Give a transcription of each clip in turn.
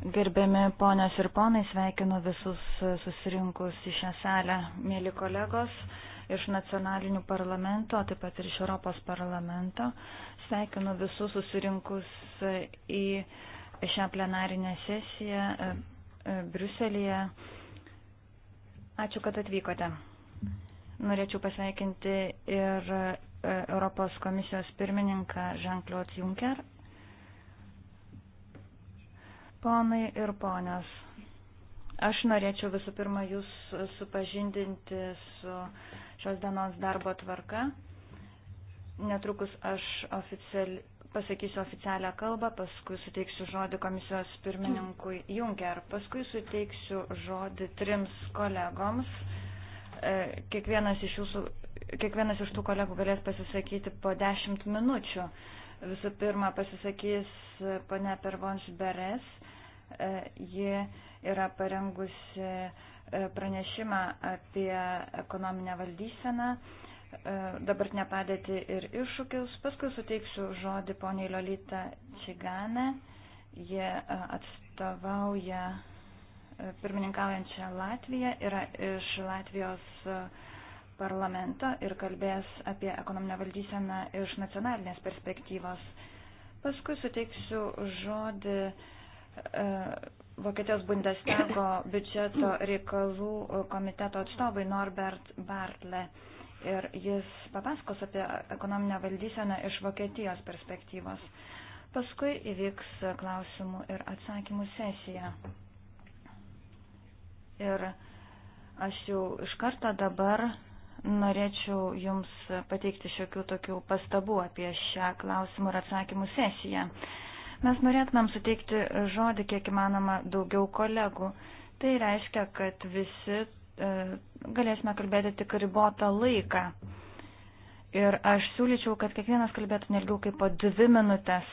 Gerbiami ponios ir ponai, sveikinu visus susirinkus į šią salę, mėly kolegos iš nacionalinių parlamento, taip pat ir iš Europos parlamento. Sveikinu visus susirinkus į šią plenarinę sesiją e, e, Briuselėje. Ačiū, kad atvykote. Norėčiau pasveikinti ir e, Europos komisijos pirmininką Jean-Claude Juncker Ponai ir ponios, aš norėčiau visų pirma jūs supažindinti su šios dienos darbo tvarka. Netrukus aš oficiali, pasakysiu oficialią kalbą, paskui suteiksiu žodį komisijos pirmininkui Junker, paskui suteiksiu žodį trims kolegoms. E, kiekvienas iš, jūsų, kiekvienas iš tų kolegų galės pasisakyti po dešimt minučių. Visų pirma, pasisakys pane Pervonš Beres. E, ji yra parengusi e, pranešimą apie ekonominę valdyseną, e, dabartinę padėtį ir iššūkius. Paskui suteiksiu žodį poniai Lolita Čigane. Ji atstovauja pirmininkaujančią Latviją, yra iš Latvijos uh, parlamento ir kalbės apie ekonominę valdyseną iš nacionalinės perspektyvos. Paskui suteiksiu žodį e, Vokietijos Bundestago biudžeto reikalų komiteto atstovai Norbert Bartle. Ir jis papasakos apie ekonominę valdyseną iš Vokietijos perspektyvos. Paskui įvyks klausimų ir atsakymų sesija. Ir aš jau iš karto dabar norėčiau Jums pateikti šiokių tokių pastabų apie šią klausimų ir atsakymų sesiją. Mes norėtumėm suteikti žodį kiek įmanoma daugiau kolegų. Tai reiškia, kad visi e, galėsime kalbėti tik ribotą laiką. Ir aš siūlyčiau, kad kiekvienas kalbėtų nelgiau kaip po dvi minutės.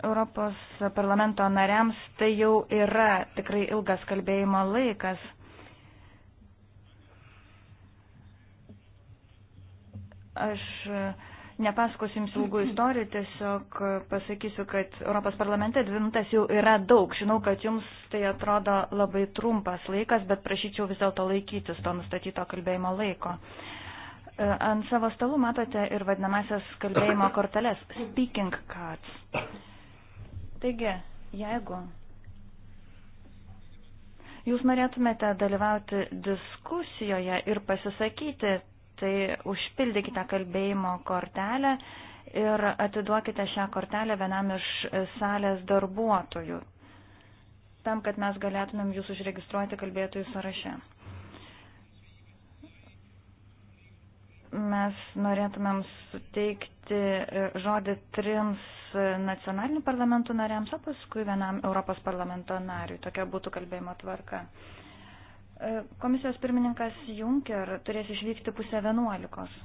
Europos parlamento nariams tai jau yra tikrai ilgas kalbėjimo laikas. Aš e, nepasakosiu jums ilgų istorijų, tiesiog pasakysiu, kad Europos parlamente dvi minutės jau yra daug. Žinau, kad jums tai atrodo labai trumpas laikas, bet prašyčiau vis dėlto laikytis to nustatyto kalbėjimo laiko. E, ant savo stalų matote ir vadinamasias kalbėjimo korteles – speaking cards. Taigi, jeigu jūs norėtumėte dalyvauti diskusijoje ir pasisakyti, tai užpildykite kalbėjimo kortelę ir atiduokite šią kortelę vienam iš salės darbuotojų, tam, kad mes galėtumėm jūs užregistruoti kalbėtojų sąraše. Mes norėtumėm suteikti e, žodį trims nacionalinių parlamentų nariams, o paskui vienam Europos parlamento nariui. Tokia būtų kalbėjimo tvarka. Komisijos pirmininkas Juncker turės išvykti pusę vienuolikos,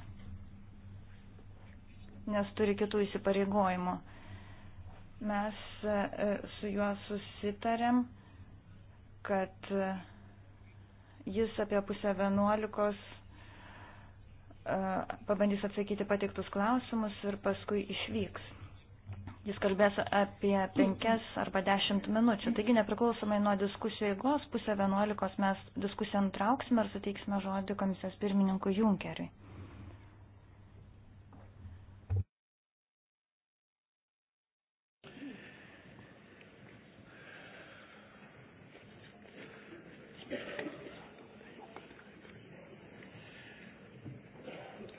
nes turi kitų įsipareigojimų. Mes e, su juo susitarėm, kad e, jis apie pusę vienuolikos e, pabandys atsakyti patiktus klausimus ir paskui išvyks. Jis kalbės apie 5 arba 10 minučių. Taigi nepriklausomai nuo diskusijų eigos, pusę 11 mes diskusiją nutrauksime ir suteiksime žodį komisijos pirmininkui Junkeriui.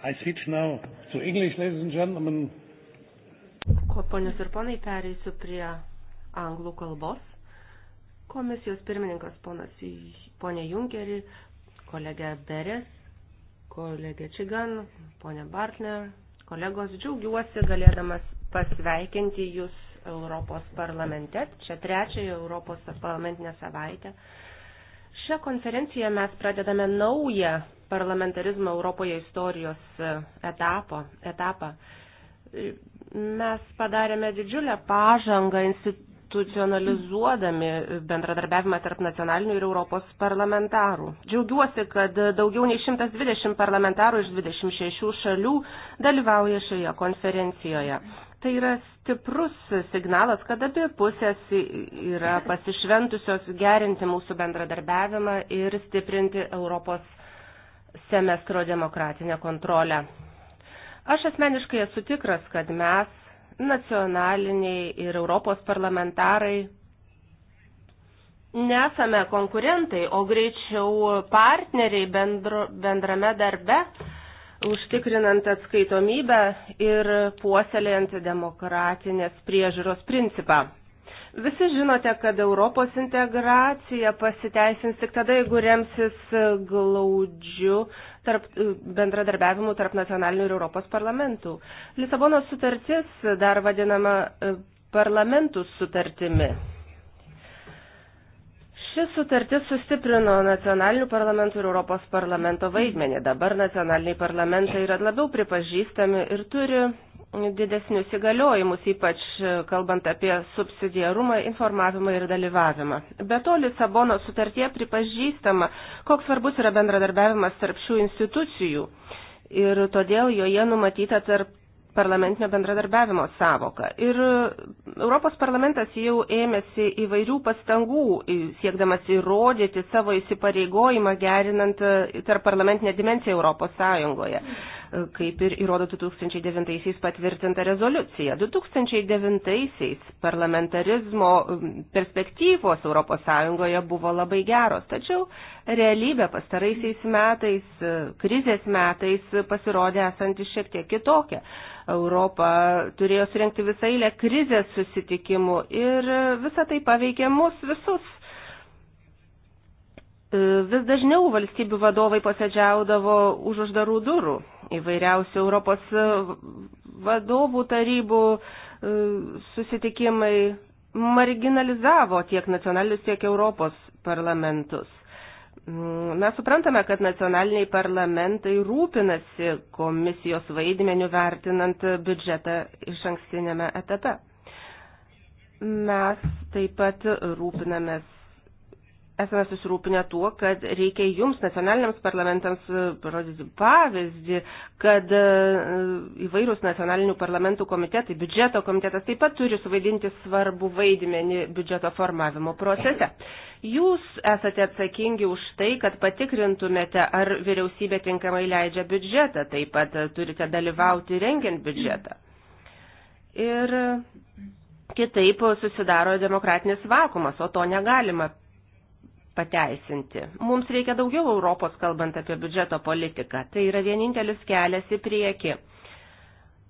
I switch now to English, ladies and gentlemen. Ponius ir ponai, pereisiu prie anglų kalbos. Komisijos pirmininkas ponas ponė Junkerį, kolegė Beres, kolegė Čigan, ponė Bartner, kolegos, džiaugiuosi galėdamas pasveikinti jūs Europos parlamente, čia trečiąją Europos parlamentinę savaitę. Šią konferenciją mes pradedame naują parlamentarizmo Europoje istorijos e, etapo, etapą. Mes padarėme didžiulę pažangą institucionalizuodami bendradarbiavimą tarp nacionalinių ir Europos parlamentarų. Džiaugiuosi, kad daugiau nei 120 parlamentarų iš 26 šalių dalyvauja šioje konferencijoje. Tai yra stiprus signalas, kad abi pusės yra pasišventusios gerinti mūsų bendradarbiavimą ir stiprinti Europos semestro demokratinę kontrolę. Aš asmeniškai esu tikras, kad mes, nacionaliniai ir Europos parlamentarai, nesame konkurentai, o greičiau partneriai bendro, bendrame darbe, užtikrinant atskaitomybę ir puoselėjant demokratinės priežiūros principą. Visi žinote, kad Europos integracija pasiteisins tik tada, jeigu remsis glaudžiu tarp, bendradarbiavimu tarp nacionalinių ir Europos parlamentų. Lisabono sutartis dar vadinama e, parlamentų sutartimi. Ši sutartis sustiprino nacionalinių parlamentų ir Europos parlamento vaidmenį. Dabar nacionaliniai parlamentai yra labiau pripažįstami ir turi didesnius įgaliojimus, ypač e, kalbant apie subsidiarumą, informavimą ir dalyvavimą. Be to, Lisabono sutartie pripažįstama, koks svarbus yra bendradarbiavimas tarp šių institucijų ir todėl joje numatyta tarp parlamentinio bendradarbiavimo savoka. Ir e, Europos parlamentas jau ėmėsi įvairių pastangų, siekdamas įrodyti savo įsipareigojimą gerinant e, tarp parlamentinę dimenciją Europos Sąjungoje kaip ir įrodo 2009-aisiais patvirtinta rezoliucija. 2009-aisiais parlamentarizmo perspektyvos ES buvo labai geros, tačiau realybė pastaraisiais metais, e, krizės metais pasirodė esanti šiek tiek kitokia. Europa turėjo surinkti visą eilę krizės susitikimų ir visa tai paveikė mus visus. E, vis dažniau valstybių vadovai posėdžiaudavo už uždarų durų įvairiausių Europos e, vadovų tarybų e, susitikimai marginalizavo tiek nacionalinius, tiek Europos parlamentus. Mm, mes suprantame, kad nacionaliniai parlamentai rūpinasi komisijos vaidmeniu vertinant biudžetą iš ankstinėme etape. Mes taip pat rūpinamės esame susirūpinę tuo, kad reikia jums, nacionaliniams parlamentams, e, parodyti pavyzdį, kad e, įvairūs nacionalinių parlamentų komitetai, biudžeto komitetas taip pat turi suvaidinti svarbu vaidmenį biudžeto formavimo procese. Jūs esate atsakingi už tai, kad patikrintumėte, ar vyriausybė tinkamai leidžia biudžetą, taip pat e, turite dalyvauti rengiant biudžetą. Ir kitaip susidaro demokratinis vakumas, o to negalima pateisinti. Mums reikia daugiau Europos, kalbant apie biudžeto politiką. Tai yra vienintelis kelias į priekį.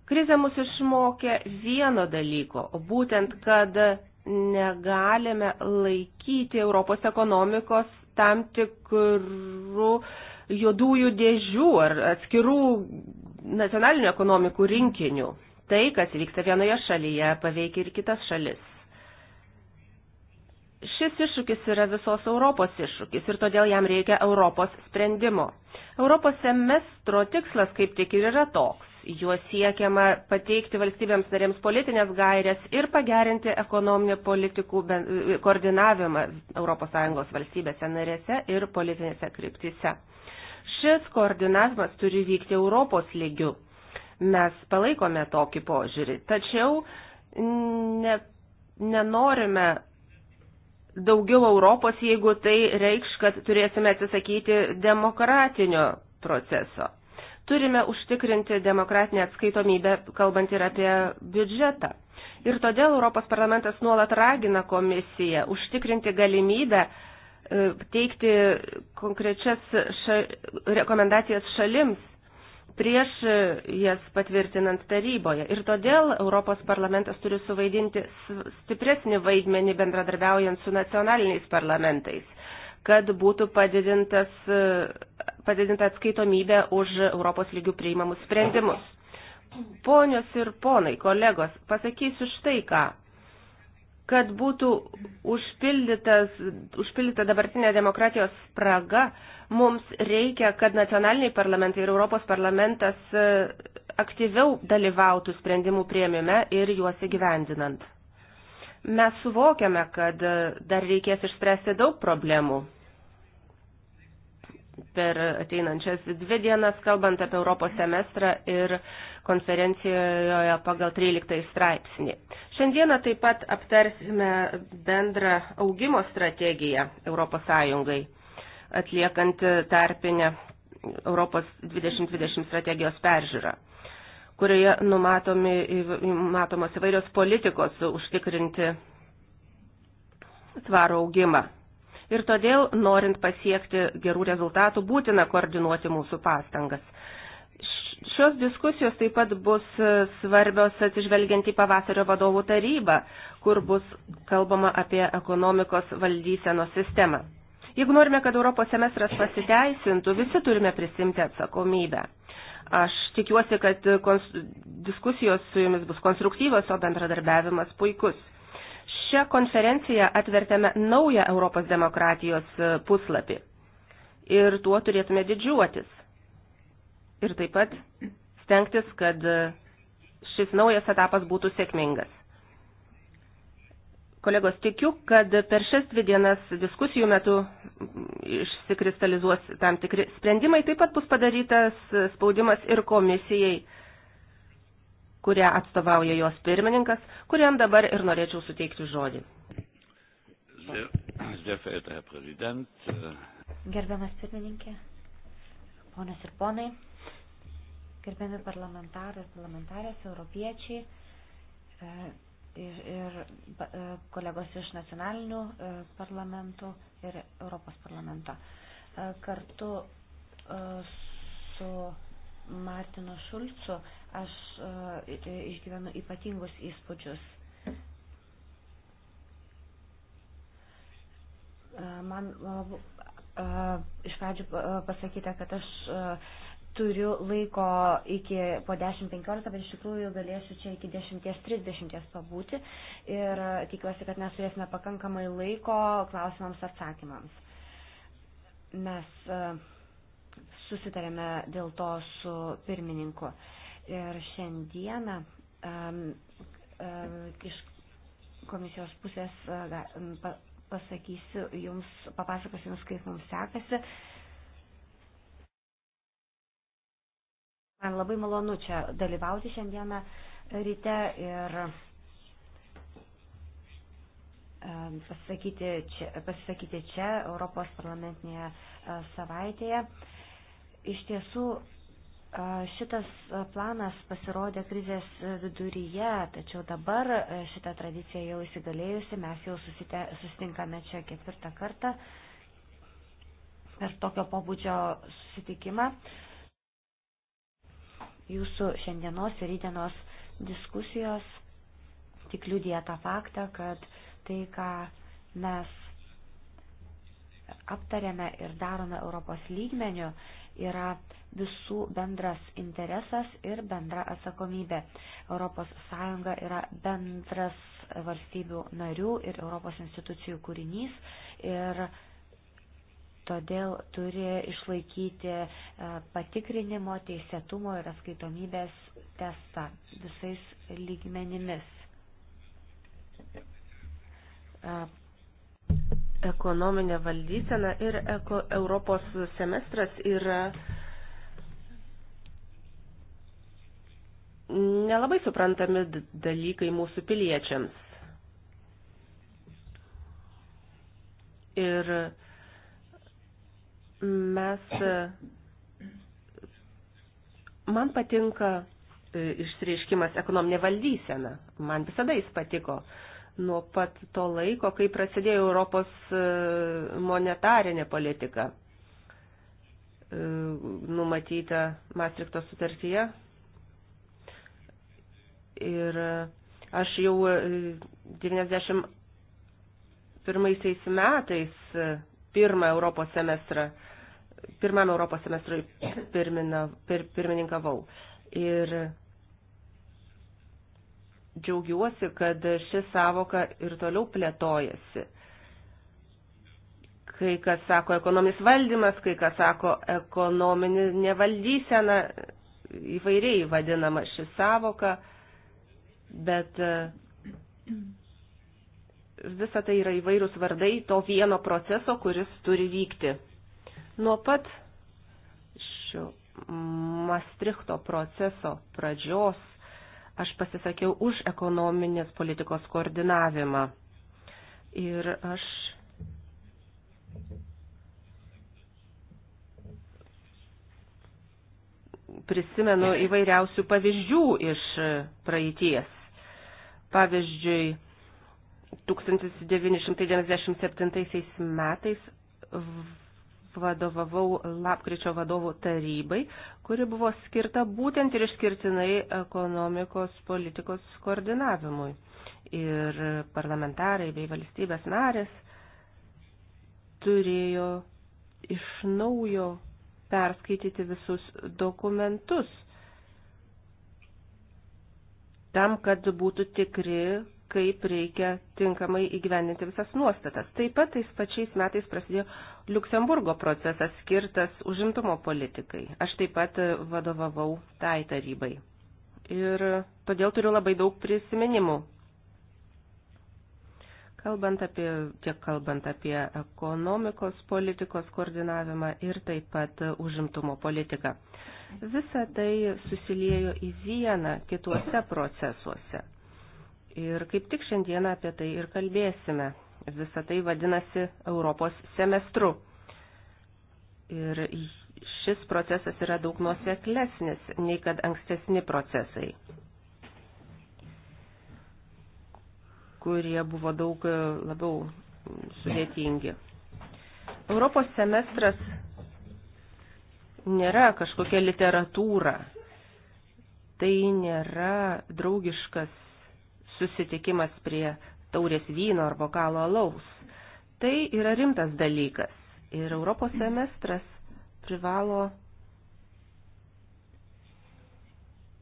Krize mus išmokė vieno dalyko, būtent, kad negalime laikyti Europos ekonomikos tam tikrų juodųjų dėžių ar atskirų nacionalinių ekonomikų rinkinių. Tai, kas vyksta vienoje šalyje, paveikia ir kitas šalis. Šis iššūkis yra visos Europos iššūkis ir todėl jam reikia Europos sprendimo. Europos semestro tikslas kaip tik ir yra toks. Juo siekiama pateikti valstybėms narėms politinės gairės ir pagerinti ekonominį politikų koordinavimą ES valstybėse narėse ir politinėse kryptise. Šis koordinavimas turi vykti Europos lygiu. Mes palaikome tokį požiūrį, tačiau ne, nenorime daugiau Europos, jeigu tai reikš, kad turėsime atsisakyti demokratinio proceso. Turime užtikrinti demokratinę atskaitomybę, kalbant ir apie biudžetą. Ir todėl Europos parlamentas nuolat ragina komisiją užtikrinti galimybę e, teikti konkrečias ša rekomendacijas šalims prieš e, jas patvirtinant taryboje. Ir todėl Europos parlamentas turi suvaidinti stipresnį vaidmenį bendradarbiaujant su nacionaliniais parlamentais, kad būtų padidintas, e, padidinta atskaitomybė už Europos lygių priimamus sprendimus. Ponios ir ponai, kolegos, pasakysiu štai ką kad būtų užpildyta dabartinė demokratijos spraga, mums reikia, kad nacionaliniai parlamentai ir Europos parlamentas e, aktyviau dalyvautų sprendimų prieimime ir juos įgyvendinant. Mes suvokiame, kad e, dar reikės išspręsti daug problemų per ateinančias dvi dienas, kalbant apie Europos semestrą ir uh, konferencijoje pagal 13 straipsnį. Šiandieną taip pat aptarsime bendrą augimo strategiją ES, atliekant tarpinę Europos 2020 strategijos peržiūrą kurioje numatomi, matomos įvairios politikos užtikrinti tvarų augimą. Ir todėl, norint pasiekti gerų rezultatų, būtina koordinuoti mūsų pastangas. Šios diskusijos taip pat bus e, svarbios atsižvelgiant į pavasario vadovų tarybą, kur bus kalbama apie ekonomikos valdysenos sistemą. Jeigu norime, kad Europos semestras pasiteisintų, visi turime prisimti atsakomybę. Aš tikiuosi, kad diskusijos su jumis bus konstruktyvios, o bendradarbiavimas puikus. Šią konferenciją atvertėme naują Europos demokratijos e, puslapį. Ir tuo turėtume didžiuotis ir taip pat stengtis, kad šis naujas etapas būtų sėkmingas. Kolegos, tikiu, kad per šias dvi dienas diskusijų metu išsikristalizuos tam tikri sprendimai, taip pat bus padarytas spaudimas ir komisijai, kurią atstovauja jos pirmininkas, kuriam dabar ir norėčiau suteikti žodį. Äh, Gerbiamas pirmininkė, Ponios ir ponai, gerbiami parlamentarai ir parlamentarės, europiečiai e, ir, ir e, kolegos iš nacionalinių e, parlamentų ir Europos parlamento. Kartu su Martinu Šulcu aš išgyvenu ypatingus įspūdžius. Man iš pradžių pasakyta, kad aš turiu laiko iki po 10-15, bet iš tikrųjų galėsiu čia iki 10-30 pabūti ir tikiuosi, kad mes turėsime pakankamai laiko klausimams atsakymams. Mes susitarėme dėl to su pirmininku ir šiandieną um, um, iš komisijos pusės pasakysiu jums, papasakosiu jums, kaip mums sekasi. Man labai malonu čia dalyvauti šiandieną ryte ir e, pasisakyti čia, pasisakyti čia Europos parlamentinėje e, savaitėje. Iš tiesų, Šitas planas pasirodė krizės viduryje, tačiau dabar šitą tradiciją jau įsigalėjusi, mes jau susite, susitinkame čia ketvirtą kartą per tokio pobūdžio susitikimą. Jūsų šiandienos ir rydienos diskusijos tik liudija tą faktą, kad tai, ką mes aptarėme ir darome Europos lygmeniu, yra visų bendras interesas ir bendra atsakomybė. ES yra bendras valstybių narių ir Europos institucijų kūrinys ir todėl turi išlaikyti e, patikrinimo, teisėtumo ir atskaitomybės testą visais lygmenimis e, ekonominė valdysena ir eko, Europos semestras yra nelabai suprantami dalykai mūsų piliečiams. Ir mes, man patinka e, išsireiškimas ekonominė valdysena, man visada jis patiko nuo pat to laiko, kai prasidėjo Europos e, monetarinė politika e, numatyta Maastrichto sutartyje. Ir aš jau 91 e, metais pirmą Europos semestrą, pirmam Europos semestrui pirmina, pir, pirmininkavau. Ir džiaugiuosi, kad ši savoka ir toliau plėtojasi. Kai kas sako ekonominis valdymas, kai kas sako ekonominė nevaldysena, įvairiai vadinama ši savoka, bet e, visa tai yra įvairūs vardai to vieno proceso, kuris turi vykti. Nuo pat šio Mastrichto proceso pradžios Aš pasisakiau už ekonominės politikos koordinavimą. Ir aš prisimenu įvairiausių pavyzdžių iš praeities. Pavyzdžiui, 1997 metais vadovavau lapkričio vadovų tarybai, kuri buvo skirta būtent ir išskirtinai ekonomikos politikos koordinavimui. Ir parlamentarai bei valstybės narės turėjo iš naujo perskaityti visus dokumentus tam, kad būtų tikri, kaip reikia tinkamai įgyvendinti visas nuostatas. Taip pat tais pačiais metais prasidėjo Luksemburgo procesas skirtas užimtumo politikai. Aš taip pat vadovavau tai tarybai. Ir todėl turiu labai daug prisiminimų. Kalbant apie, tiek kalbant apie ekonomikos politikos koordinavimą ir taip pat užimtumo politiką. Visa tai susiliejo į vieną kituose procesuose – Ir kaip tik šiandieną apie tai ir kalbėsime. Visą tai vadinasi Europos semestru. Ir šis procesas yra daug nuoseklesnis nei kad ankstesni procesai, kurie buvo daug labiau sudėtingi. Europos semestras nėra kažkokia literatūra, tai nėra draugiškas susitikimas prie taurės vyno ar bokalo alaus. Tai yra rimtas dalykas ir Europos semestras privalo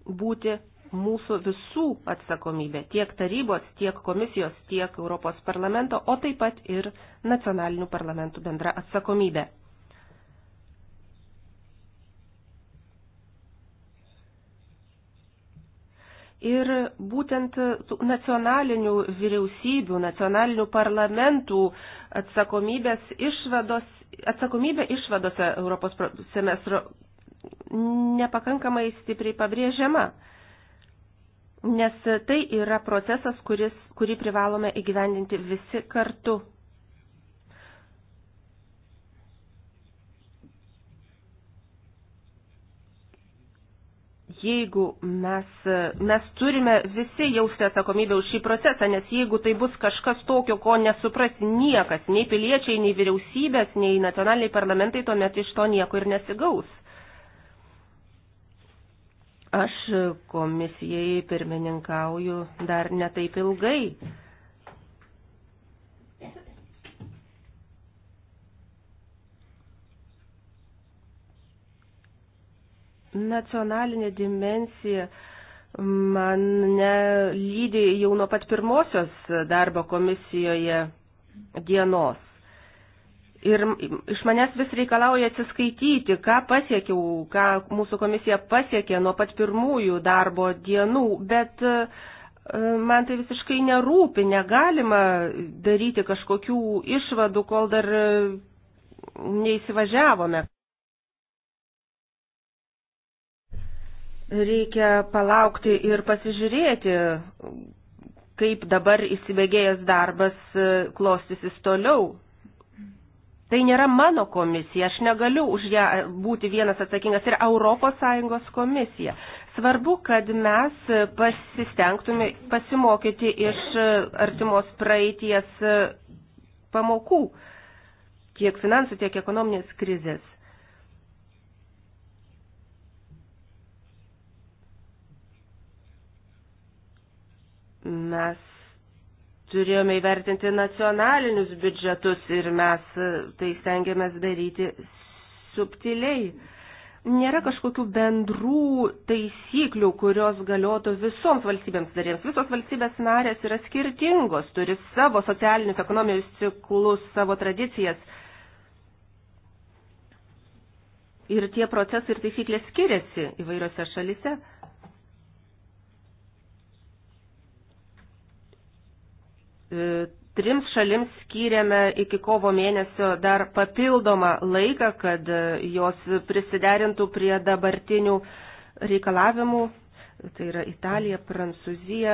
būti mūsų visų atsakomybė, tiek tarybos, tiek komisijos, tiek Europos parlamento, o taip pat ir nacionalinių parlamentų bendra atsakomybė. Ir būtent nacionalinių vyriausybių, nacionalinių parlamentų atsakomybės išvados, atsakomybė išvadose Europos semestro nepakankamai stipriai pabrėžiama, nes tai yra procesas, kuris, kurį privalome įgyvendinti visi kartu jeigu mes, mes turime visi jausti atsakomybę už šį procesą, nes jeigu tai bus kažkas tokio, ko nesupras niekas, nei piliečiai, nei vyriausybės, nei nacionaliniai parlamentai, tuomet iš to nieko ir nesigaus. Aš komisijai pirmininkauju dar netaip ilgai. Nacionalinė dimensija mane lydi jau nuo pat pirmosios darbo komisijoje dienos. Ir iš manęs vis reikalauja atsiskaityti, ką pasiekiau, ką mūsų komisija pasiekė nuo pat pirmųjų darbo dienų, bet e, man tai visiškai nerūpi, negalima daryti kažkokių išvadų, kol dar e, neįsivažiavome. Reikia palaukti ir pasižiūrėti, kaip dabar įsibėgėjęs darbas e, klostysis toliau. Tai nėra mano komisija, aš negaliu už ją būti vienas atsakingas, tai yra ES komisija. Svarbu, kad mes pasistengtume pasimokyti iš e, artimos praeities e, pamokų, tiek finansų, tiek ekonominės krizės. Mes turėjome įvertinti nacionalinius biudžetus ir mes e, tai stengiamės daryti subtiliai. Nėra kažkokių bendrų taisyklių, kurios galiotų visoms valstybėms narėms. Visos valstybės narės yra skirtingos, turi savo socialinius, ekonominius ciklus, savo tradicijas. Ir tie procesai ir taisyklės skiriasi įvairiose šalise. E, trims šalims skyrėme iki kovo mėnesio dar papildomą laiką, kad e, jos prisiderintų prie dabartinių reikalavimų. Tai yra Italija, Prancūzija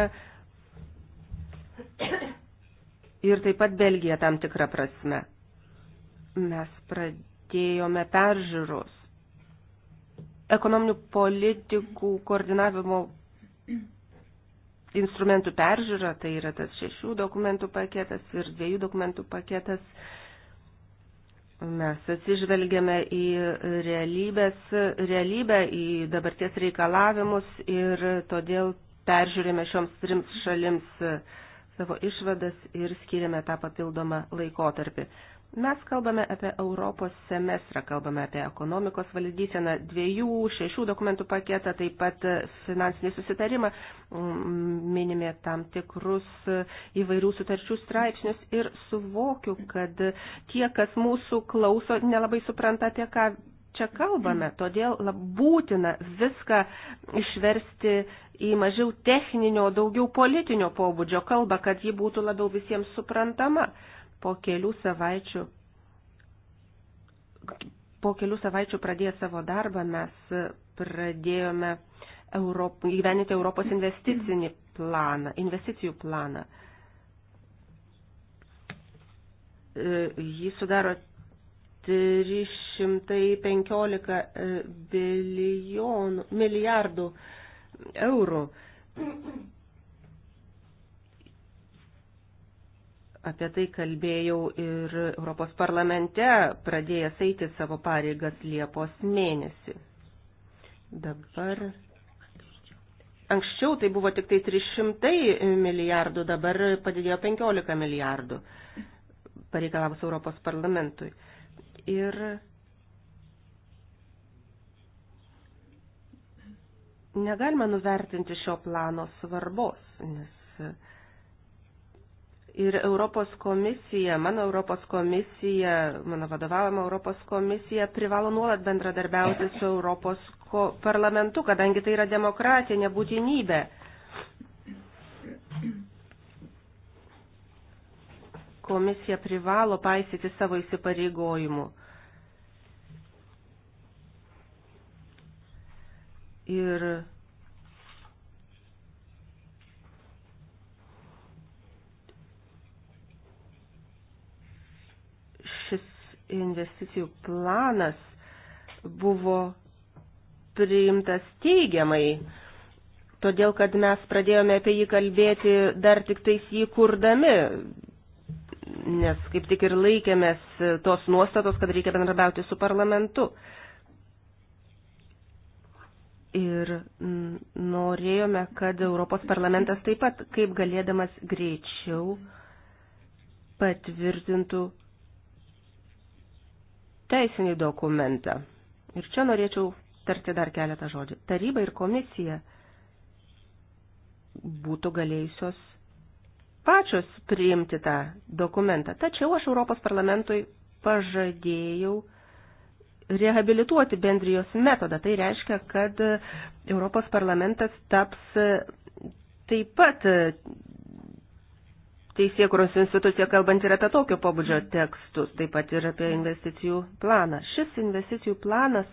ir taip pat Belgija tam tikrą prasme. Mes pradėjome peržiūros ekonominių politikų koordinavimo instrumentų peržiūra, tai yra tas šešių dokumentų paketas ir dviejų dokumentų paketas. Mes atsižvelgiame į realybės, realybę, į dabarties reikalavimus ir todėl peržiūrėme šioms trims šalims savo išvadas ir skiriame tą papildomą laikotarpį. Mes kalbame apie Europos semestrą, kalbame apie ekonomikos valdyseną, dviejų, šešių dokumentų paketą, taip pat finansinį susitarimą, mm, minime tam tikrus įvairių sutarčių straipsnius ir suvokiu, kad tie, kas mūsų klauso, nelabai supranta, apie ką čia kalbame. Todėl būtina viską išversti į mažiau techninio, daugiau politinio pobūdžio kalbą, kad ji būtų labiau visiems suprantama po kelių savaičių po kelių savaičių pradėję savo darbą mes pradėjome Europ, gyveninti Europos investicinį planą, investicijų planą. E, jį sudaro 315 milijonų, e, milijardų eurų. Apie tai kalbėjau ir Europos parlamente, pradėjęs eiti savo pareigas Liepos mėnesį. Dabar. Anksčiau tai buvo tik tai 300 milijardų, dabar padidėjo 15 milijardų, pareikalavus Europos parlamentui. Ir negalima nuvertinti šio plano svarbos, nes Ir Europos komisija, mano Europos komisija, mano vadovaujama Europos komisija privalo nuolat bendradarbiauti su Europos parlamentu, kadangi tai yra demokratinė būtinybė. Komisija privalo paisyti savo įsipareigojimų. Ir investicijų planas buvo priimtas teigiamai, todėl kad mes pradėjome apie jį kalbėti dar tik tais jį kurdami, nes kaip tik ir laikėmės tos nuostatos, kad reikia bendrabiauti su parlamentu. Ir norėjome, kad Europos parlamentas taip pat, kaip galėdamas greičiau, patvirtintų teisinį dokumentą. Ir čia norėčiau tarti dar keletą žodžių. Taryba ir komisija būtų galėjusios pačios priimti tą dokumentą. Tačiau aš Europos parlamentui pažadėjau rehabilituoti bendrijos metodą. Tai reiškia, kad Europos parlamentas taps taip pat teisėkuros institucija kalbant ir apie tokio pobūdžio tekstus, taip pat ir apie investicijų planą. Šis investicijų planas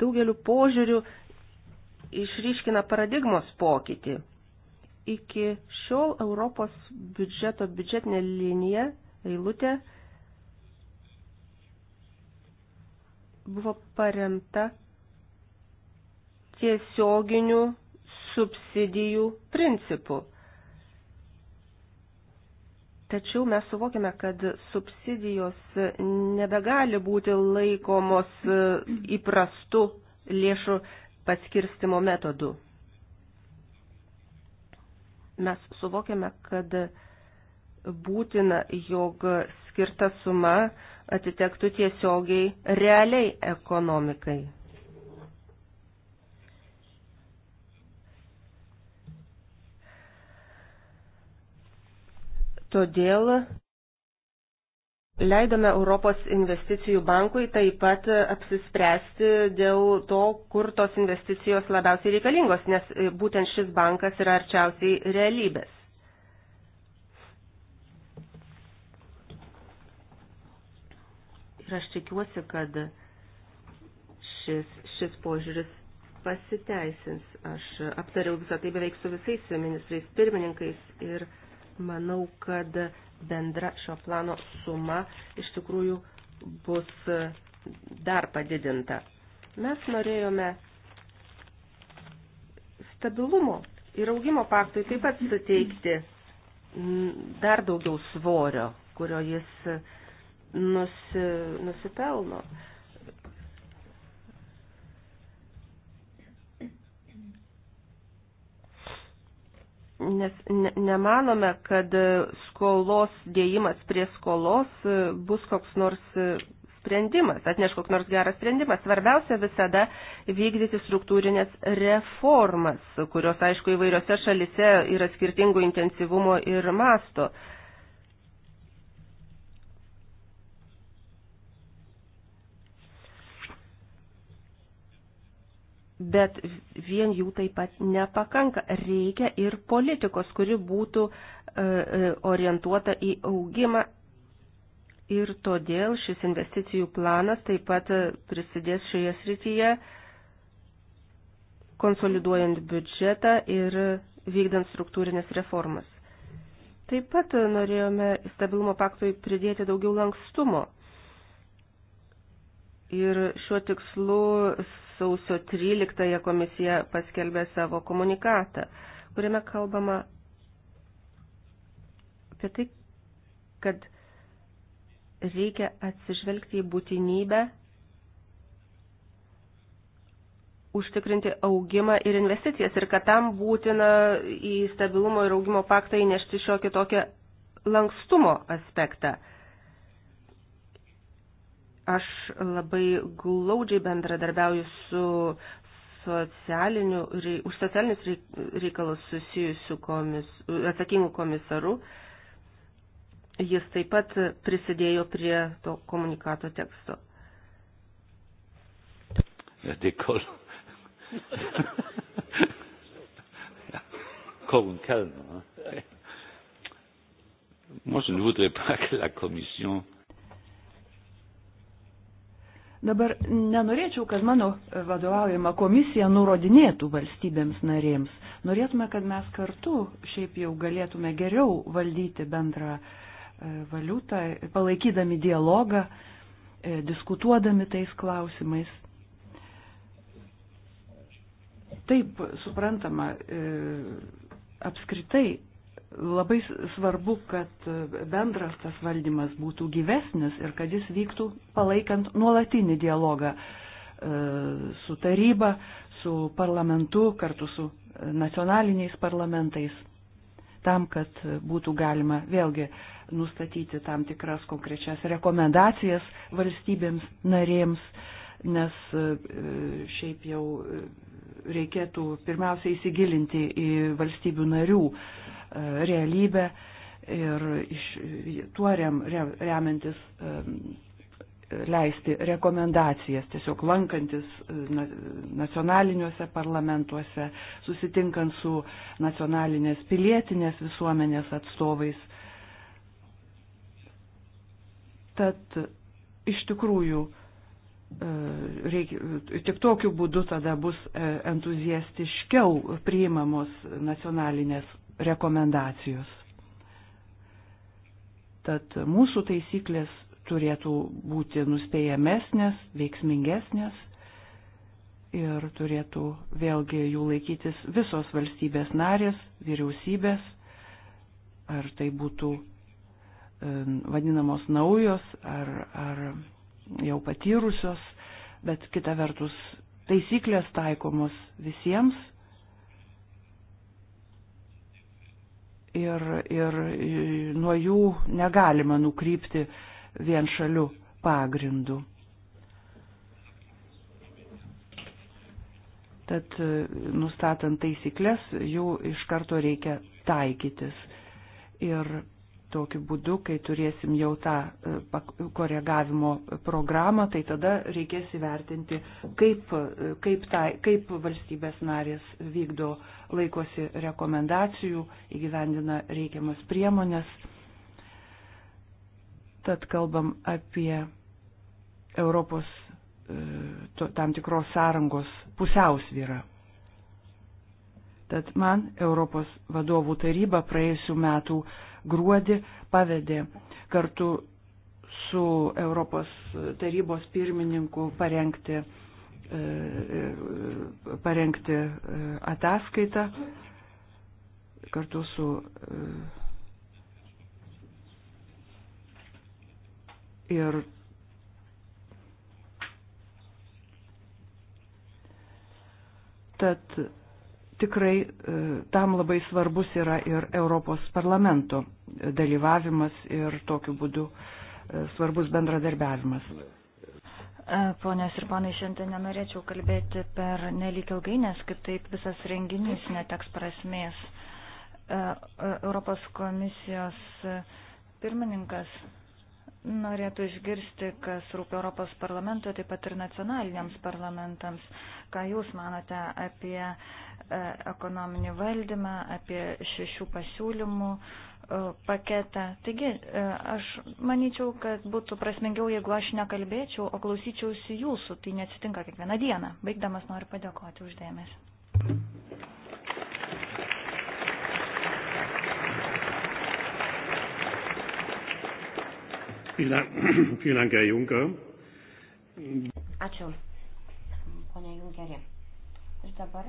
daugeliu požiūrių išryškina paradigmos pokytį. Iki šiol Europos biudžeto biudžetinė linija, eilutė, buvo paremta tiesioginių subsidijų principu. Tačiau mes suvokiame, kad subsidijos nebegali būti laikomos įprastu lėšų paskirstimo metodu. Mes suvokiame, kad būtina, jog skirta suma atitektų tiesiogiai realiai ekonomikai. Todėl leidome Europos investicijų bankui taip pat apsispręsti dėl to, kur tos investicijos labiausiai reikalingos, nes būtent šis bankas yra arčiausiai realybės. Ir aš tikiuosi, kad šis, šis požiūris pasiteisins. Aš aptariau visą tai beveik su visais ministrais pirmininkais ir Manau, kad bendra šio plano suma iš tikrųjų bus dar padidinta. Mes norėjome stabilumo ir augimo paktui taip pat suteikti dar daugiau svorio, kurio jis nusi, nusipelno. Nes ne, nemanome, kad skolos dėjimas prie skolos e, bus koks nors e, sprendimas, atneš koks nors geras sprendimas. Svarbiausia visada vykdyti struktūrinės reformas, kurios, aišku, įvairiose šalise yra skirtingų intensyvumo ir masto. Bet vien jų taip pat nepakanka. Reikia ir politikos, kuri būtų e, e, orientuota į augimą. Ir todėl šis investicijų planas taip pat e, prisidės šioje srityje, konsoliduojant biudžetą ir vykdant struktūrinės reformas. Taip pat norėjome stabilumo paktui pridėti daugiau lankstumo. Ir šiuo tikslu sausio 13 komisija paskelbė savo komunikatą, kuriame kalbama apie tai, kad reikia atsižvelgti į būtinybę užtikrinti augimą ir investicijas ir kad tam būtina į stabilumo ir augimo paktą įnešti šiokį tokią lankstumo aspektą. Aš labai glaudžiai bendradarbiauju su socialiniu, už socialinius reikalus susijusiu komis, atsakingu komisaru. Jis taip pat prisidėjo prie to komunikato teksto. Ja, dėkol. ja, Korun Kalmer. Moi, je ne voudrais pas que la Commission euh, Dabar nenorėčiau, kad mano vadovaujama komisija nurodinėtų valstybėms narėms. Norėtume, kad mes kartu šiaip jau galėtume geriau valdyti bendrą e, valiutą, palaikydami dialogą, e, diskutuodami tais klausimais. Taip, suprantama, e, apskritai labai svarbu, kad bendras tas valdymas būtų gyvesnis ir kad jis vyktų palaikant nuolatinį dialogą e, su taryba, su parlamentu, kartu su nacionaliniais parlamentais, tam, kad būtų galima vėlgi nustatyti tam tikras konkrečias rekomendacijas valstybėms narėms, nes e, šiaip jau e, reikėtų pirmiausia įsigilinti į valstybių narių uh, E, realybę ir iš, tuo rem, rem, remiantis e, leisti rekomendacijas, tiesiog lankantis e, nacionaliniuose parlamentuose, susitinkant su nacionalinės pilietinės visuomenės atstovais. Tad iš tikrųjų reikia, tik tokiu būdu tada bus entuziastiškiau priimamos nacionalinės rekomendacijos. Tad mūsų taisyklės turėtų būti nuspėjamesnės, veiksmingesnės ir turėtų vėlgi jų laikytis visos valstybės narės, vyriausybės, ar tai būtų vadinamos naujos ar, ar jau patyrusios, bet kita vertus taisyklės taikomos visiems ir, ir nuo jų negalima nukrypti vien šalių pagrindų. Tad nustatant taisyklės, jų iš karto reikia taikytis. Ir tokiu būdu, kai turėsim jau tą e, koregavimo programą, tai tada reikės įvertinti, kaip, e, kaip, tai, kaip valstybės narės vykdo, laikosi rekomendacijų, įgyvendina reikiamas priemonės. Tad kalbam apie Europos e, tam tikros sąrangos pusiausvyrą. Tad man Europos vadovų taryba praėjusių metų uh, gruodį pavedė kartu su Europos tarybos pirmininku parengti, e, e, parengti e, ataskaitą kartu su ir tad tikrai e, tam labai svarbus yra ir Europos parlamento e, dalyvavimas ir tokiu būdu e, svarbus bendradarbiavimas. Ponios ir ponai, šiandien nenorėčiau kalbėti per nelik ilgai, nes kitaip visas renginys neteks prasmės. Europos komisijos pirmininkas norėtų išgirsti, kas rūpia Europos parlamento, taip pat ir nacionaliniams parlamentams. Ką Jūs manote apie e, ekonominį valdymą, apie šešių pasiūlymų e, paketą. Taigi, e, aš manyčiau, kad būtų prasmingiau, jeigu aš nekalbėčiau, o klausyčiausi Jūsų. Tai neatsitinka kiekvieną dieną. Baigdamas noriu padėkoti uždėmesi. Vielen Dank, Herr Juncker. Ačiū, ponia Junkerė. Ir dabar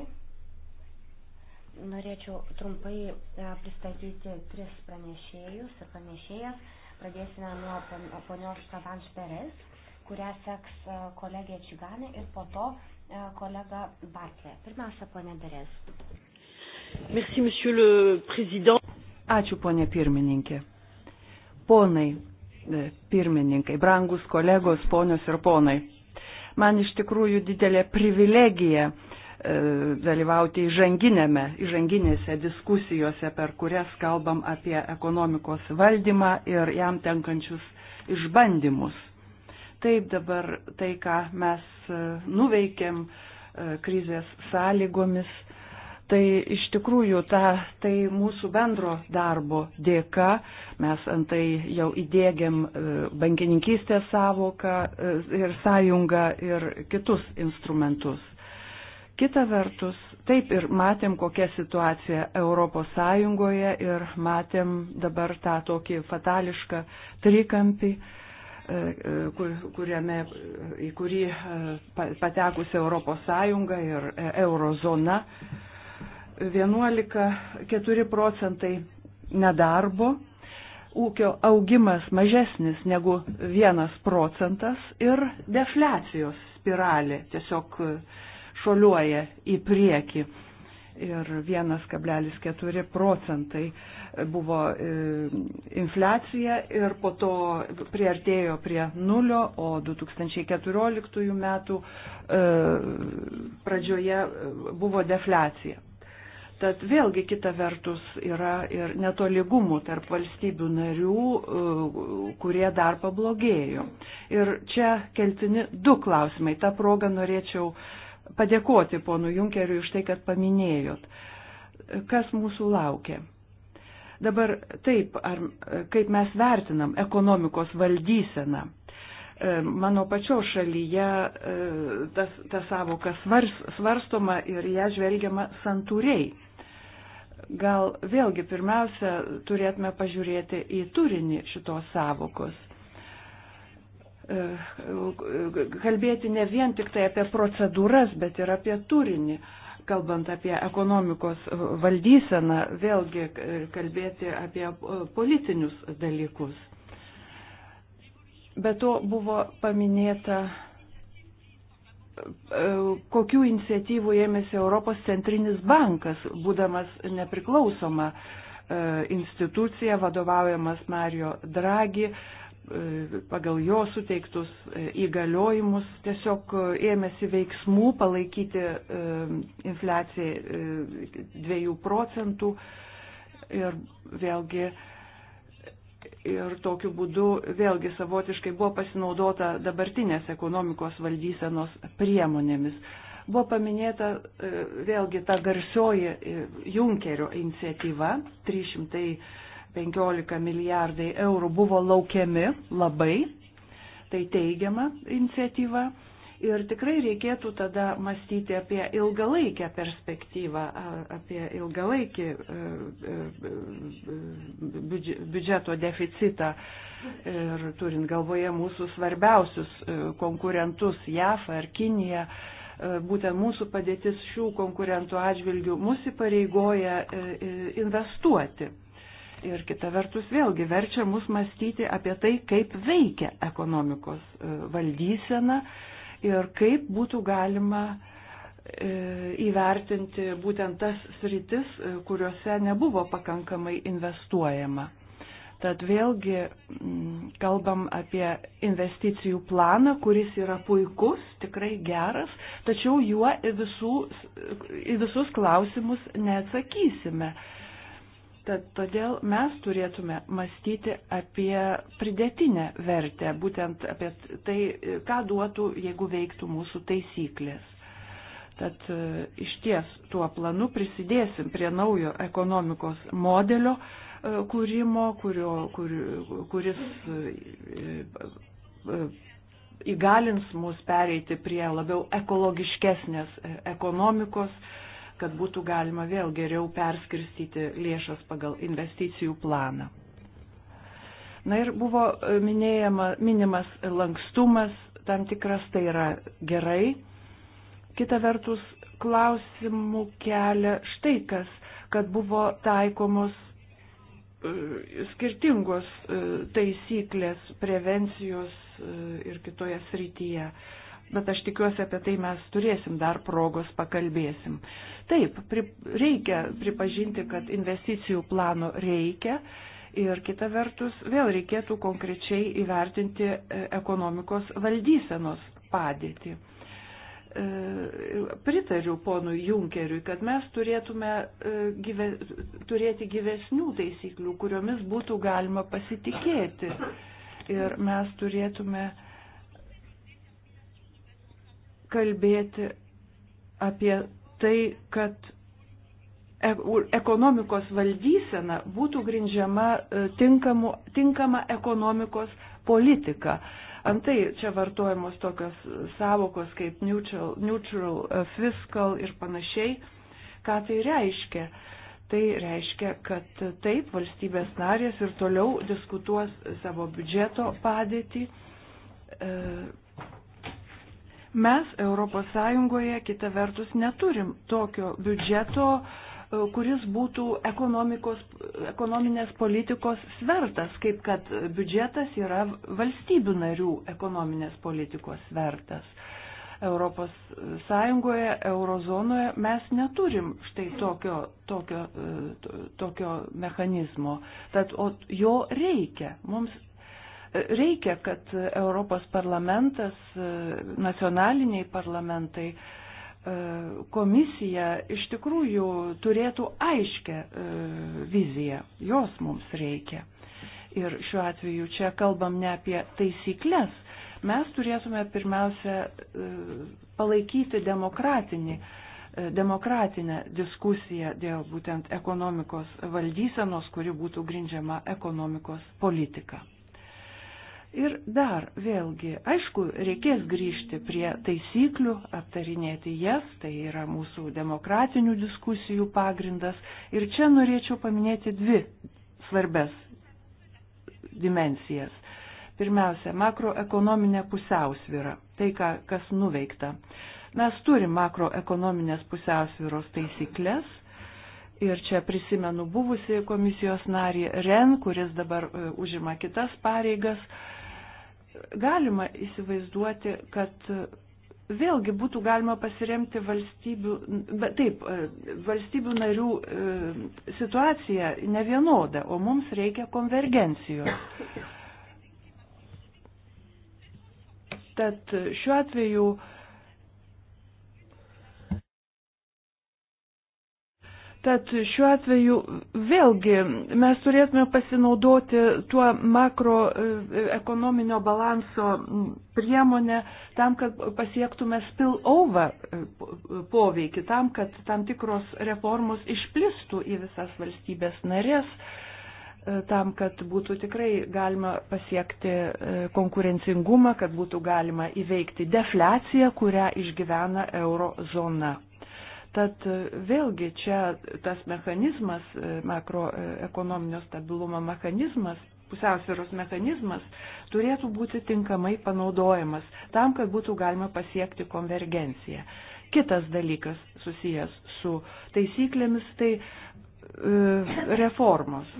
norėčiau trumpai e, pristatyti tris pranešėjus ir pranešėjas. Pradėsime nuo ponios Štavanš Perez, kurią seks e, kolegė Čiganė ir po to e, kolega Bartlė. Pirmiausia, ponia Perez. Merci, monsieur le président. Ačiū, ponia pirmininkė. Ponai, E, pirmininkai, brangus kolegos, ponios ir ponai. Man iš tikrųjų didelė privilegija e, dalyvauti įžanginėme, įžanginėse diskusijose, per kurias kalbam apie ekonomikos valdymą ir jam tenkančius išbandymus. Taip dabar tai, ką mes e, nuveikėm krizės sąlygomis, Tai iš tikrųjų ta, tai mūsų bendro darbo dėka, mes antai jau įdėgiam e, bankininkystės savoką e, ir sąjungą ir kitus instrumentus. Kita vertus, taip ir matėm, kokia situacija Europos Sąjungoje ir matėm dabar tą tokį fatališką trikampį, e, kur, kuriame, į kurį patekusi Europos Sąjunga ir Eurozona. E, 11,4 procentai nedarbo, ūkio augimas mažesnis negu 1 procentas ir defliacijos spiralė tiesiog šoliuoja į priekį. Ir 1,4 procentai buvo e, infliacija ir po to priartėjo prie nulio, o 2014 metų e, pradžioje buvo defliacija. Tad vėlgi kita vertus yra ir netolygumų tarp valstybių narių, e, kurie dar pablogėjo. Ir čia keltini du klausimai. Ta proga norėčiau padėkoti ponu Junkeriu už tai, kad paminėjot, kas mūsų laukia. Dabar taip, ar, kaip mes vertinam ekonomikos valdyseną e, mano pačio šalyje e, tas, tas savokas svars, svarstoma ir ją žvelgiama santūriai. Gal vėlgi pirmiausia turėtume pažiūrėti į turinį šitos savokos. E, kalbėti ne vien tik tai apie procedūras, bet ir apie turinį kalbant apie ekonomikos valdyseną, vėlgi kalbėti apie e, politinius dalykus. Be to buvo paminėta E, kokių iniciatyvų ėmėsi Europos centrinis bankas, būdamas nepriklausoma e, institucija, vadovaujamas Mario Draghi, e, pagal jo suteiktus įgaliojimus tiesiog ėmėsi veiksmų palaikyti infliaciją 2 procentų ir vėlgi ir tokiu būdu vėlgi savotiškai buvo pasinaudota dabartinės ekonomikos valdysenos priemonėmis. Buvo paminėta e, vėlgi ta garsioji e, Junkerio iniciatyva, 315 milijardai eurų buvo laukiami labai, tai teigiama iniciatyva Ir tikrai reikėtų tada mąstyti apie ilgalaikę perspektyvą, apie ilgalaikį e, e, e, biudžeto deficitą ir turint galvoje mūsų svarbiausius konkurentus JAF ar Kiniją būtent mūsų padėtis šių konkurentų atžvilgių mus įpareigoja investuoti. Ir kita vertus vėlgi verčia mus mąstyti apie tai, kaip veikia ekonomikos valdysena ir kaip būtų galima e, įvertinti būtent tas sritis, e, kuriuose nebuvo pakankamai investuojama. Tad vėlgi mm, kalbam apie investicijų planą, kuris yra puikus, tikrai geras, tačiau juo į, visų, į visus klausimus neatsakysime. Tad todėl mes turėtume mąstyti apie pridėtinę vertę, būtent apie tai, ką duotų, jeigu veiktų mūsų taisyklės. Tad e, iš ties tuo planu prisidėsim prie naujo ekonomikos modelio e, kūrimo, kurio, kur, kuris e, įgalins mus pereiti prie labiau ekologiškesnės ekonomikos kad būtų galima vėl geriau perskirstyti lėšas pagal investicijų planą. Na ir buvo e, minėjama, minimas lankstumas, tam tikras tai yra gerai. Kita vertus, klausimų kelia štai kas, kad buvo taikomos e, skirtingos e, taisyklės prevencijos ir kitoje srityje bet aš tikiuosi apie tai mes turėsim dar progos pakalbėsim. Taip, pri, reikia pripažinti, kad investicijų plano reikia ir kita vertus vėl reikėtų konkrečiai įvertinti e, ekonomikos valdysenos padėtį. E, pritariu ponui Junkeriui, kad mes turėtume e, gyve, turėti gyvesnių taisyklių, kuriomis būtų galima pasitikėti. Ir mes turėtume uh, kalbėti apie tai, kad e, ekonomikos valdysena būtų grindžiama e, tinkamu, tinkama ekonomikos politika. Antai čia vartojamos tokios savokos kaip neutral, neutral e, fiscal ir panašiai. Ką tai reiškia? Tai reiškia, kad taip valstybės narės ir toliau diskutuos savo biudžeto padėtį Mes ES kitą vertus neturim tokio biudžeto, e, kuris būtų ekonominės politikos svertas, kaip kad biudžetas yra valstybių narių ekonominės politikos svertas. Europos Sąjungoje, eurozonoje mes neturim štai tokio, tokio, e, tokio mechanizmo. Tad o, jo reikia. Mums Reikia, kad Europos parlamentas, nacionaliniai parlamentai, komisija iš tikrųjų turėtų aiškę e, viziją. Jos mums reikia. Ir šiuo atveju čia kalbam ne apie taisyklės. Mes turėtume pirmiausia e, palaikyti demokratinį e, demokratinę diskusiją dėl būtent ekonomikos valdysenos, kuri būtų grindžiama ekonomikos politika. Ir dar vėlgi, aišku, reikės grįžti prie taisyklių, aptarinėti jas, tai yra mūsų demokratinių diskusijų pagrindas. Ir čia norėčiau paminėti dvi svarbes dimensijas. Pirmiausia, makroekonominė pusiausvyra, tai ką, kas nuveikta. Mes turim makroekonominės pusiausvyros taisyklės, Ir čia prisimenu buvusi komisijos narį Ren, kuris dabar e, užima kitas pareigas galima įsivaizduoti, kad vėlgi būtų galima pasiremti valstybių, bet taip, e, valstybių narių e, situacija nevienoda, o mums reikia konvergencijos. Tad šiuo atveju Tad šiuo atveju vėlgi mes turėtume pasinaudoti tuo makroekonominio e, balanso priemonę tam, kad pasiektume spillover e, e, poveikį, tam, kad tam tikros reformos išplistų į visas valstybės narės, tam, kad būtų tikrai galima pasiekti konkurencingumą, kad būtų galima įveikti defliaciją, kurią išgyvena eurozona. Tad e, vėlgi čia tas mechanizmas, e, makroekonominio stabilumo mechanizmas, pusiausvėros mechanizmas turėtų būti tinkamai panaudojamas tam, kad būtų galima pasiekti konvergenciją. Kitas dalykas susijęs su taisyklėmis tai e, reformos.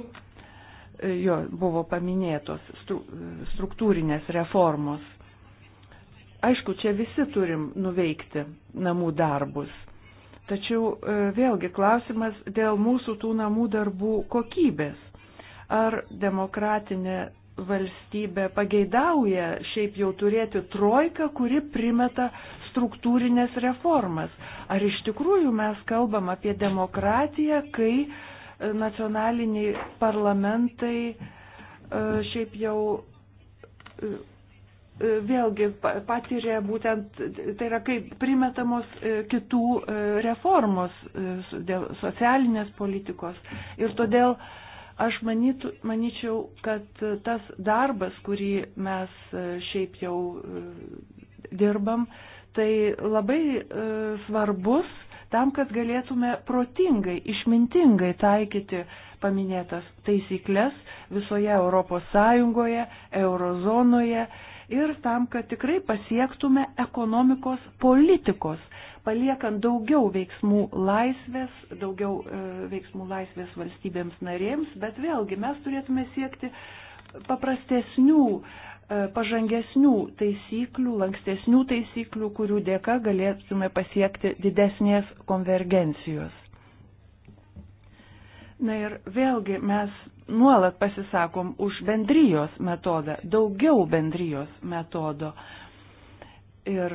E, jo buvo paminėtos stru, struktūrinės reformos. Aišku, čia visi turim nuveikti namų darbus Tačiau e, vėlgi klausimas dėl mūsų tų namų darbų kokybės. Ar demokratinė valstybė pageidauja šiaip jau turėti trojką, kuri primeta struktūrinės reformas. Ar iš tikrųjų mes kalbam apie demokratiją, kai e, nacionaliniai parlamentai e, šiaip jau vėlgi patiria būtent, tai yra kaip primetamos e, kitų e, reformos e, dėl socialinės politikos. Ir todėl aš manytų, manyčiau, kad tas darbas, kurį mes šiaip jau dirbam, tai labai svarbus tam, kad galėtume protingai, išmintingai taikyti paminėtas taisyklės visoje Europos Sąjungoje, eurozonoje ir tam, kad tikrai pasiektume ekonomikos politikos, paliekant daugiau veiksmų laisvės, daugiau e, veiksmų laisvės valstybėms narėms, bet vėlgi mes turėtume siekti paprastesnių, e, pažangesnių taisyklių, lankstesnių taisyklių, kurių dėka galėtume pasiekti didesnės konvergencijos. Na ir vėlgi mes nuolat pasisakom už bendrijos metodą, daugiau bendrijos metodo. Ir,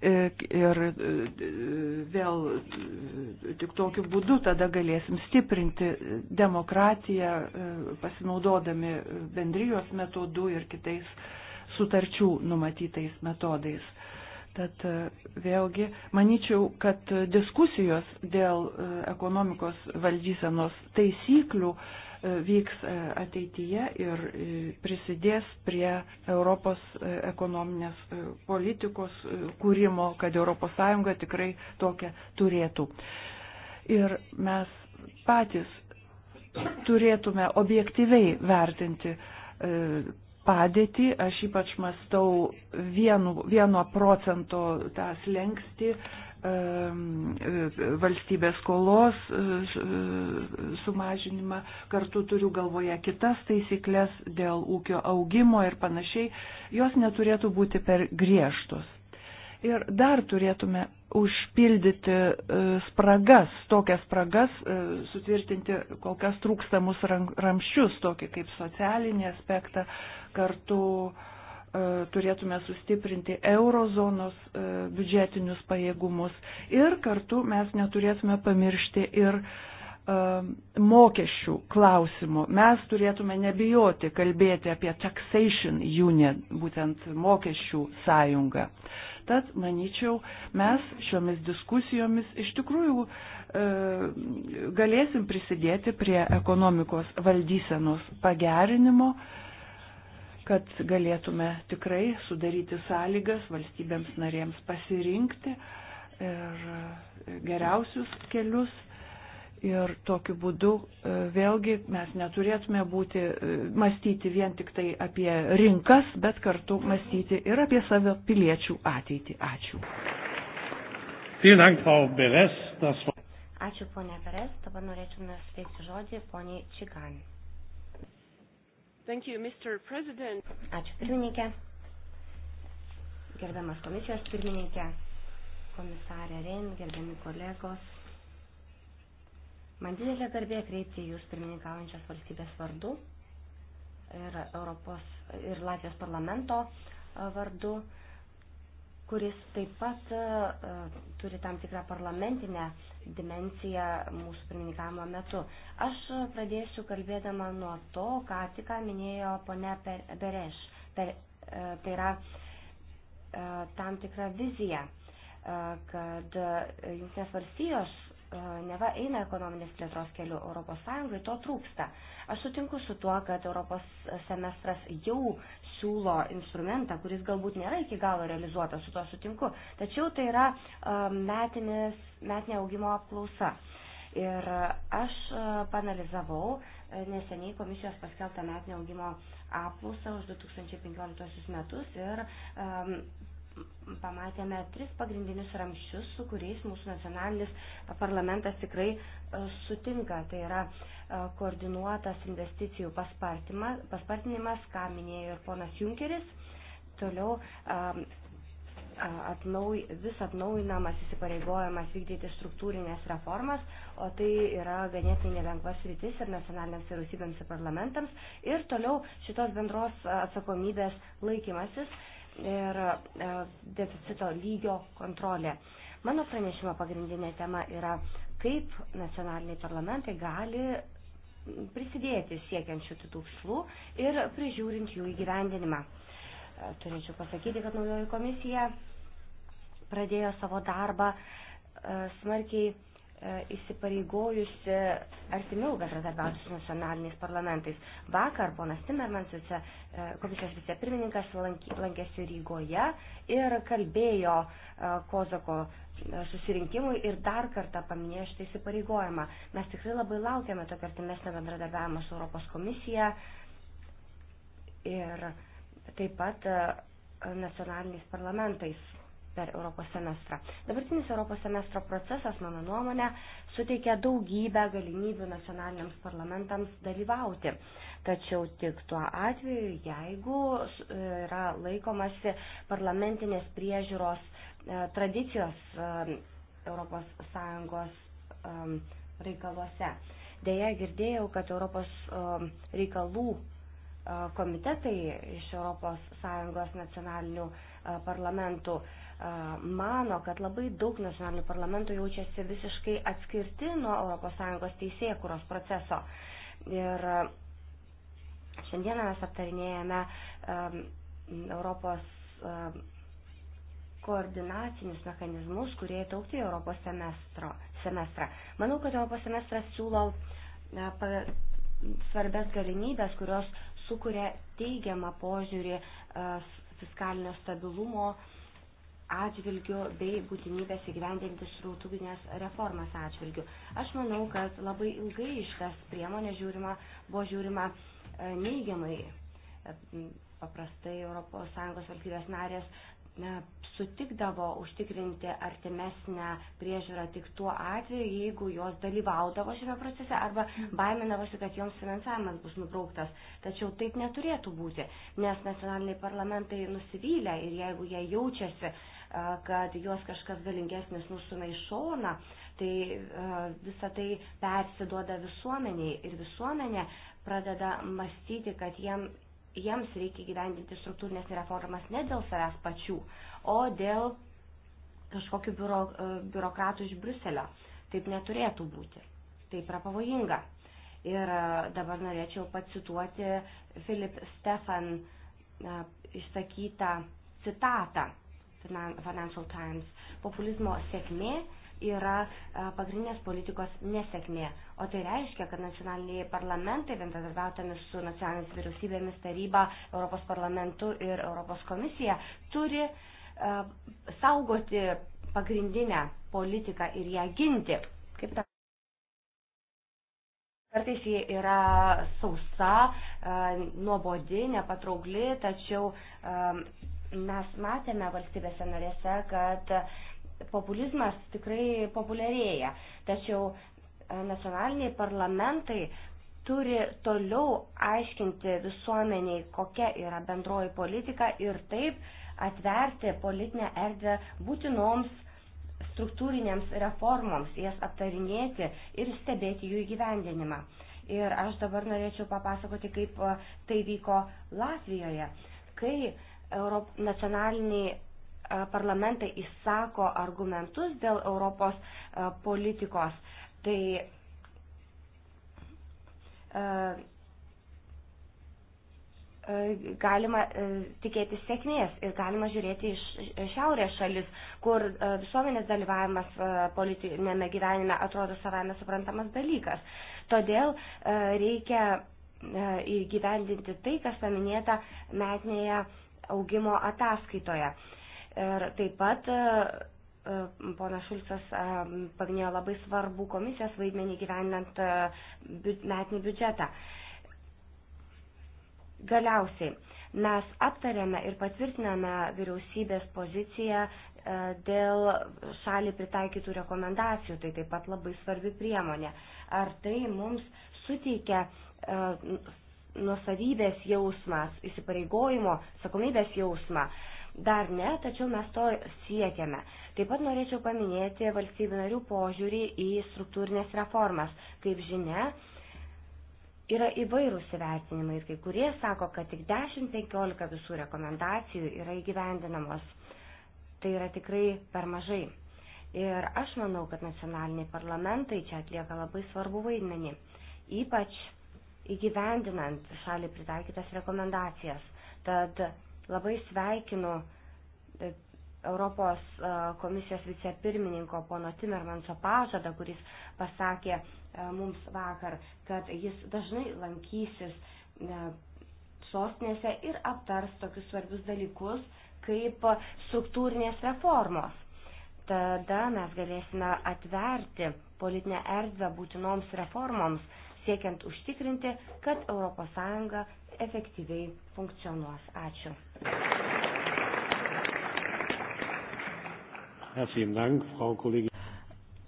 e, ir e, vėl e, tik tokiu būdu tada galėsim stiprinti demokratiją, pasinaudodami bendrijos metodu ir kitais sutarčių numatytais metodais. Tad e, vėlgi, manyčiau, kad diskusijos dėl e, ekonomikos valdysenos taisyklių e, vyks ateityje ir prisidės prie Europos ekonominės politikos kūrimo, kad ES tikrai tokią turėtų. Ir mes patys turėtume objektyviai vertinti padėtį, aš ypač mastau vienu, vieno procento tą slengsti valstybės skolos e, sumažinimą, kartu turiu galvoje kitas taisyklės dėl ūkio augimo ir panašiai, jos neturėtų būti per griežtos ir dar turėtume užpildyti e, spragas, tokias spragas, e, sutvirtinti kol kas trūkstamus ramščius, tokį kaip socialinį aspektą, kartu e, turėtume sustiprinti eurozonos biudžetinius pajėgumus ir kartu mes neturėtume pamiršti ir mokesčių klausimų. Mes turėtume nebijoti kalbėti apie taxation union, būtent mokesčių sąjungą. Uh, Tad, manyčiau, mes šiomis diskusijomis iš tikrųjų e, galėsim prisidėti prie ekonomikos valdysenos pagerinimo, kad galėtume tikrai sudaryti sąlygas valstybėms narėms pasirinkti ir geriausius kelius Ir tokiu būdu e, vėlgi mes neturėtume būti, e, mąstyti vien tik tai apie rinkas, bet kartu mąstyti ir apie savo piliečių ateitį. Ačiū. Ačiū ponė Beres, dabar norėtume suteikti žodį poniai Čigan. Thank you, Mr. President. Ačiū pirmininkė, gerbiamas komisijos pirmininkė, komisarė Ren, gerbiami kolegos. Man didelė garbė kreipti jūs pirmininkaujančios valstybės vardu ir, Europos, ir Latvijos parlamento vardu, kuris taip pat uh, turi tam tikrą parlamentinę dimenciją mūsų pirmininkavimo metu. Aš pradėsiu kalbėdama nuo to, ką tik minėjo ponia Bereš. Per, uh, tai yra uh, tam tikra vizija, uh, kad Junktinės valstijos E, neva eina ekonominės plėtros keliu ES, to trūksta. Aš sutinku su tuo, kad Europos semestras jau siūlo instrumentą, kuris galbūt nėra iki galo realizuotas, su tuo sutinku. Tačiau tai yra e, metinis, metinė augimo apklausa. Ir aš e, panalizavau neseniai komisijos paskelbtą metinę augimo apklausą už 2015 metus ir um, pamatėme tris pagrindinius ramščius, su kuriais mūsų nacionalinis parlamentas tikrai e, sutinka. Tai yra e, koordinuotas investicijų paspartinimas, ką minėjo ir ponas Junkeris. Toliau e, atnauj, vis atnaujinamas įsipareigojimas vykdyti struktūrinės reformas, o tai yra ganėtinai nelengvas rytis ir nacionaliniams vyriausybėms ir parlamentams. Ir toliau šitos bendros atsakomybės laikymasis ir e, deficito lygio kontrolė. Mano pranešimo pagrindinė tema yra, kaip nacionaliniai parlamentai gali prisidėti siekiant šitų tikslų ir prižiūrint jų įgyvendinimą. E, turėčiau pasakyti, kad naujoji komisija pradėjo savo darbą e, smarkiai E, įsipareigojusi artimiau bendradarbiauti su nacionaliniais parlamentais. Vakar ponas Timmermans, vice, komisijos vicepirmininkas, lankėsi Rygoje ir kalbėjo e, Kozako e, susirinkimui ir dar kartą paminėjo šitą įsipareigojimą. Mes tikrai labai laukiame tokio artimesnio bendradarbiavimo su Europos komisija ir taip pat nacionaliniais parlamentais per Europos semestrą. Dabartinis Europos semestro procesas, mano nuomonė, suteikia daugybę galimybių nacionaliniams parlamentams dalyvauti. Tačiau tik tuo atveju, jeigu e, yra laikomasi parlamentinės priežiūros e, tradicijos e, Europos Sąjungos reikaluose. Deja, girdėjau, kad Europos reikalų komitetai iš Europos Sąjungos nacionalinių parlamentų mano, kad labai daug nacionalinių parlamentų jaučiasi visiškai atskirti nuo ES teisėkuros proceso. Ir šiandieną mes aptarinėjame Europos koordinacinius mechanizmus, kurie įtraukti į Europos semestro, semestrą. Manau, kad Europos semestras siūlo svarbės galimybės, kurios sukuria teigiamą požiūrį fiskalinio stabilumo uh, atžvilgiu bei būtinybės įgyvendinti srautuginės reformas atžvilgiu. Aš manau, kad labai ilgai iš tas priemonė žiūrima, buvo žiūrima e, neigiamai. E, paprastai ES valstybės narės na, sutikdavo užtikrinti artimesnę priežiūrą tik tuo atveju, jeigu jos dalyvaudavo šiame procese arba baiminavosi, kad joms finansavimas bus nubrauktas. Tačiau taip neturėtų būti, nes nacionaliniai parlamentai nusivylę ir jeigu jie jaučiasi kad juos kažkas galingesnis nustumia į šoną, tai visa tai persiduoda visuomeniai ir visuomenė pradeda mąstyti, kad jiem, jiems reikia gyvendinti struktūrinės reformas ne dėl savęs pačių, o dėl kažkokių biuro, biurokratų iš Bruselio. Taip neturėtų būti. Taip yra pavojinga. Ir dabar norėčiau pacituoti Filip Stefan išsakytą citatą Financial Times. Populizmo sėkmė yra e, pagrindinės politikos nesėkmė. O tai reiškia, kad nacionaliniai parlamentai, bendradarbiautami su nacionalinės vyriausybėmis, taryba, Europos parlamentu ir Europos komisija, turi e, saugoti pagrindinę politiką ir ją ginti. Kaip ta Kartais ji yra sausa, e, nuobodi, nepatraukli, tačiau Mes matėme valstybėse narėse, kad populizmas tikrai populiarėja, tačiau e, nacionaliniai parlamentai turi toliau aiškinti visuomeniai, kokia yra bendroji politika ir taip atverti politinę erdvę būtinoms struktūrinėms reformoms, jas aptarinėti ir stebėti jų įgyvendinimą. Ir aš dabar norėčiau papasakoti, kaip e, tai vyko Latvijoje, kai Europ, nacionaliniai e, parlamentai įsako argumentus dėl Europos e, politikos. Tai e, galima tikėtis sėkmės ir galima žiūrėti iš šiaurės šalis, kur visuomenės dalyvavimas politinėme gyvenime atrodo savame suprantamas dalykas. Todėl reikia įgyvendinti tai, kas paminėta metinėje augimo ataskaitoje. Ir taip pat e, e, Pona Šulcas e, paminėjo labai svarbų komisijos vaidmenį gyvenant metinį biudžetą. Galiausiai mes aptarėme ir patvirtiname vyriausybės poziciją dėl šalį pritaikytų rekomendacijų, tai taip pat labai svarbi priemonė. Ar tai mums suteikia nusavybės jausmas, įsipareigojimo, sakomybės jausmą. Dar ne, tačiau mes to siekiame. Taip pat norėčiau paminėti valstybių narių požiūrį į struktūrinės reformas. Kaip žinia, yra įvairūs įvertinimai ir kai kurie sako, kad tik 10-15 visų rekomendacijų yra įgyvendinamos. Tai yra tikrai per mažai. Ir aš manau, kad nacionaliniai parlamentai čia atlieka labai svarbu vaidmenį. Ypač įgyvendinant šalį pritaikytas rekomendacijas. Tad labai sveikinu e, Europos e, komisijos vicepirmininko pono Timermanso pažadą, kuris pasakė e, mums vakar, kad jis dažnai lankysis sostinėse ir aptars tokius svarbius dalykus kaip struktūrinės reformos. Tada mes galėsime atverti politinę erdvę būtinoms reformoms siekiant užtikrinti, kad ES efektyviai funkcionuos. Ačiū.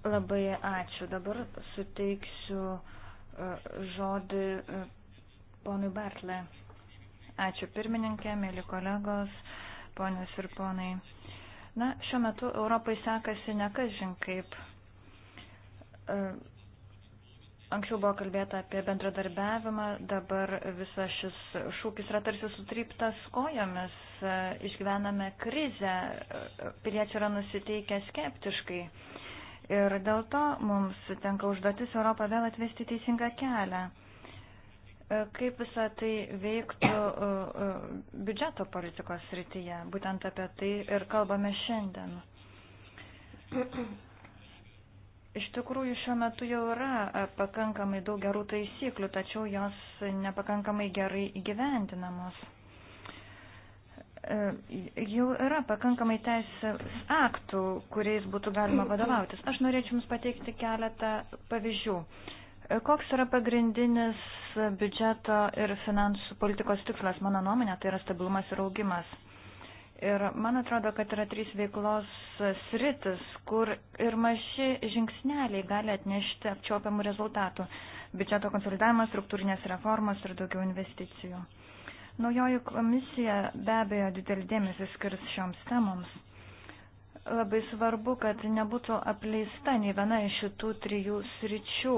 Labai ačiū. Dabar suteiksiu e, žodį e, ponui Bartlė. Ačiū pirmininkė, mėly kolegos, ponios ir ponai. Na, šiuo metu Europai sekasi nekažin kaip. E, Anksčiau buvo kalbėta apie bendradarbiavimą, dabar visas šis šūkis yra tarsi sutryptas kojomis, išgyvename krizę, piliečiai yra nusiteikę skeptiškai. Ir dėl to mums tenka užduotis Europą vėl atvesti teisingą kelią. Kaip visą tai veiktų e, e, biudžeto politikos srityje, būtent apie tai ir kalbame šiandien. Iš tikrųjų, šiuo metu jau yra e, pakankamai daug gerų taisyklių, tačiau jos nepakankamai gerai įgyvendinamos. E, jau yra pakankamai teisės aktų, kuriais būtų galima vadovautis. Aš norėčiau Jums pateikti keletą pavyzdžių. E, koks yra pagrindinis biudžeto ir finansų politikos tikslas, mano nuomonė, tai yra stabilumas ir augimas. Ir man atrodo, kad yra trys veiklos sritis, kur ir maži žingsneliai gali atnešti apčiopiamų rezultatų - biudžeto konsolidavimas, struktūrinės reformos ir daugiau investicijų. Naujoji komisija be abejo didelį dėmesį skirs šioms temoms. Labai svarbu, kad nebūtų apleista nei viena iš šitų trijų sričių,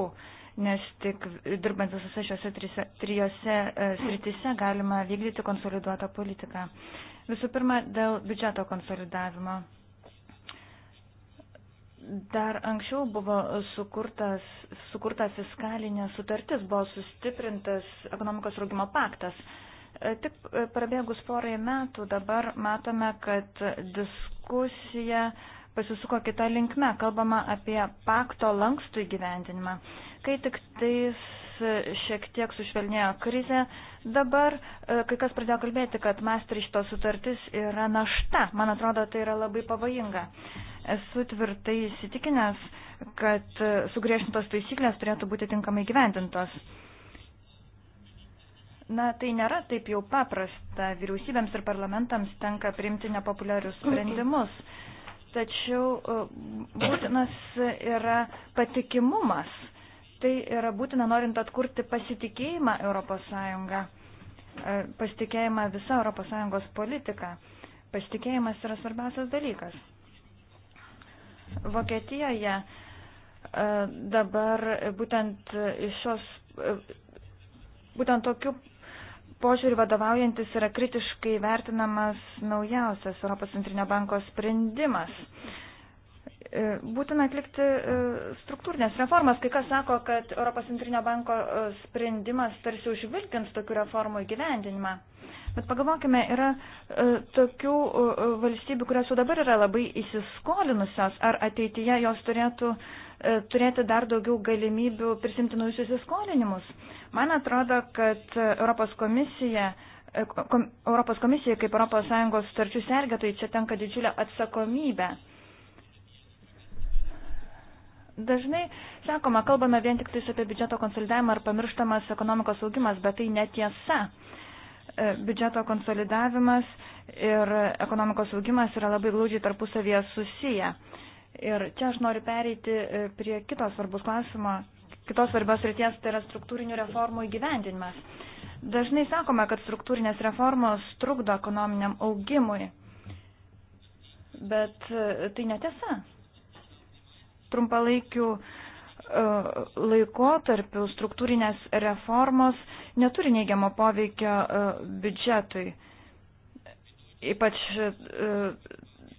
nes tik dirbant visose šiose trijose e, sritise galima vykdyti konsoliduotą politiką. Visų pirma, dėl biudžeto konsolidavimo. Dar anksčiau buvo sukurtas, sukurta fiskalinė sutartis, buvo sustiprintas ekonomikos rūgimo paktas. E, tik e, prabėgus porai metų dabar matome, kad diskusija uh, pasisuko kitą linkmę. Kalbama apie pakto lankstų įgyvendinimą. Kai tik tais e, šiek tiek sušvelnėjo krizė, dabar e, kai kas pradėjo kalbėti, kad Maastrichto sutartis yra našta. Man atrodo, tai yra labai pavojinga. Esu tvirtai įsitikinęs, kad e, sugriešintos taisyklės turėtų būti tinkamai gyvendintos. Na, tai nėra taip jau paprasta. Vyriausybėms ir parlamentams tenka priimti nepopuliarius sprendimus. Okay tačiau e, būtinas yra patikimumas. Tai yra būtina norint atkurti pasitikėjimą ES, e, pasitikėjimą visą ES politiką. Pasitikėjimas yra svarbiausias dalykas. Vokietijoje e, dabar būtent iš šios, būtent tokiu požiūrį vadovaujantis yra kritiškai vertinamas naujausias Europos centrinio banko sprendimas. E, būtina atlikti e, struktūrinės reformas. Kai kas sako, kad Europos centrinio banko e, sprendimas tarsi užvilkins tokių reformų įgyvendinimą. Bet pagalvokime, yra tokių valstybių, kurios jau dabar yra labai įsiskolinusios, ar ateityje jos turėtų turėti dar daugiau galimybių prisimti naujus įsiskolinimus. Man atrodo, kad Europos komisija e, Europos komisijai kaip ES sutarčių sergėtojai čia tenka didžiulę atsakomybę. Dažnai, sakoma, kalbame vien tik apie biudžeto konsolidavimą ar pamirštamas ekonomikos augimas, bet tai netiesa. E, biudžeto konsolidavimas ir ekonomikos augimas yra labai glaudžiai tarpusavyje susiję. Ir čia aš noriu pereiti e, prie kitos svarbus klausimo, kitos svarbios ryties, tai yra struktūrinių reformų įgyvendinimas. Dažnai sakome, kad struktūrinės reformos trukdo ekonominiam augimui, bet e, tai netiesa. Trumpalaikių e, laikotarpių struktūrinės reformos neturi neigiamo poveikio e, biudžetui. Ypač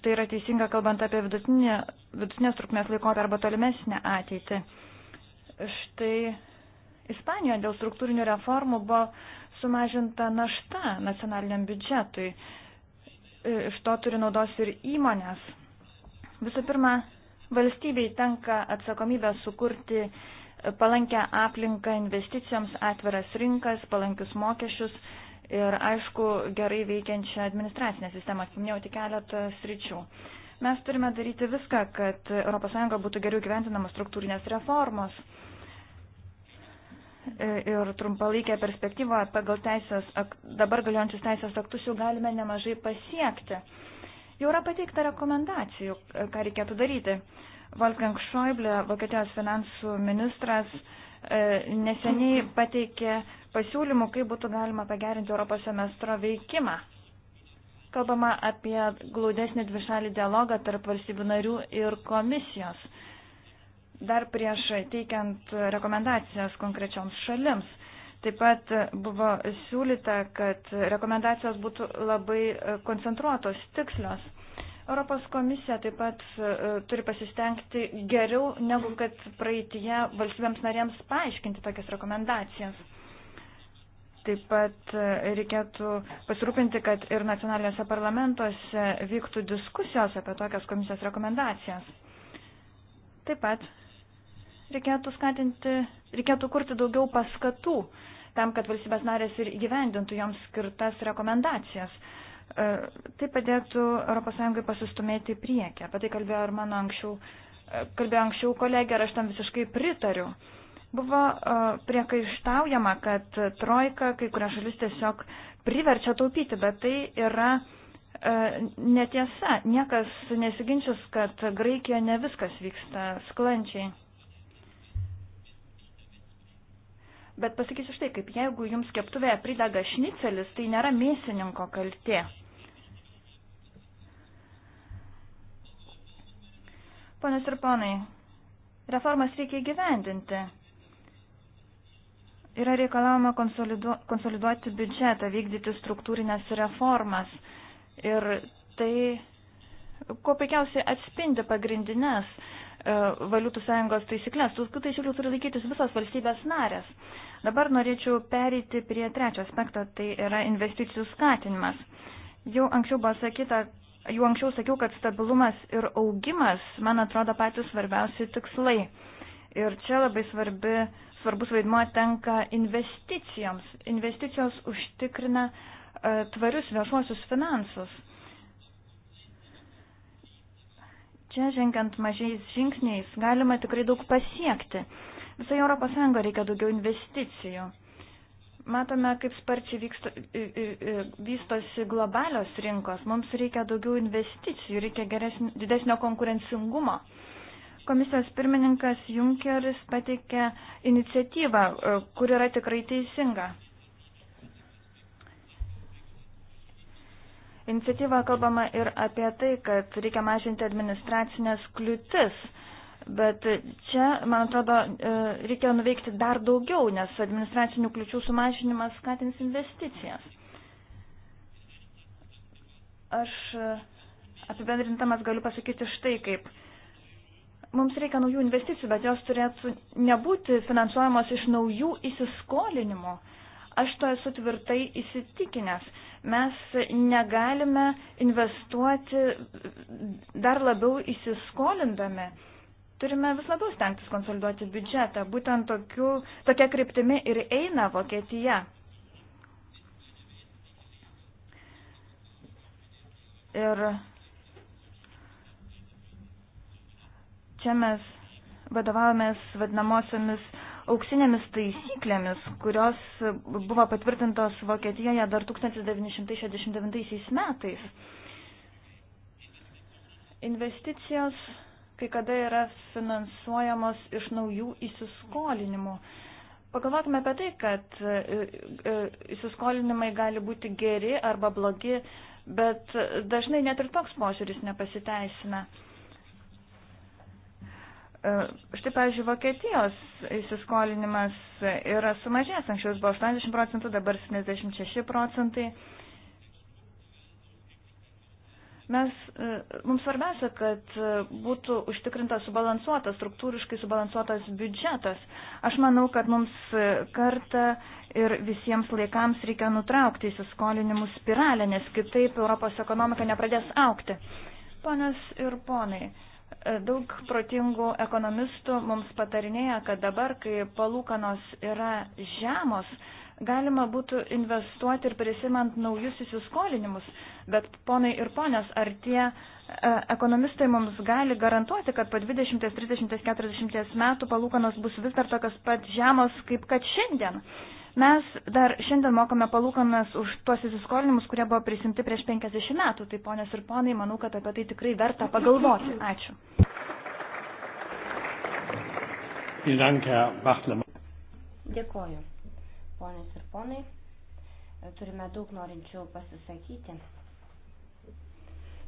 tai yra teisinga kalbant apie vidutinės trukmės laikotarpį arba tolimesnę ateitį. Štai Ispanijoje dėl struktūrinių reformų buvo sumažinta našta nacionaliniam biudžetui. Iš to turi naudos ir įmonės. Visų pirma, valstybei tenka atsakomybė sukurti palankę aplinką investicijoms, atviras rinkas, palankius mokesčius ir, aišku, gerai veikiančią administracinę sistemą. Minėjau tik keletą sričių. Mes turime daryti viską, kad ES būtų geriau gyventinamos struktūrinės reformos ir trumpalaikę perspektyvą pagal teisės, dabar galiojančius teisės aktus jau galime nemažai pasiekti. Jau yra pateikta rekomendacijų, ką reikėtų daryti. Wolfgang Schäuble, Vokietijos finansų ministras, e, neseniai pateikė pasiūlymų, kaip būtų galima pagerinti Europos semestro veikimą. Kalbama apie glaudesnį dvišalį dialogą tarp valstybių narių ir komisijos dar prieš teikiant rekomendacijas konkrečioms šalims. Taip pat buvo siūlyta, kad rekomendacijos būtų labai koncentruotos, tikslios. Europos komisija taip pat e, turi pasistengti geriau, negu kad praeitie valstybėms narėms paaiškinti tokias rekomendacijas. Taip pat e, reikėtų pasirūpinti, kad ir nacionalinėse parlamentuose vyktų diskusijos apie tokias komisijos rekomendacijas. Taip pat reikėtų skatinti, reikėtų kurti daugiau paskatų tam, kad valstybės narės ir gyvendintų joms skirtas rekomendacijas. E, tai padėtų ES pasistumėti į priekį. Apie tai kalbėjo ir mano anksčiau, e, kalbėjo anksčiau kolegė ir aš tam visiškai pritariu. Buvo e, priekaištaujama, kad trojka kai kurias šalis tiesiog priverčia taupyti, bet tai yra netiesa. Niekas nesiginčius, kad Graikijoje ne viskas vyksta sklančiai. Bet pasakysiu štai, kaip jeigu jums keptuvėje pridega šnicelis, tai nėra mėsininko kaltė. Ponas ir ponai, reformas reikia gyvendinti. Yra reikalavama konsoliduo, konsoliduoti biudžetą, vykdyti struktūrinės reformas. Ir tai, kuo puikiausiai atspindi pagrindinės e, valiutų sąjungos taisyklės. Tų taisyklių turi laikytis visos valstybės narės. Dabar norėčiau pereiti prie trečio aspekto, tai yra investicijų skatinimas. Jau anksčiau buvo sakyta, jau anksčiau sakiau, kad stabilumas ir augimas, man atrodo, patys svarbiausi tikslai. Ir čia labai svarbi, svarbus vaidmuo tenka investicijoms. Investicijos užtikrina uh, tvarius viešuosius finansus. Čia žengiant mažiais žingsniais galima tikrai daug pasiekti. Uh, Visai ES reikia daugiau investicijų. Matome, kaip sparčiai vyksta, vystosi globalios rinkos. Mums reikia daugiau investicijų, reikia geresnio, didesnio konkurencingumo. Komisijos pirmininkas Junkeris pateikė iniciatyvą, e, kur yra tikrai teisinga. Iniciatyva kalbama ir apie tai, kad reikia mažinti administracinės kliūtis Bet čia, man atrodo, e, reikia nuveikti dar daugiau, nes administracinių kliučių sumažinimas skatins investicijas. Aš e, apibendrintamas galiu pasakyti štai kaip. Mums reikia naujų investicijų, bet jos turėtų nebūti finansuojamos iš naujų įsiskolinimo. Aš to esu tvirtai įsitikinęs. Mes negalime investuoti dar labiau įsiskolindami turime vis labiau stengtis konsoliduoti biudžetą. Būtent tokiu, tokia kryptimi ir eina Vokietija. Ir čia mes vadovavomės vadinamosiomis auksinėmis taisyklėmis, kurios buvo patvirtintos Vokietijoje dar 1969 metais. Investicijos kai kada yra finansuojamos iš naujų įsiskolinimų. Pagalvokime apie tai, kad e, e, įsiskolinimai gali būti geri arba blogi, bet dažnai net ir toks požiūris nepasiteisina. E, štai, pavyzdžiui, Vokietijos įsiskolinimas yra sumažęs, anksčiau jis buvo 80 procentų, dabar 76 procentai. Mes, e, mums svarbiausia, kad e, būtų užtikrintas subalansuotas, struktūriškai subalansuotas biudžetas. Aš manau, kad mums e, kartą ir visiems laikams reikia nutraukti įsiskolinimų spiralę, nes kitaip Europos ekonomika nepradės aukti. Ponas ir ponai, daug protingų ekonomistų mums patarinėja, kad dabar, kai palūkanos yra žemos, galima būtų investuoti ir prisimant naujus įsiskolinimus. Bet ponai ir ponės, ar tie e, ekonomistai mums gali garantuoti, kad po 20, 30, 40 metų palūkanos bus vis dar tokios pat žemos, kaip kad šiandien? Mes dar šiandien mokame palūkanas už tuos įsiskolinimus, kurie buvo prisimti prieš 50 metų. Tai ponės ir ponai, manau, kad apie tai tikrai verta pagalvoti. Ačiū. Vielen Dank, Herr Wachtler. Dėkoju ponės ir ponai. Turime daug norinčių pasisakyti.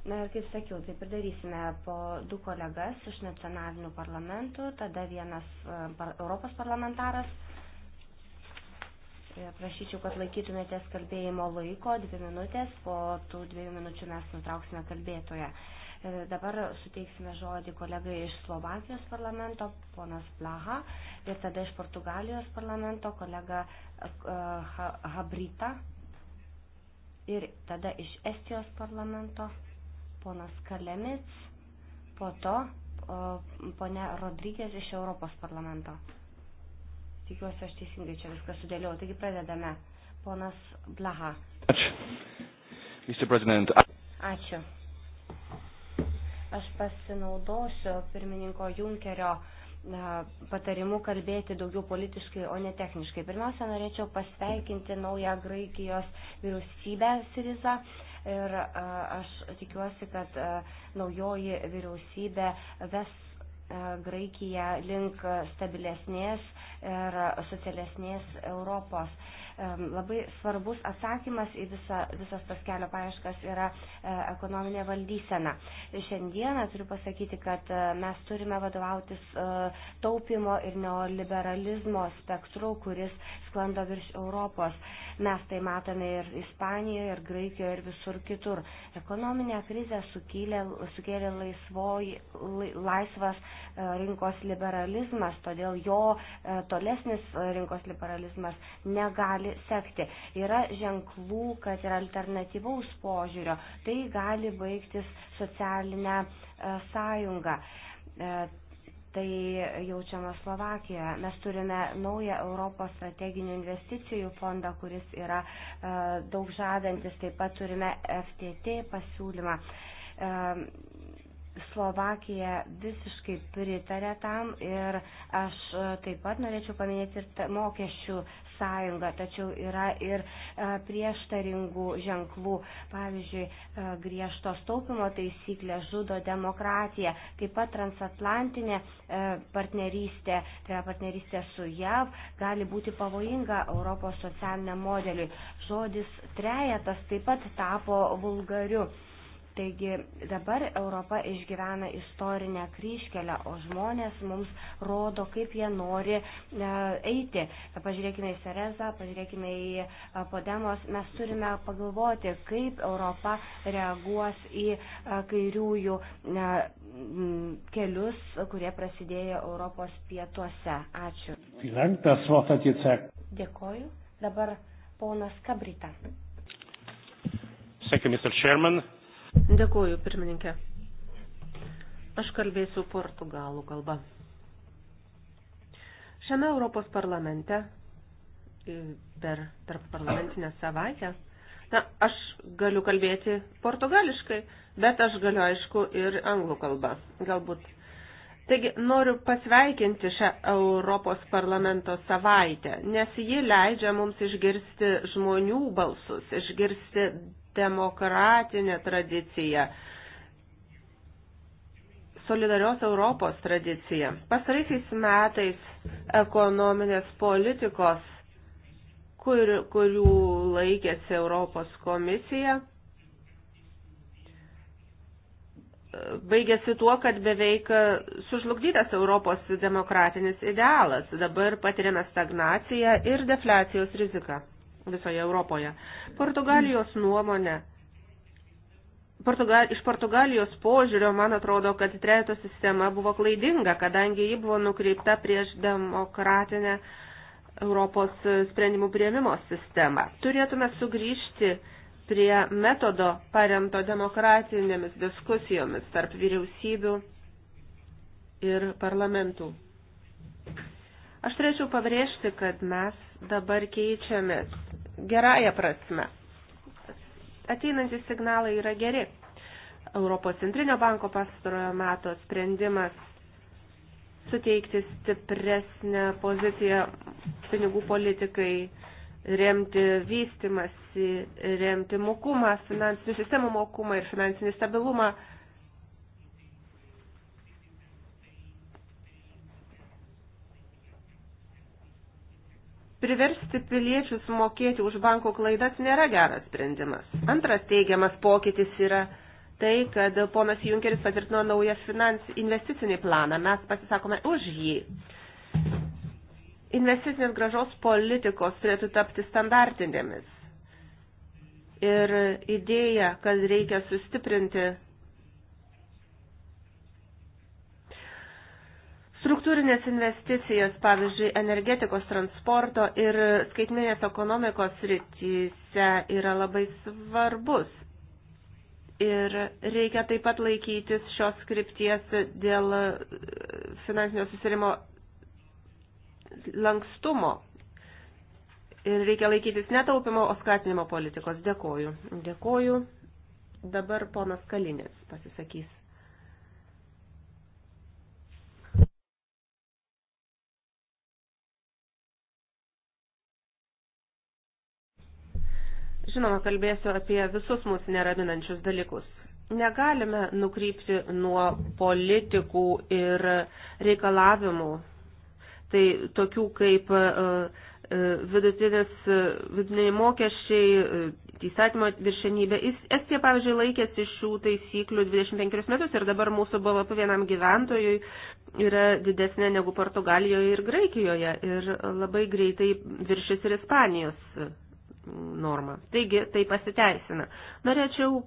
Na ir kaip sakiau, taip ir darysime po du kolegas iš nacionalinių parlamentų, tada vienas e, par, Europos parlamentaras. Prašyčiau, kad laikytumėtės kalbėjimo laiko, dvi minutės, po tų dviejų minučių mes nutrauksime kalbėtoje. E, dabar suteiksime žodį kolegai iš Slovakijos parlamento, ponas Blaha, ir tada iš Portugalijos parlamento kolega e, Habrita, ir tada iš Estijos parlamento ponas Kalemits, po to ponia Rodrygės iš Europos parlamento. Tikiuosi, aš teisingai čia viską sudėliau. Taigi pradedame. Ponas Blaha. Ačiū. Ačiū. Aš pasinaudosiu pirmininko Junkerio patarimu kalbėti daugiau politiškai, o ne techniškai. Pirmiausia, norėčiau pasveikinti naują Graikijos vyriausybę Sirizą ir aš tikiuosi, kad naujoji vyriausybė ves Graikiją link stabilesnės ir socialesnės Europos. Labai svarbus atsakymas į visa, visas tas kelio paieškas yra e, ekonominė valdysena. Šiandieną turiu pasakyti, kad e, mes turime vadovautis e, taupimo ir neoliberalizmo spektru, kuris sklando virš Europos. Mes tai matome ir Ispanijoje, ir Graikijoje, ir visur kitur. Ekonominė krizė sukėlė, sukėlė laisvoj, laisvas rinkos liberalizmas, todėl jo tolesnis rinkos liberalizmas negali sekti. Yra ženklų, kad yra alternatyvaus požiūrio. Tai gali baigtis socialinę e, sąjungą. E, tai jaučiama Slovakijoje. Mes turime naują Europos strateginių investicijų fondą, kuris yra e, daug žadantis. Taip pat turime FTT pasiūlymą Slovakija visiškai pritarė tam ir aš e, taip pat norėčiau paminėti ir mokesčių sąjungą, tačiau yra ir e, prieštaringų ženklų. Pavyzdžiui, e, griežto staupimo taisyklė žudo demokratiją, taip pat transatlantinė partnerystė, tai yra partnerystė su JAV, gali būti pavojinga Europos socialiniam modeliui. Žodis trejetas taip pat tapo vulgariu. Taigi dabar Europa išgyvena istorinę kryškelę, o žmonės mums rodo, kaip jie nori e, eiti. Pažiūrėkime į Serezą, pažiūrėkime į e, Podemos. Mes turime pagalvoti, kaip Europa reaguos į e, kairiųjų kelius, kurie prasidėjo Europos pietuose. Ačiū. Dėkoju. Dabar ponas Kabrita. Thank you, Mr. Chairman. Dėkuoju, pirmininkė. Aš kalbėsiu portugalų kalba. Šiame Europos parlamente per tarp parlamentinę savaitę Na, aš galiu kalbėti portugališkai, bet aš galiu, aišku, ir anglų kalbą, galbūt. Taigi, noriu pasveikinti šią Europos parlamento savaitę, nes ji leidžia mums išgirsti žmonių balsus, išgirsti demokratinė tradicija solidarios Europos tradicija. Pastaraisiais metais ekonominės politikos, kur, kurių laikėsi Europos komisija, baigėsi tuo, kad beveik sužlugdytas Europos demokratinis idealas. Dabar patiriame stagnaciją ir defliacijos riziką visoje Europoje. Portugalijos nuomonė. Portugal, iš Portugalijos požiūrio, man atrodo, kad trejato sistema buvo klaidinga, kadangi ji buvo nukreipta prieš demokratinę Europos sprendimų prieimimo sistemą. Turėtume sugrįžti prie metodo paremto demokratinėmis diskusijomis tarp vyriausybių ir parlamentų. Aš turėčiau pabrėžti, kad mes dabar keičiamės gerąją prasme. Ateinantys signalai yra geri. Europos centrinio banko pastarojo meto sprendimas suteikti stipresnę poziciją pinigų politikai, remti vystimasi, remti mokumą, finansinių sistemų mokumą ir finansinį stabilumą Priversti piliečius mokėti už bankų klaidas nėra geras sprendimas. Antras teigiamas pokytis yra tai, kad ponas Junkeris patvirtino naują finans, investicinį planą. Mes pasisakome už jį. Investicinės gražos politikos turėtų tapti standartinėmis. Ir idėja, kad reikia sustiprinti Struktūrinės investicijos, pavyzdžiui, energetikos, transporto ir skaitminės ekonomikos rytise yra labai svarbus. Ir reikia taip pat laikytis šios skripties dėl e, finansinio susirimo lankstumo. Ir reikia laikytis netaupimo, o skatinimo politikos. Dėkoju. Dėkoju. Dabar ponas Kalinės pasisakys. Žinoma, kalbėsiu apie visus mūsų neraminančius dalykus. Negalime nukrypti nuo politikų ir reikalavimų. Tai tokių kaip e, e, vidutinis, e, vidutiniai mokesčiai, įstatymo viršenybė. Estija, pavyzdžiui, laikėsi šių taisyklių 25 metus ir dabar mūsų BVP vienam gyventojui yra didesnė negu Portugalijoje ir Graikijoje ir labai greitai viršis ir Ispanijos normą. Taigi, tai pasiteisina. Norėčiau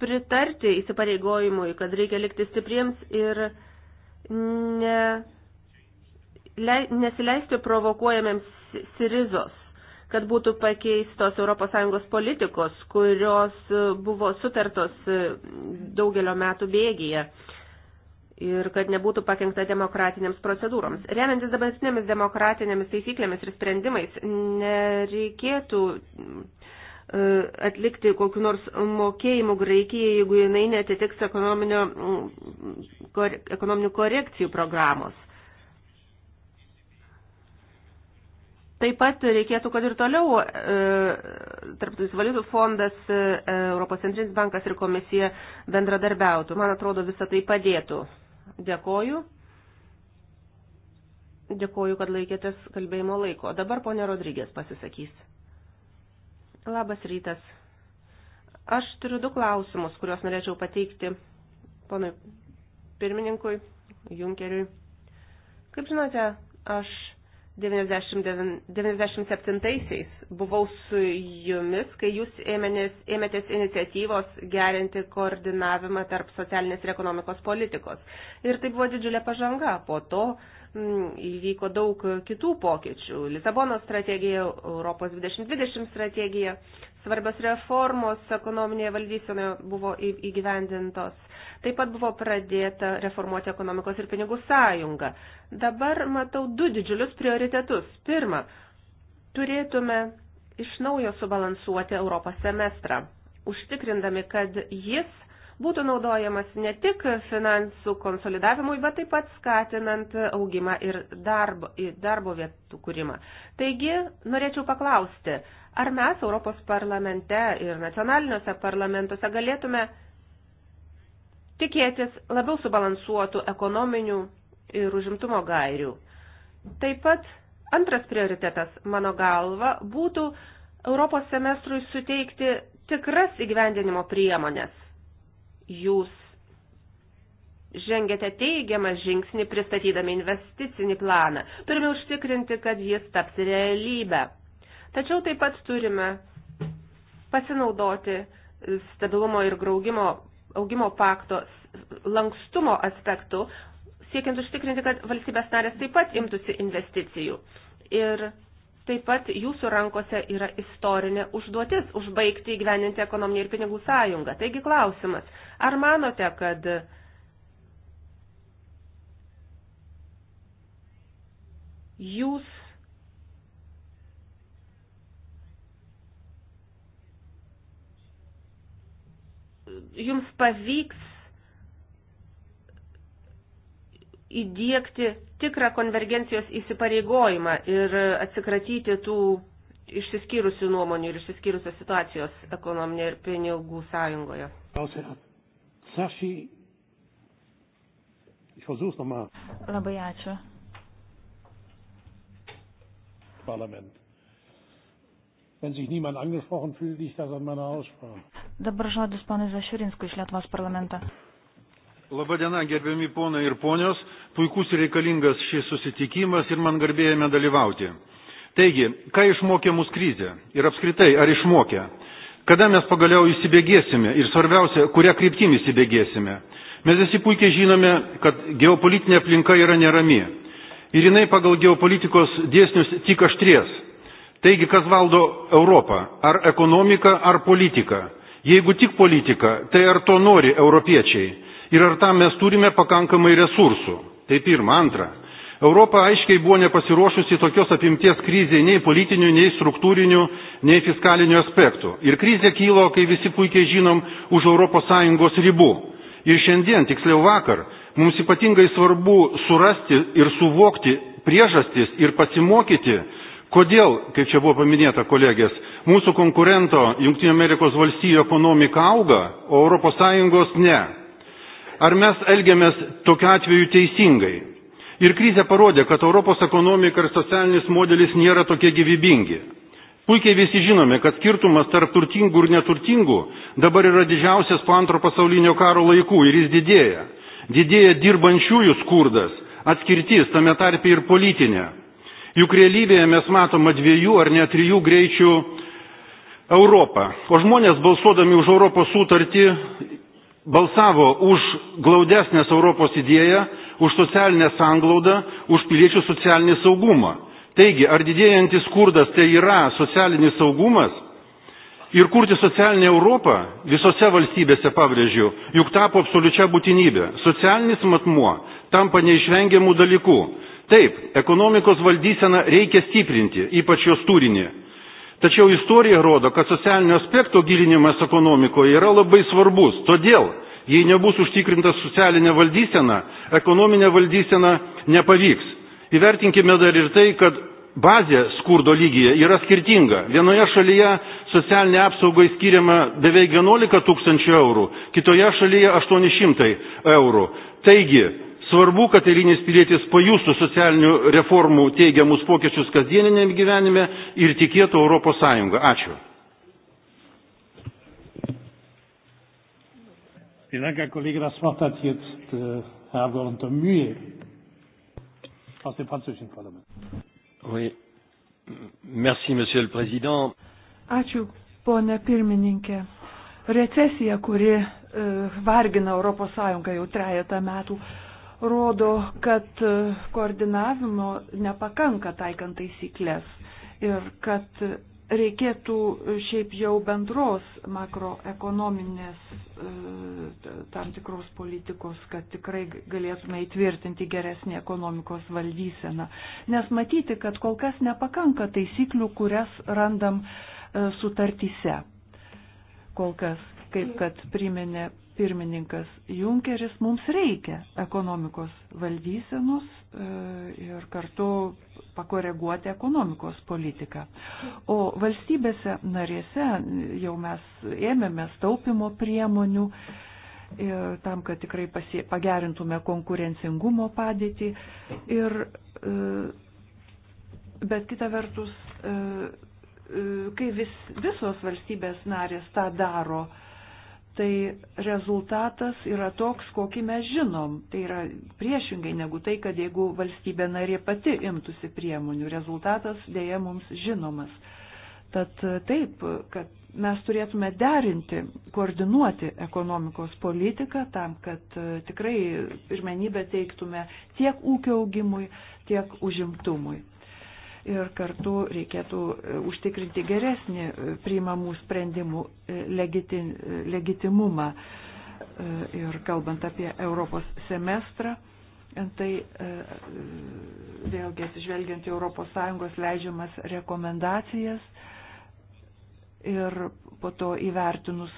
pritarti įsipareigojimui, kad reikia likti stipriems ir ne, le, nesileisti provokuojamiems Sirizos, kad būtų pakeistos ES politikos, kurios buvo sutartos daugelio metų bėgyje ir kad nebūtų pakengta demokratinėms procedūroms. Remiantis dabartinėmis demokratinėmis taisyklėmis ir sprendimais, nereikėtų e, atlikti kokiu nors mokėjimu Graikijai, jeigu jinai netitiks mm, ekonominių korekcijų programos. Taip pat reikėtų, kad ir toliau e, Tarptautinis valiutų fondas, e, Europos centrinis bankas ir komisija bendradarbiautų. Man atrodo, visą tai padėtų. Dėkoju. Dėkoju, kad laikėtės kalbėjimo laiko. Dabar ponė Rodrygės pasisakys. Labas rytas. Aš turiu du klausimus, kuriuos norėčiau pateikti ponui pirmininkui, Junkeriui. Kaip žinote, aš 97-aisiais buvau su jumis, kai jūs ėmėtės, ėmėtės iniciatyvos gerinti koordinavimą tarp socialinės ir ekonomikos politikos. Ir tai buvo didžiulė pažanga. Po to m, mm, įvyko daug kitų pokyčių. Lisabono strategija, Europos 2020 strategija. Svarbios reformos ekonominėje valdysenoje buvo įgyvendintos. Taip pat buvo pradėta reformuoti ekonomikos ir pinigų sąjungą. Dabar matau du didžiulius prioritetus. Pirma, turėtume iš naujo subalansuoti Europos semestrą, užtikrindami, kad jis būtų naudojamas ne tik finansų konsolidavimui, bet taip pat skatinant augimą ir darbo, ir darbo vietų kūrimą. Taigi, norėčiau paklausti, ar mes Europos parlamente ir nacionaliniuose parlamentuose galėtume tikėtis labiau subalansuotų ekonominių ir užimtumo gairių. Taip pat antras prioritetas, mano galva, būtų Europos semestrui suteikti tikras įgyvendinimo priemonės jūs žengėte teigiamą žingsnį pristatydami investicinį planą. Turime užtikrinti, kad jis taps realybę. Tačiau taip pat turime pasinaudoti stabilumo ir graugimo, augimo pakto lankstumo aspektu, siekiant užtikrinti, kad valstybės narės taip pat imtųsi investicijų. Ir Taip pat jūsų rankose yra istorinė užduotis užbaigti įgyveninti ekonominį ir pinigų sąjungą. Taigi klausimas, ar manote, kad jūs jums pavyks įdėkti tikrą konvergencijos įsipareigojimą ir atsikratyti tų išsiskyrusių nuomonių ir išsiskyrusios situacijos ekonominė ir pinigų sąjungoje. Labai ačiū. Parlament. Wenn sich niemand angesprochen fühlt, liegt das an meiner Aussprache. Dabar žodis ponui Zašiurinskui iš Lietuvos parlamento. Labadiena, gerbiami ponai ir ponios, puikus ir reikalingas šis susitikimas ir man garbėjame dalyvauti. Taigi, ką išmokė mūsų krizė ir apskritai, ar išmokė? Kada mes pagaliau įsibėgėsime ir svarbiausia, kurią kryptimį įsibėgėsime? Mes visi puikiai žinome, kad geopolitinė aplinka yra nerami ir jinai pagal geopolitikos dėsnius tik aštrės. Taigi, kas valdo Europą? Ar ekonomika, ar politika? Jeigu tik politika, tai ar to nori europiečiai? Ir ar tam mes turime pakankamai resursų? Tai pirma. Antra. Europa aiškiai buvo nepasiruošusi tokios apimties krizė nei politinių, nei struktūrinių, nei fiskalinių aspektų. Ir krizė kylo, kai visi puikiai žinom, už ES ribų. Ir šiandien, tiksliau vakar, mums ypatingai svarbu surasti ir suvokti priežastis ir pasimokyti, kodėl, kaip čia buvo paminėta kolegės, mūsų konkurento Junktinio Amerikos valstybių ekonomika auga, o ES ne ar mes elgiamės tokiu atveju teisingai. Ir krizė parodė, kad Europos ekonomika ir socialinis modelis nėra tokie gyvybingi. Puikiai visi žinome, kad skirtumas tarp turtingų ir neturtingų dabar yra didžiausias po antro pasaulinio karo laikų ir jis didėja. Didėja dirbančiųjų skurdas, atskirtis, tame tarpe ir politinė. Juk realybėje mes matome dviejų ar net trijų greičių Europą. O žmonės balsuodami už Europos sutartį balsavo už glaudesnės Europos idėją, už socialinę sanglaudą, už piliečių socialinį saugumą. Taigi, ar didėjantis skurdas tai yra socialinis saugumas? Ir kurti socialinę Europą visose valstybėse, pabrėžiu, juk tapo absoliučia būtinybė. Socialinis matmuo tampa neišvengiamų dalykų. Taip, ekonomikos valdyseną reikia stiprinti, ypač jos turinį Tačiau istorija rodo, kad socialinio aspekto gilinimas ekonomikoje yra labai svarbus. Todėl, jei nebus užtikrinta socialinė valdysena, ekonominė valdysena nepavyks. Įvertinkime dar ir tai, kad bazė skurdo lygyje yra skirtinga. Vienoje šalyje socialinė apsaugai skiriama beveik 11 tūkstančių eurų, kitoje šalyje 800 eurų. Taigi, Svarbu, kad eilinis pilietis pajustų socialinių reformų teigiamus pokyčius kasdieniniam gyvenime ir tikėtų Europos Sąjungą. Ačiū. Herr Kollege, das Wort hat jetzt äh, Herr Abgeordneter Mühe aus dem französischen Parlament. Oui. Merci, Monsieur le Président. Ačiū, ponia pirmininkė. Recesija, kuri uh, vargina ES jau trejata metų, uh, rodo, kad e, koordinavimo nepakanka taikant taisyklės ir kad reikėtų šiaip jau bendros makroekonominės e, tam tikros politikos, kad tikrai galėtume įtvirtinti geresnį ekonomikos valdyseną. Nes matyti, kad kol kas nepakanka taisyklių, kurias randam e, sutartyse. Kol kas, kaip kad priminė pirmininkas Junkeris, mums reikia ekonomikos valdysenos e, ir kartu pakoreguoti ekonomikos politiką. O valstybėse narėse jau mes ėmėmės taupimo priemonių e, tam, kad tikrai pasie, pagerintume konkurencingumo padėtį. Ir, e, bet kita vertus, kai vis, visos valstybės narės tą daro, tai rezultatas yra toks, kokį mes žinom. Tai yra priešingai negu tai, kad jeigu valstybė narė pati imtųsi priemonių, rezultatas dėja mums žinomas. Tad taip, kad mes turėtume derinti, koordinuoti ekonomikos politiką tam, kad e, tikrai pirmenybę teiktume tiek ūkio augimui, tiek užimtumui ir kartu reikėtų e, užtikrinti geresnį e, priimamų sprendimų e, legitim, legitimumą. Ir kalbant apie Europos semestrą, tai vėlgi atsižvelgiant į ES leidžiamas rekomendacijas ir po to įvertinus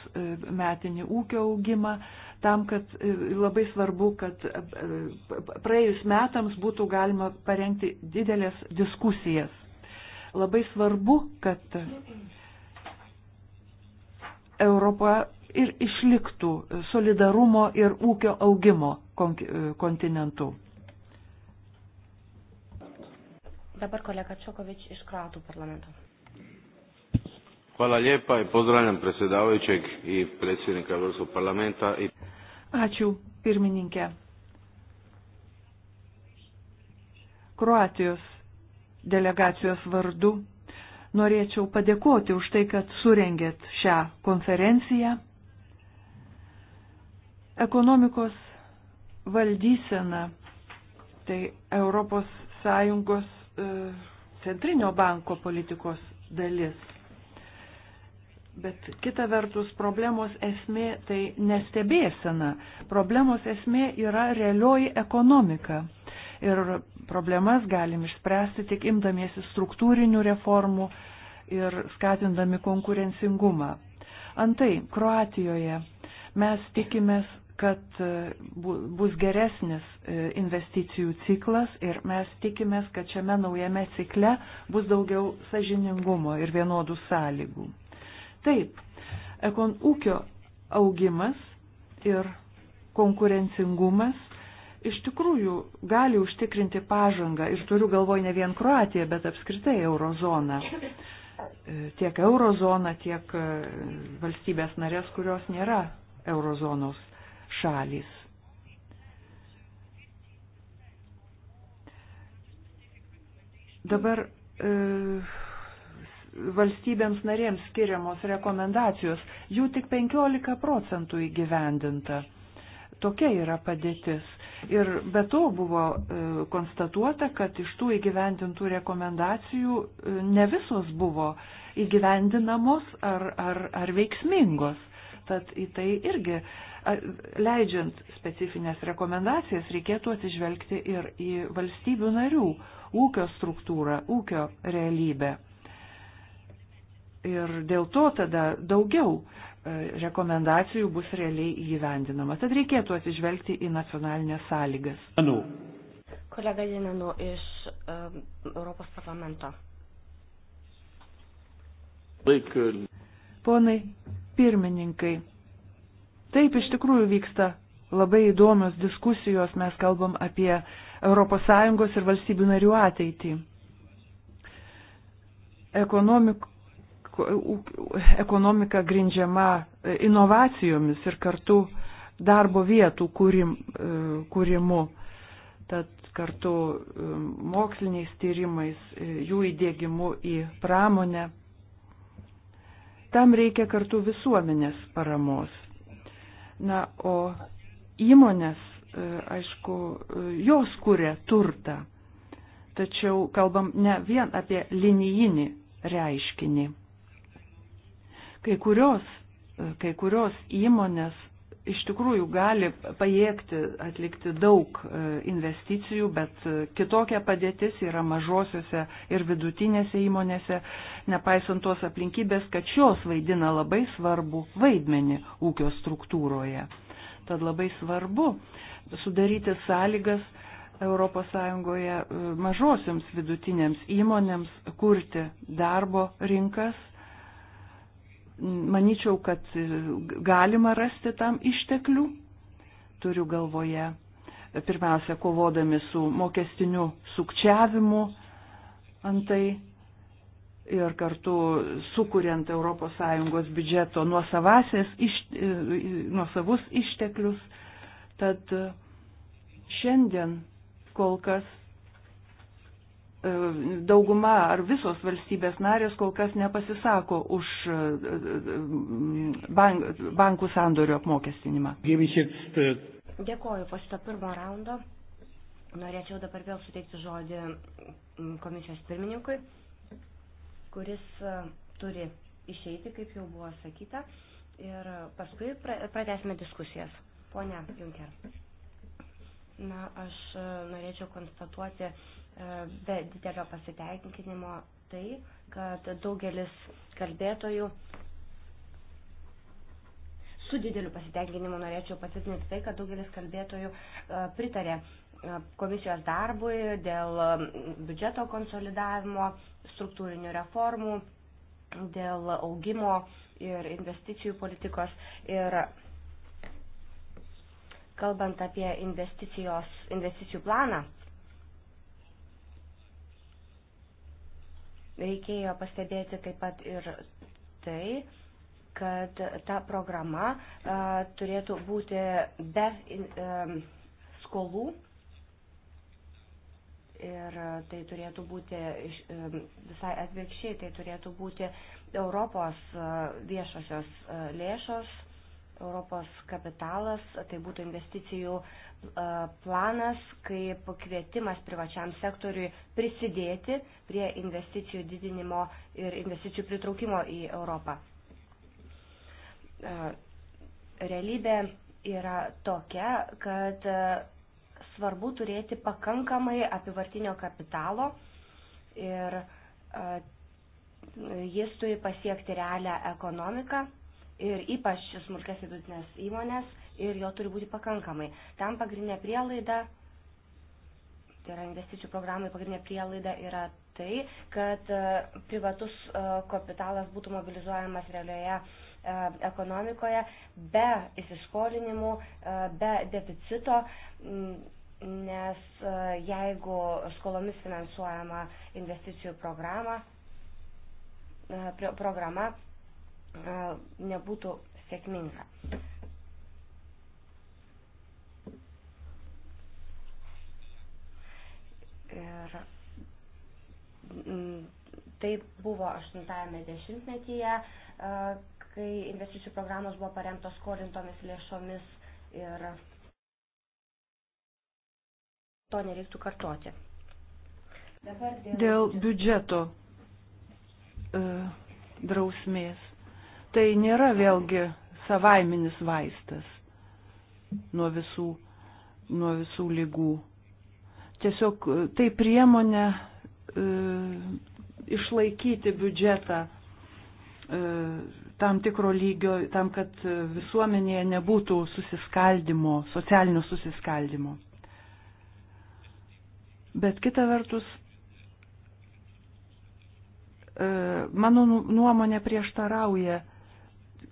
metinį ūkio augimą, tam, kad e, labai svarbu, kad e, praėjus metams būtų galima parengti didelės diskusijas. Labai svarbu, kad Europa ir išliktų solidarumo ir ūkio augimo e, kontinentu. Dabar kolega Čoković iz Kroatų parlamenta. Hvala lijepa i pozdravljam predsjedavajućeg i predsjednika Europskog parlamenta. I... Ačiū, pirmininkė. Kroatijos delegacijos vardu norėčiau padėkoti už tai, kad surengėt šią konferenciją. Ekonomikos valdysena, tai Europos Sąjungos e, centrinio banko politikos dalis. Bet kita vertus, problemos esmė tai nestebėsena. Problemos esmė yra realioji ekonomika. Ir problemas galim išspręsti tik imdamiesi struktūrinių reformų ir skatindami konkurencingumą. Antai, Kroatijoje mes tikimės, kad e, bus geresnis e, investicijų ciklas ir mes tikimės, kad šiame naujame cikle bus daugiau sažiningumo ir vienodų sąlygų. Taip, ekon ūkio augimas ir konkurencingumas iš tikrųjų gali užtikrinti pažangą ir turiu galvoj ne vien Kroatiją, bet apskritai eurozoną. E, tiek eurozoną, tiek e, valstybės narės, kurios nėra eurozonos šalys. Dabar e, valstybėms narėms skiriamos rekomendacijos, jų tik 15 procentų įgyvendinta. Tokia yra padėtis. Ir be to buvo e, konstatuota, kad iš tų įgyvendintų rekomendacijų e, ne visos buvo įgyvendinamos ar, ar, ar veiksmingos. Tad į tai irgi, leidžiant specifines rekomendacijas, reikėtų atsižvelgti ir į valstybių narių ūkio struktūrą, ūkio realybę ir dėl to tada daugiau e, rekomendacijų bus realiai įgyvendinama. Tad reikėtų atsižvelgti į nacionalinės sąlygas. Anu. Kolega Janinu iš uh, Europos parlamento. E, Ponai pirmininkai, taip iš tikrųjų vyksta labai įdomios diskusijos, mes kalbam apie ES ir valstybių narių ateitį. Ekonomik, ekonomika grindžiama e, inovacijomis ir kartu darbo vietų kūrim, e, kūrimu, tad kartu e, moksliniais tyrimais, jų įdėgimu į pramonę. Tam reikia kartu visuomenės paramos. Na, o įmonės, aišku, jos kūrė turtą. Tačiau kalbam ne vien apie linijinį reiškinį. Kai kurios, kai kurios įmonės iš tikrųjų gali pajėgti atlikti daug e, investicijų, bet e, kitokia padėtis yra mažosiuose ir vidutinėse įmonėse, nepaisant tos aplinkybės, kad šios vaidina labai svarbu vaidmenį ūkio struktūroje. Tad labai svarbu sudaryti sąlygas ES e, mažosiams vidutinėms įmonėms kurti darbo rinkas Maničiau, kad galima rasti tam išteklių, turiu galvoje, pirmiausia, kovodami su mokestiniu sukčiavimu antai ir kartu sukuriant ES biudžeto nuosavus iš, nuo išteklius. Tad šiandien kol kas E, dauguma ar visos valstybės narės kol kas nepasisako už e, e, bank, bankų sandorių apmokestinimą. Dėkoju po šitą pirmą raundą. Norėčiau dabar vėl suteikti žodį komisijos pirmininkui, kuris turi išeiti, kaip jau buvo sakyta, ir paskui pratesime diskusijas. Pone Junker. Na, aš norėčiau konstatuoti, E, be didelio pasitenkinimo tai, kad daugelis kalbėtojų su dideliu pasitenkinimu norėčiau patvirtinti tai, kad daugelis kalbėtojų e, pritarė e, komisijos darbui dėl biudžeto konsolidavimo, struktūrinių reformų, dėl augimo ir investicijų politikos. Ir kalbant apie investicijų planą, Reikėjo pastebėti taip pat ir tai, kad ta programa a, turėtų būti be in, a, skolų ir tai turėtų būti visai atvirkščiai, tai turėtų būti Europos viešosios lėšos Europos kapitalas, tai būtų investicijų planas kaip kvietimas privačiam sektoriui prisidėti prie investicijų didinimo ir investicijų pritraukimo į Europą. Realybė yra tokia, kad svarbu turėti pakankamai apivartinio kapitalo ir jis turi pasiekti realią ekonomiką ir ypač smulkės vidutinės įmonės ir jo turi būti pakankamai. Tam pagrindinė prielaida, tai yra investicijų programai pagrindinė prielaida yra tai, kad e, privatus e, kapitalas būtų mobilizuojamas realioje e, ekonomikoje be įsiskolinimų, be deficito, nes jeigu skolomis finansuojama investicijų programa, programa nebūtų sėkminga. Ir mm, tai buvo 80-ame dešimtmetyje, kai investicijų programos buvo paremtos skolintomis lėšomis ir to nereiktų kartoti. Dabar dėl, dėl biudžeto e, drausmės tai nėra vėlgi savaiminis vaistas nuo visų, nuo visų lygų. Tiesiog e, tai priemonė e, išlaikyti biudžetą e, tam tikro lygio, tam, kad e, visuomenėje nebūtų susiskaldimo, socialinio susiskaldimo. Bet kita vertus, e, mano nu-, nuomonė prieštarauja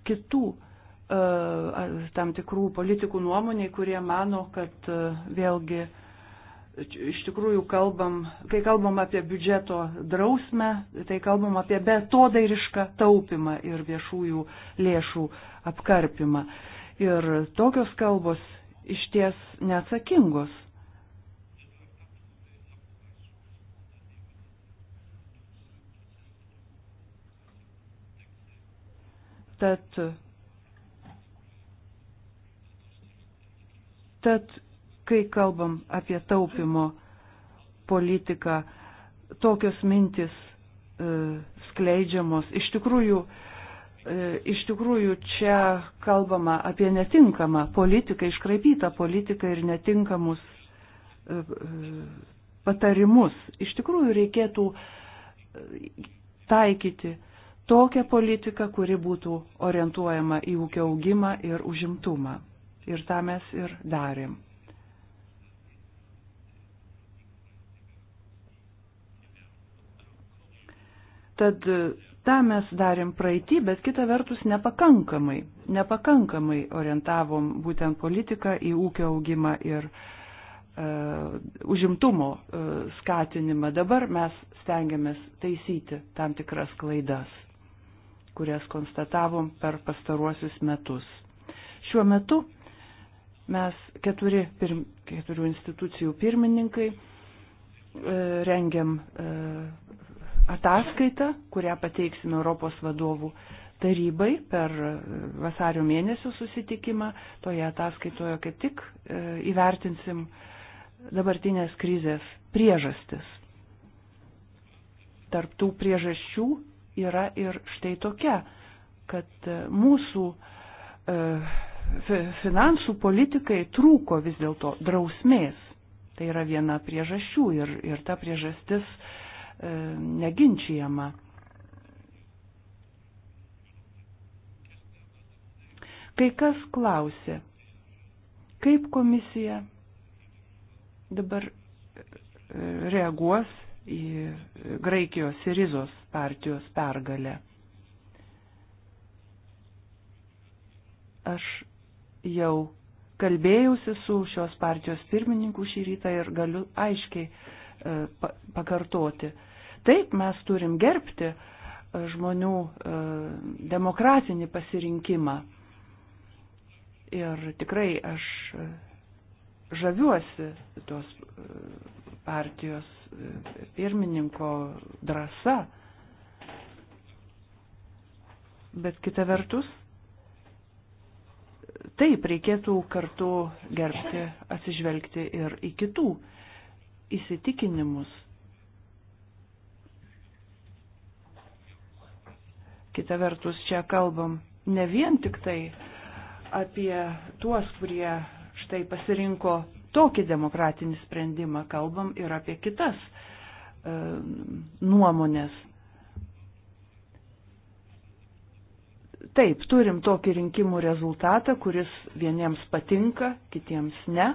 kitų e, tam tikrų politikų nuomoniai, kurie mano, kad e, vėlgi iš tikrųjų kalbam, kai kalbam apie biudžeto drausmę, tai kalbam apie betodairišką taupimą ir viešųjų lėšų apkarpimą. Ir tokios kalbos iš ties neatsakingos Tad, tad kai kalbam apie taupimo politiką, tokios mintis e, skleidžiamos. Iš tikrųjų, e, iš tikrųjų čia kalbama apie netinkamą politiką, iškraipytą politiką ir netinkamus e, e patarimus. Iš tikrųjų reikėtų taikyti tokią politiką, kuri būtų orientuojama į ūkio augimą ir užimtumą. Ir tą mes ir darėm. Tad e, tą mes darėm praeitį, bet kita vertus nepakankamai, nepakankamai orientavom būtent politiką į ūkio augimą ir uh, užimtumo uh, skatinimą. Dabar mes stengiamės taisyti tam tikras klaidas kurias konstatavom per pastaruosius metus. Šiuo metu mes keturi, pirm, keturių institucijų pirmininkai e, rengiam e, ataskaitą, kurią pateiksime Europos vadovų tarybai per e, vasario mėnesio susitikimą. Toje ataskaitoje kaip tik įvertinsim dabartinės krizės priežastis. Tarptų priežasčių yra ir štai tokia, kad e, mūsų e, finansų politikai trūko vis dėlto drausmės. Tai yra viena priežasčių ir, ir ta priežastis e, neginčiama. Kai kas klausė, kaip komisija dabar e, reaguos į Graikijos ir Rizos partijos pergalę. Aš jau kalbėjausi su šios partijos pirmininku šį rytą ir galiu aiškiai e, pakartoti. Taip, mes turim gerbti e, žmonių e, demokratinį pasirinkimą. Ir tikrai aš žaviuosi tos partijos pirmininko drąsa. Bet kita vertus, taip reikėtų kartu gerbti, atsižvelgti ir į kitų įsitikinimus. Kita vertus, čia kalbam ne vien tik tai apie tuos, kurie štai pasirinko tokį demokratinį sprendimą, kalbam ir apie kitas e, nuomonės. Taip, turim tokį rinkimų rezultatą, kuris vieniems patinka, kitiems ne.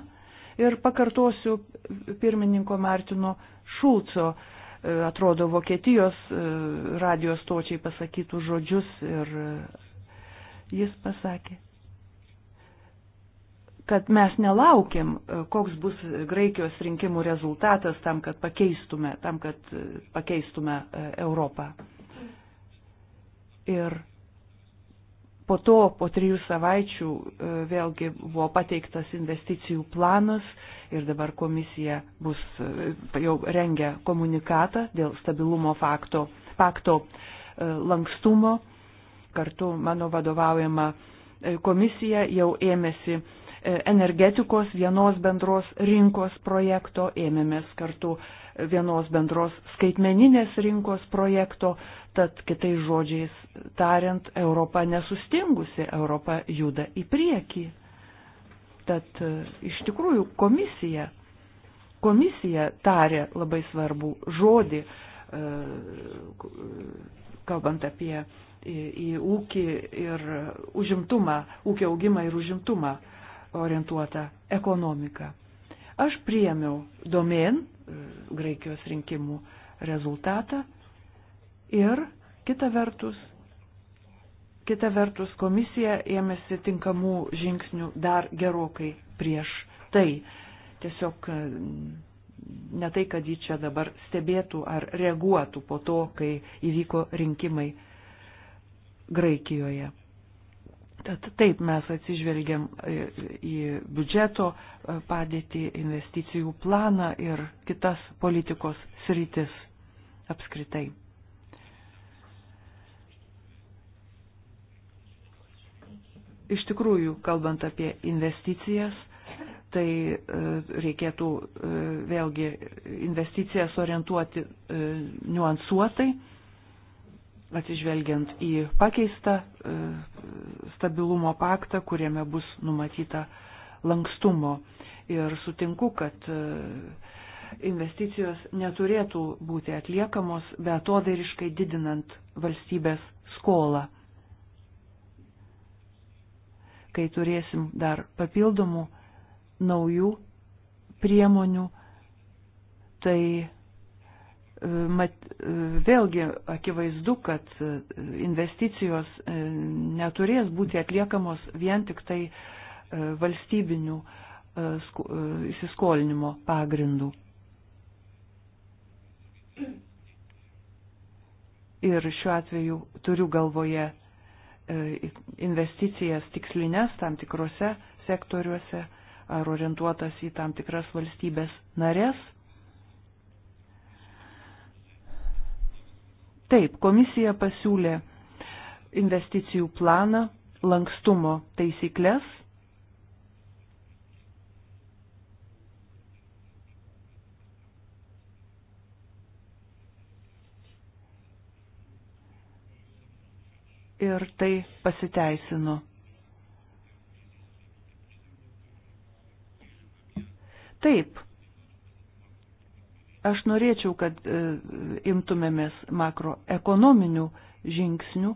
Ir pakartosiu pirmininko Martino Šulco, e, atrodo, Vokietijos e, radijos točiai pasakytų žodžius ir e, jis pasakė, kad mes nelaukiam, e, koks bus Graikijos rinkimų rezultatas tam, kad pakeistume, tam, kad e, pakeistume e, Europą. Ir po to, po trijų savaičių, vėlgi buvo pateiktas investicijų planas ir dabar komisija bus jau rengia komunikatą dėl stabilumo fakto, fakto lankstumo. Kartu mano vadovaujama komisija jau ėmėsi E, energetikos vienos bendros rinkos projekto, ėmėmės kartu vienos bendros skaitmeninės rinkos projekto, tad kitais žodžiais tariant, Europa nesustingusi, Europa juda į priekį. Tad e, iš tikrųjų komisija, komisija tarė labai svarbų žodį, e, kalbant apie į, į ūkį ir užimtumą, ūkio augimą ir užimtumą orientuotą ekonomiką. Aš priemiau domėn e, Graikijos rinkimų rezultatą ir kita vertus, kita vertus komisija ėmėsi tinkamų žingsnių dar gerokai prieš tai. Tiesiog e, ne tai, kad ji čia dabar stebėtų ar reaguotų po to, kai įvyko rinkimai Graikijoje. Tad taip mes atsižvelgiam į biudžeto e, padėtį, investicijų planą ir kitas politikos sritis apskritai. Iš tikrųjų, kalbant apie investicijas, tai e, reikėtų e, vėlgi investicijas orientuoti niuansuotai atsižvelgiant į pakeistą e, stabilumo paktą, kuriame bus numatyta lankstumo. Ir sutinku, kad e, investicijos neturėtų būti atliekamos be atodariškai didinant valstybės skolą. Kai turėsim dar papildomų naujų priemonių, tai mat, vėlgi akivaizdu, kad investicijos e, neturės būti atliekamos vien tik tai e, valstybinių e, įsiskolinimo pagrindų. Ir šiuo atveju turiu galvoje investicijas tikslinės tam tikrose sektoriuose ar orientuotas į tam tikras valstybės narės Taip, komisija pasiūlė investicijų planą, lankstumo taisyklės. Ir tai pasiteisino. Taip, Aš norėčiau, kad e, imtumėmės makroekonominių žingsnių,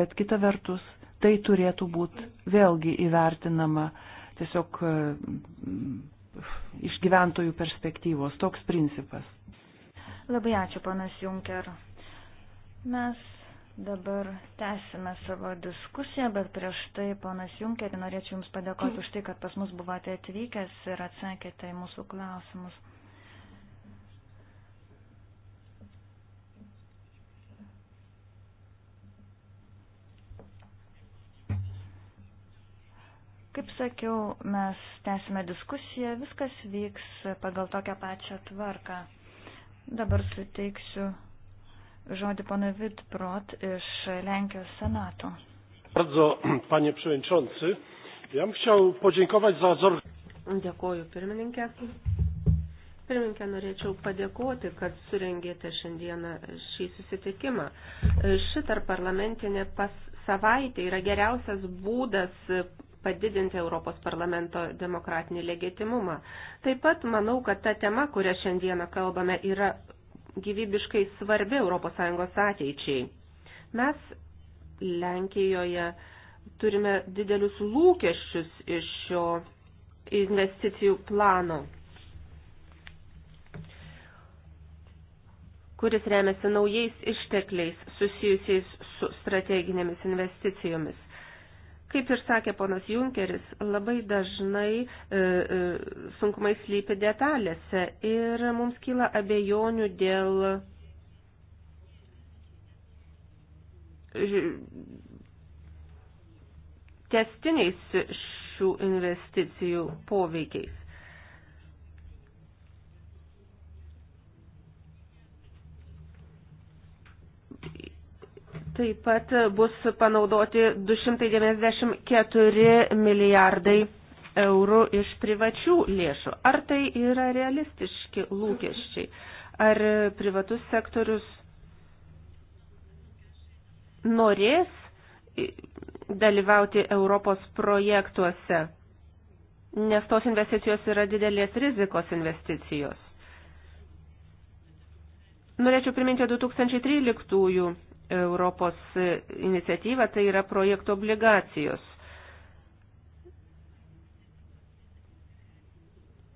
bet kita vertus, tai turėtų būti vėlgi įvertinama tiesiog e, iš gyventojų perspektyvos. Toks principas. Labai ačiū, panas Junker. Mes dabar tęsime savo diskusiją, bet prieš tai, panas Junkerį, norėčiau Jums padėkoti už tai, kad pas mus buvote atvykęs ir atsakėte į mūsų klausimus. Kaip sakiau, mes tęsime diskusiją, viskas vyks pagal tokią pačią tvarką. Dabar suteiksiu žodį ponui Vidprot iš Lenkijos Senato. Bardzo, panie przewodniczący. Ja bym chciał podziękować za zorganizację. Dėkoju, pirmininkė. Pirmininkė, norėčiau padėkoti, kad surengėte šiandieną šį susitikimą. Ši tarparlamentinė pas savaitė yra geriausias būdas padidinti Europos parlamento demokratinį legitimumą. Taip pat manau, kad ta tema, kurią šiandieną kalbame, yra gyvybiškai svarbi ES ateičiai. Mes Lenkijoje turime didelius lūkesčius iš šio investicijų plano, kuris remiasi naujais ištekliais susijusiais su strateginėmis investicijomis. Kaip ir sakė ponas Junkeris, labai dažnai e, e, sunkumai slypi detalėse ir mums kyla abejonių dėl e, testiniais šių investicijų poveikiais. Taip pat bus panaudoti 294 milijardai eurų iš privačių lėšų. Ar tai yra realistiški lūkesčiai? Ar privatus sektorius norės dalyvauti Europos projektuose, nes tos investicijos yra didelės rizikos investicijos. Norėčiau priminti 2013 Europos iniciatyvą, tai yra projektų obligacijos.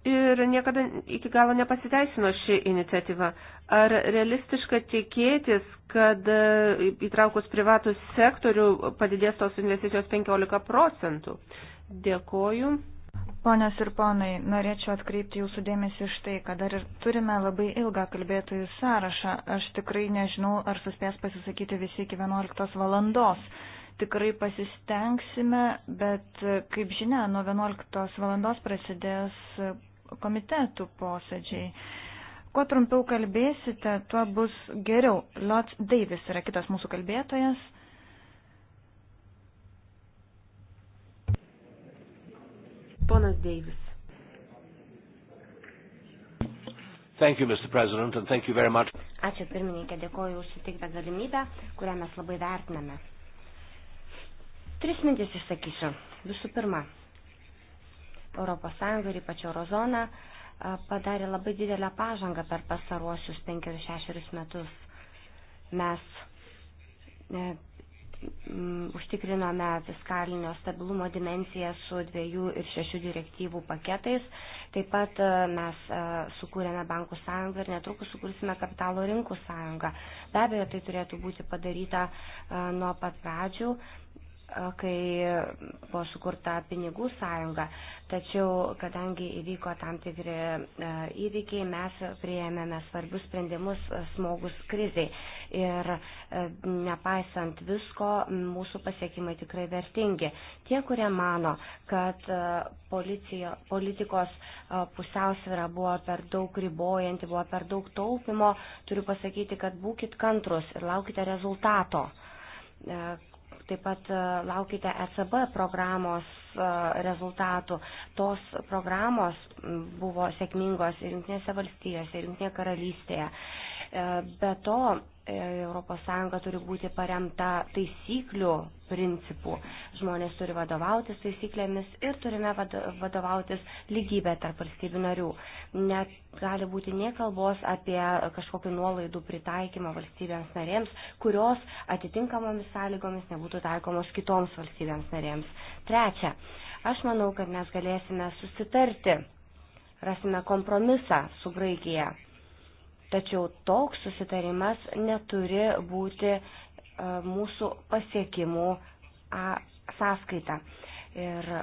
Ir niekada iki galo nepasiteisino ši iniciatyva. Ar realistiška tikėtis, kad e, įtraukus privatų sektorių padidės tos investicijos 15 procentų? Dėkoju. Ponios ir ponai, norėčiau atkreipti jūsų dėmesį iš tai, kad dar ir turime labai ilgą kalbėtojų sąrašą. Aš tikrai nežinau, ar suspės pasisakyti visi iki 11 valandos. Tikrai pasistengsime, bet kaip žinia, nuo 11 valandos prasidės komitetų posėdžiai. Kuo trumpiau kalbėsite, tuo bus geriau. Lot Davis yra kitas mūsų kalbėtojas. Ponas Deivis. Thank you, Mr. President, and thank you very much. Ačiū pirmininkė, dėkoju už suteiktą galimybę, kurią mes labai vertiname. Tris mintis išsakysiu. Visų pirma, ES ir ypač Eurozona padarė labai didelę pažangą per pastaruosius 5-6 metus. Mes e, užtikrinome fiskalinio stabilumo dimenciją su dviejų ir šešių direktyvų paketais. Taip pat e, mes e, sukūrėme bankų sąjungą ir netrukus sukursime kapitalo rinkų sąjungą. Be abejo, tai turėtų būti padaryta e, nuo pat pradžių kai buvo sukurta pinigų sąjunga. Tačiau, kadangi įvyko tam tikri e, įvykiai, mes prieėmėme svarbius sprendimus e, smogus kriziai. Ir e, nepaisant visko, mūsų pasiekimai tikrai vertingi. Tie, kurie mano, kad policijo, politikos pusiausvėra buvo per daug ribojanti, buvo per daug taupimo, turiu pasakyti, kad būkite kantrus ir laukite rezultato Taip pat e, laukite ECB programos e, rezultatų. Tos programos buvo sėkmingos ir Junktinėse valstijose, ir Junktinėje karalystėje. E, be to, ES turi būti paremta taisyklių principų. Žmonės turi vadovautis taisyklėmis ir turime vadovautis lygybę tarp valstybių narių. Net gali būti nie kalbos apie kažkokiu nuolaidų pritaikymą valstybėms narėms, kurios atitinkamomis sąlygomis nebūtų taikomos kitoms valstybėms narėms. Trečia, aš manau, kad mes galėsime susitarti, rasime kompromisą su Graikija Tačiau toks susitarimas neturi būti e, mūsų pasiekimų sąskaita. Ir e,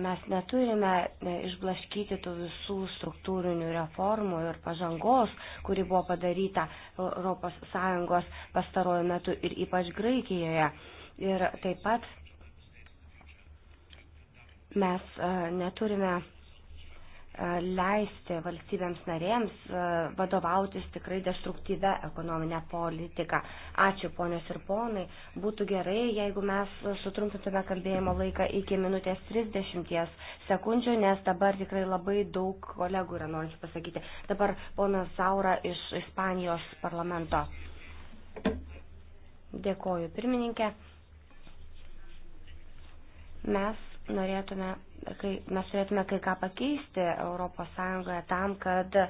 mes neturime e, išblaškyti tų visų struktūrinių reformų ir pažangos, kuri buvo padaryta ES pastaruoju metu ir ypač Graikijoje. Ir taip pat mes neturime leisti valstybėms narėms e, vadovautis tikrai destruktyvę ekonominę politiką. Ačiū ponios ir ponai. Būtų gerai, jeigu mes sutrumpintume kalbėjimo laiką iki minutės 30 sekundžių, nes dabar tikrai labai daug kolegų yra norinčių pasakyti. Dabar ponas Saura iš Ispanijos parlamento. Dėkoju pirmininkė. Mes norėtume kai mes turėtume kai ką pakeisti ES tam, kad e,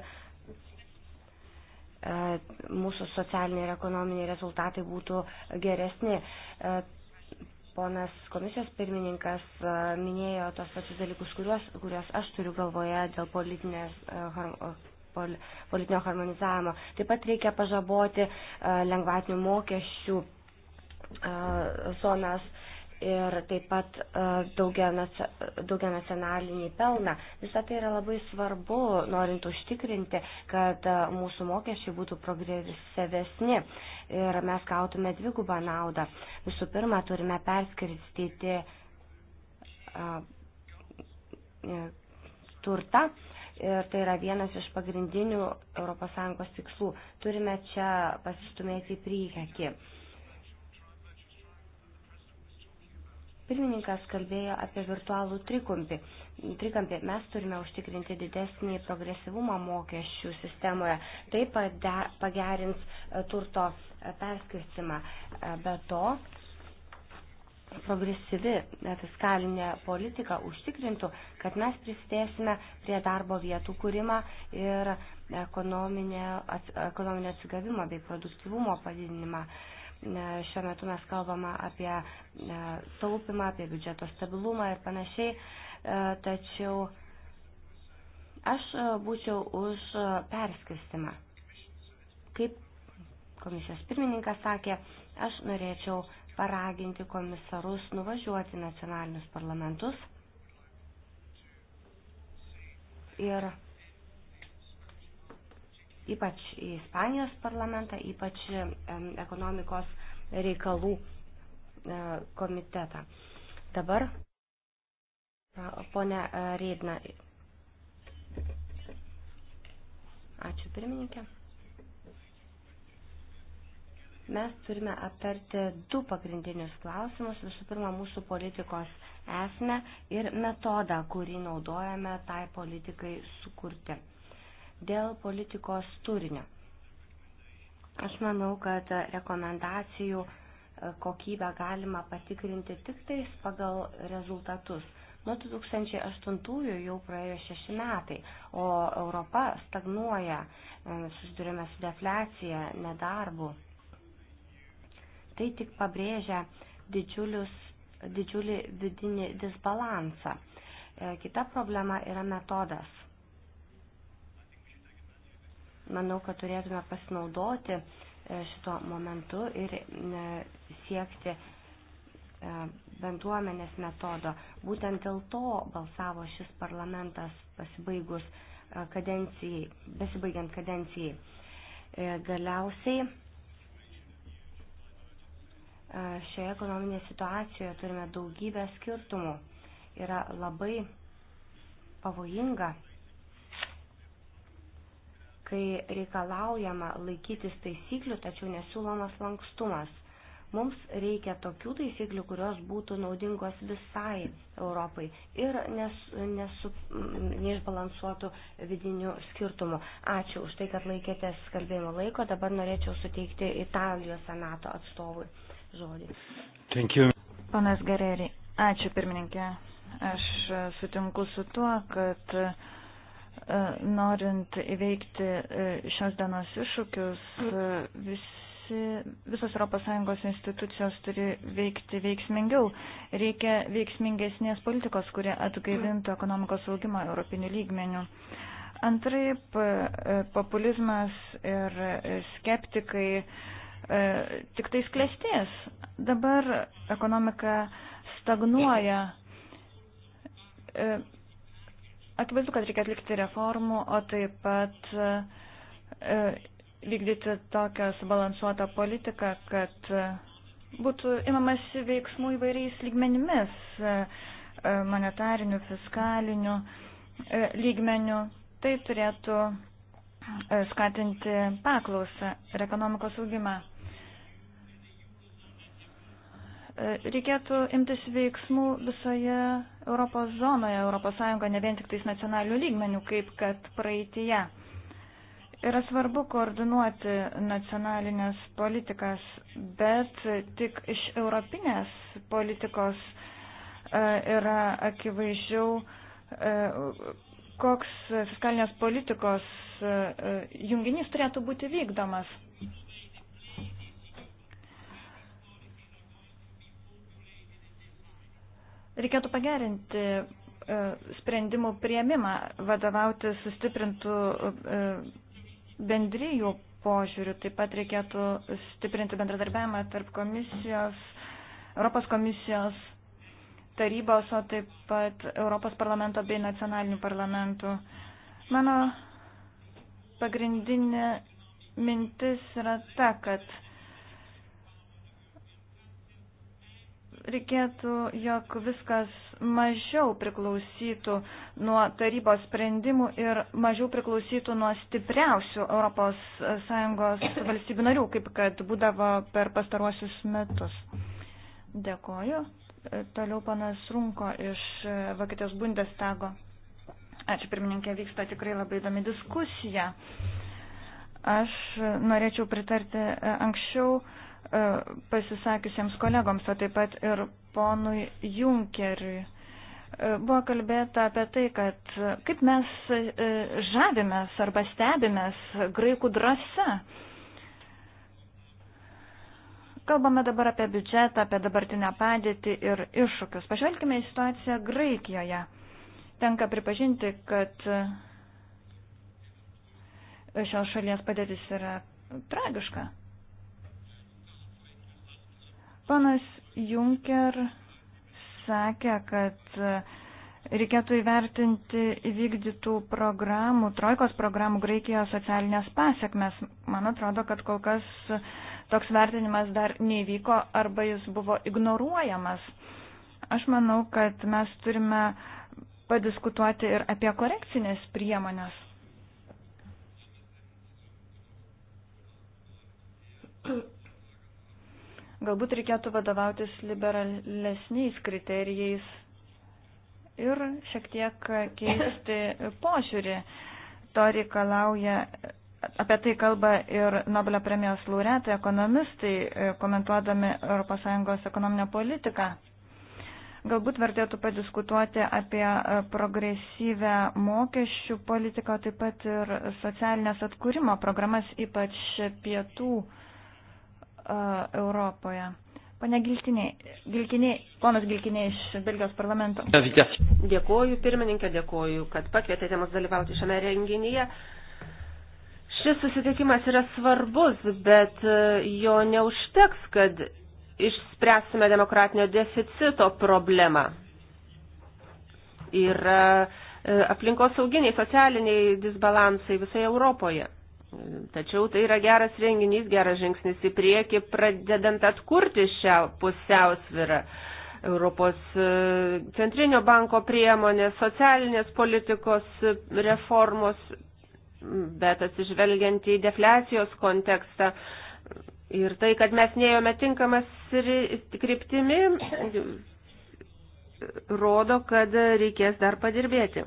mūsų socialiniai ir ekonominiai rezultatai būtų geresni. E, ponas komisijos pirmininkas e, minėjo tos pačius dalykus, kuriuos, kuriuos aš turiu galvoje dėl politinės, politinio harmonizavimo. Taip pat reikia pažaboti lengvatinių mokesčių zonas ir taip pat e, daugia nacionalinį pelną. Visą tai yra labai svarbu, norint užtikrinti, kad e, mūsų mokesčiai būtų progresyvesni ir mes gautume dvigubą naudą. Visų pirma, turime perskirstyti e, turtą ir tai yra vienas iš pagrindinių ES tikslų. Turime čia pasistumėti į priekį Pirmininkas kalbėjo apie virtualų trikumpį. trikampį. Mes turime užtikrinti didesnį progresyvumą mokesčių sistemoje. Tai pagerins e, turto e, perskirstimą. E, be to, progresyvi fiskalinė politika užtikrintų, kad mes prisidėsime prie darbo vietų kūrimą ir ekonominio atsigavimo bei produktivumo padidinimą. Šiuo metu mes kalbame apie taupimą, apie biudžeto stabilumą ir panašiai. E, tačiau aš e, būčiau už e, perskirstimą. Kaip komisijos pirmininkas sakė, aš norėčiau paraginti komisarus nuvažiuoti nacionalinius parlamentus ir ypač į Ispanijos parlamentą, ypač ekonomikos reikalų e, komitetą. Dabar, ponia e, Rydna, ačiū pirmininkė. Mes turime aptarti du pagrindinius klausimus. Visų pirma, mūsų politikos esmę ir metodą, kurį naudojame tai politikai sukurti. Dėl politikos turinio. Aš manau, kad rekomendacijų e, kokybę galima patikrinti tik tais pagal rezultatus. Nuo 2008 jau praėjo šeši metai, o Europa stagnuoja, e, susidurime su deflecija, nedarbu. Tai tik pabrėžia didžiulius, didžiulį vidinį disbalansą. E, kita problema yra metodas Manau, kad turėtume pasinaudoti e, šito momentu ir e, siekti e, bendruomenės metodo. Būtent dėl to balsavo šis parlamentas pasibaigus kadencijai, besibaigiant kadencijai. Galiausiai šioje ekonominėje situacijoje turime daugybę skirtumų. Yra labai pavojinga kai reikalaujama laikytis taisyklių, tačiau nesiūlomas lankstumas. Mums reikia tokių taisyklių, kurios būtų naudingos visai Europai ir nes, nesu, neišbalansuotų vidinių skirtumų. Ačiū už tai, kad laikėtės kalbėjimo laiko. Dabar norėčiau suteikti Italijos senato atstovui žodį. Panas Gereri, ačiū pirmininkė. Aš sutinku su tuo, kad uh, E, norint įveikti e, šios dienos iššūkius, e, visi, visos ES institucijos turi veikti veiksmingiau. Reikia veiksmingesnės politikos, kurie atgaivintų ekonomikos augimą europinių lygmenių. Antraip, populizmas ir skeptikai tik tai klestės. Dabar ekonomika stagnuoja Akivaizdu, kad reikia atlikti reformų, o taip pat e, vykdyti tokią subalansuotą politiką, kad būtų imamasi veiksmų įvairiais lygmenimis e, e, - monetariniu, fiskaliniu lygmeniu. Tai turėtų skatinti paklausą ir ekonomikos augimą. E, reikėtų imtis veiksmų visoje Europos zonoje, Europos Sąjunga, ne vien tik tais nacionalių lygmenių, kaip kad praeitie. Yra svarbu koordinuoti nacionalinės politikas, bet tik iš europinės politikos e, yra akivaizdžiau, e, koks fiskalinės politikos junginys turėtų būti vykdomas. Reikėtų pagerinti e, sprendimų prieimimą, vadovauti sustiprintų e, bendryjų požiūrių. Taip pat reikėtų stiprinti bendradarbiavimą tarp komisijos, Europos komisijos tarybos, o taip pat Europos parlamento bei nacionalinių parlamentų. Mano pagrindinė mintis yra ta, kad reikėtų, jog viskas mažiau priklausytų nuo tarybos sprendimų ir mažiau priklausytų nuo stipriausių ES valstybių narių, kaip kad būdavo per pastaruosius metus. Dėkoju. Toliau panas Runko iš Vokietijos Bundestago. Ačiū pirmininkė, vyksta tikrai labai įdomi diskusija. Aš norėčiau pritarti e, anksčiau E, pasisakiusiems kolegoms, o taip pat ir ponui Junkeriui. E, buvo kalbėta apie tai, kad kaip mes e, žavimės arba stebimės graikų drąsa. Kalbame dabar apie biudžetą, apie dabartinę padėtį ir iššūkius. Pažvelkime į situaciją Graikijoje. Tenka pripažinti, kad šios šalies padėtis yra tragiška. Panas Junker sakė, kad reikėtų įvertinti įvykdytų programų, trojkos programų Graikijos socialinės pasiekmes. Man atrodo, kad kol kas toks vertinimas dar neįvyko arba jis buvo ignoruojamas. Aš manau, kad mes turime padiskutuoti ir apie korekcinės priemonės. Thank you. Galbūt reikėtų vadovautis liberalesniais kriterijais ir šiek tiek keisti požiūrį. To reikalauja, apie tai kalba ir Nobelio premijos laureatai, ekonomistai, komentuodami ES ekonominę politiką. Galbūt vertėtų padiskutuoti apie progresyvę mokesčių politiką, taip pat ir socialinės atkūrimo programas, ypač pietų Europoje. Pane Gilkinė, ponas Gilkinė iš Belgijos parlamento. Dėkuoju pirmininkė, dėkuoju, kad pakvietėte mus dalyvauti šiame renginyje. Šis susitikimas yra svarbus, bet e, jo neužteks, kad išspręsime demokratinio deficito problemą. Yra e, aplinkosauginiai, socialiniai disbalansai visoje Europoje. Tačiau tai yra geras renginys, geras žingsnis į priekį, pradedant atkurti šią pusiausvirą. Europos e, centrinio banko priemonės, socialinės politikos e, reformos, bet atsižvelgiant į defliacijos kontekstą ir tai, kad mes nejome tinkamas kryptimi, rodo, kad reikės dar padirbėti.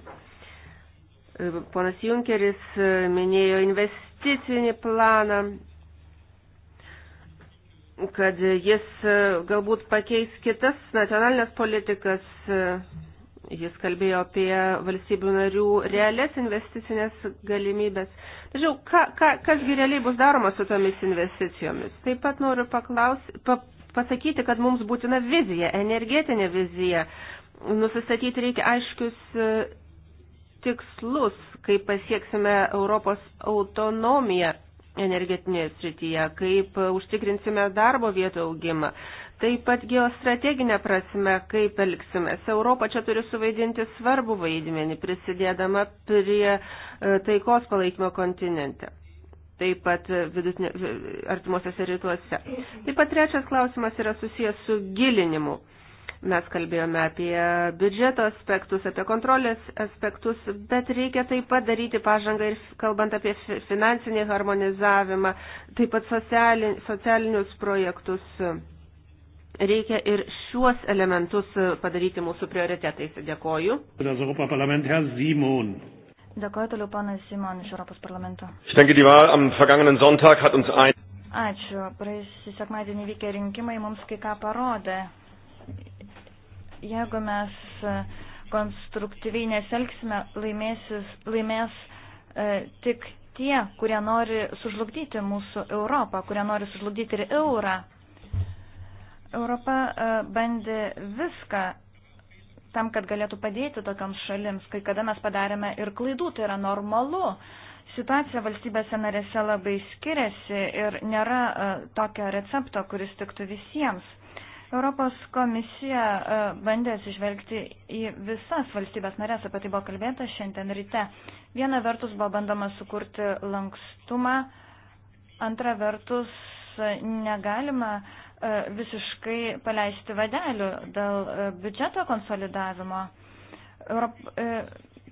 E, ponas Junkeris minėjo investicijų investicinį planą, kad jis e, galbūt pakeis kitas nacionalinės politikas. E, jis kalbėjo apie valstybių narių realias investicinės galimybės. Tačiau, ka, ka, kasgi realiai bus daroma su tomis investicijomis? Taip pat noriu paklaus, pa, pasakyti, kad mums būtina vizija, energetinė vizija. Nusistatyti reikia aiškius e, tikslus, kaip pasieksime Europos autonomiją energetinėje srityje, kaip užtikrinsime darbo vietų augimą, taip pat geostrateginė prasme, kaip elgsimės. Europa čia turi suvaidinti svarbų vaidmenį, prisidėdama prie e, taikos palaikymo kontinente. Taip pat vidutinė, artimuosiuose rytuose. Taip pat trečias klausimas yra susijęs su gilinimu. Mes kalbėjome apie biudžeto aspektus, apie kontrolės aspektus, bet reikia taip pat daryti pažangą ir kalbant apie finansinį harmonizavimą, taip pat socialinius projektus. Reikia ir šiuos elementus padaryti mūsų prioritetais. Dėkoju. Dėkoju toliau panas Simon iš Europos parlamento. Ačiū. Praėjusį sekmadienį vykę rinkimai mums kai ką parodė Jeigu mes e, konstruktyviai neselgsime, laimės e, tik tie, kurie nori sužlugdyti mūsų Europą, kurie nori sužlugdyti ir eurą. Europa e, bandė viską tam, kad galėtų padėti tokiams šalims, kai kada mes padarėme ir klaidų, tai yra normalu. Situacija valstybėse narėse labai skiriasi ir nėra e, tokio recepto, kuris tiktų visiems. Europos komisija e, bandė atsižvelgti į visas valstybės narės, apie tai buvo kalbėta šiandien ryte. Viena vertus buvo bandoma sukurti lankstumą, antra vertus e, negalima e, visiškai paleisti vadelių dėl biudžeto konsolidavimo. Europ...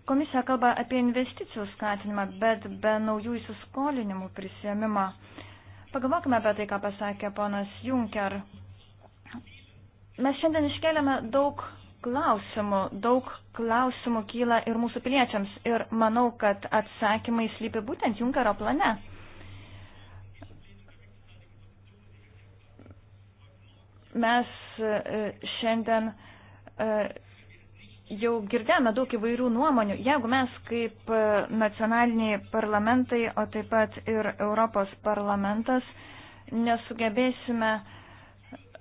Komisija kalba apie investicijų skatinimą, bet be naujų įsiskolinimų prisėmimo. Pagalvokime apie tai, ką pasakė ponas Juncker. Mes šiandien iškeliame daug klausimų, daug klausimų kyla ir mūsų piliečiams ir manau, kad atsakymai slypi būtent Junkero plane. Mes e, šiandien e, jau girdėjome daug įvairių nuomonių. Jeigu mes kaip e, nacionaliniai parlamentai, o taip pat ir Europos parlamentas nesugebėsime uh,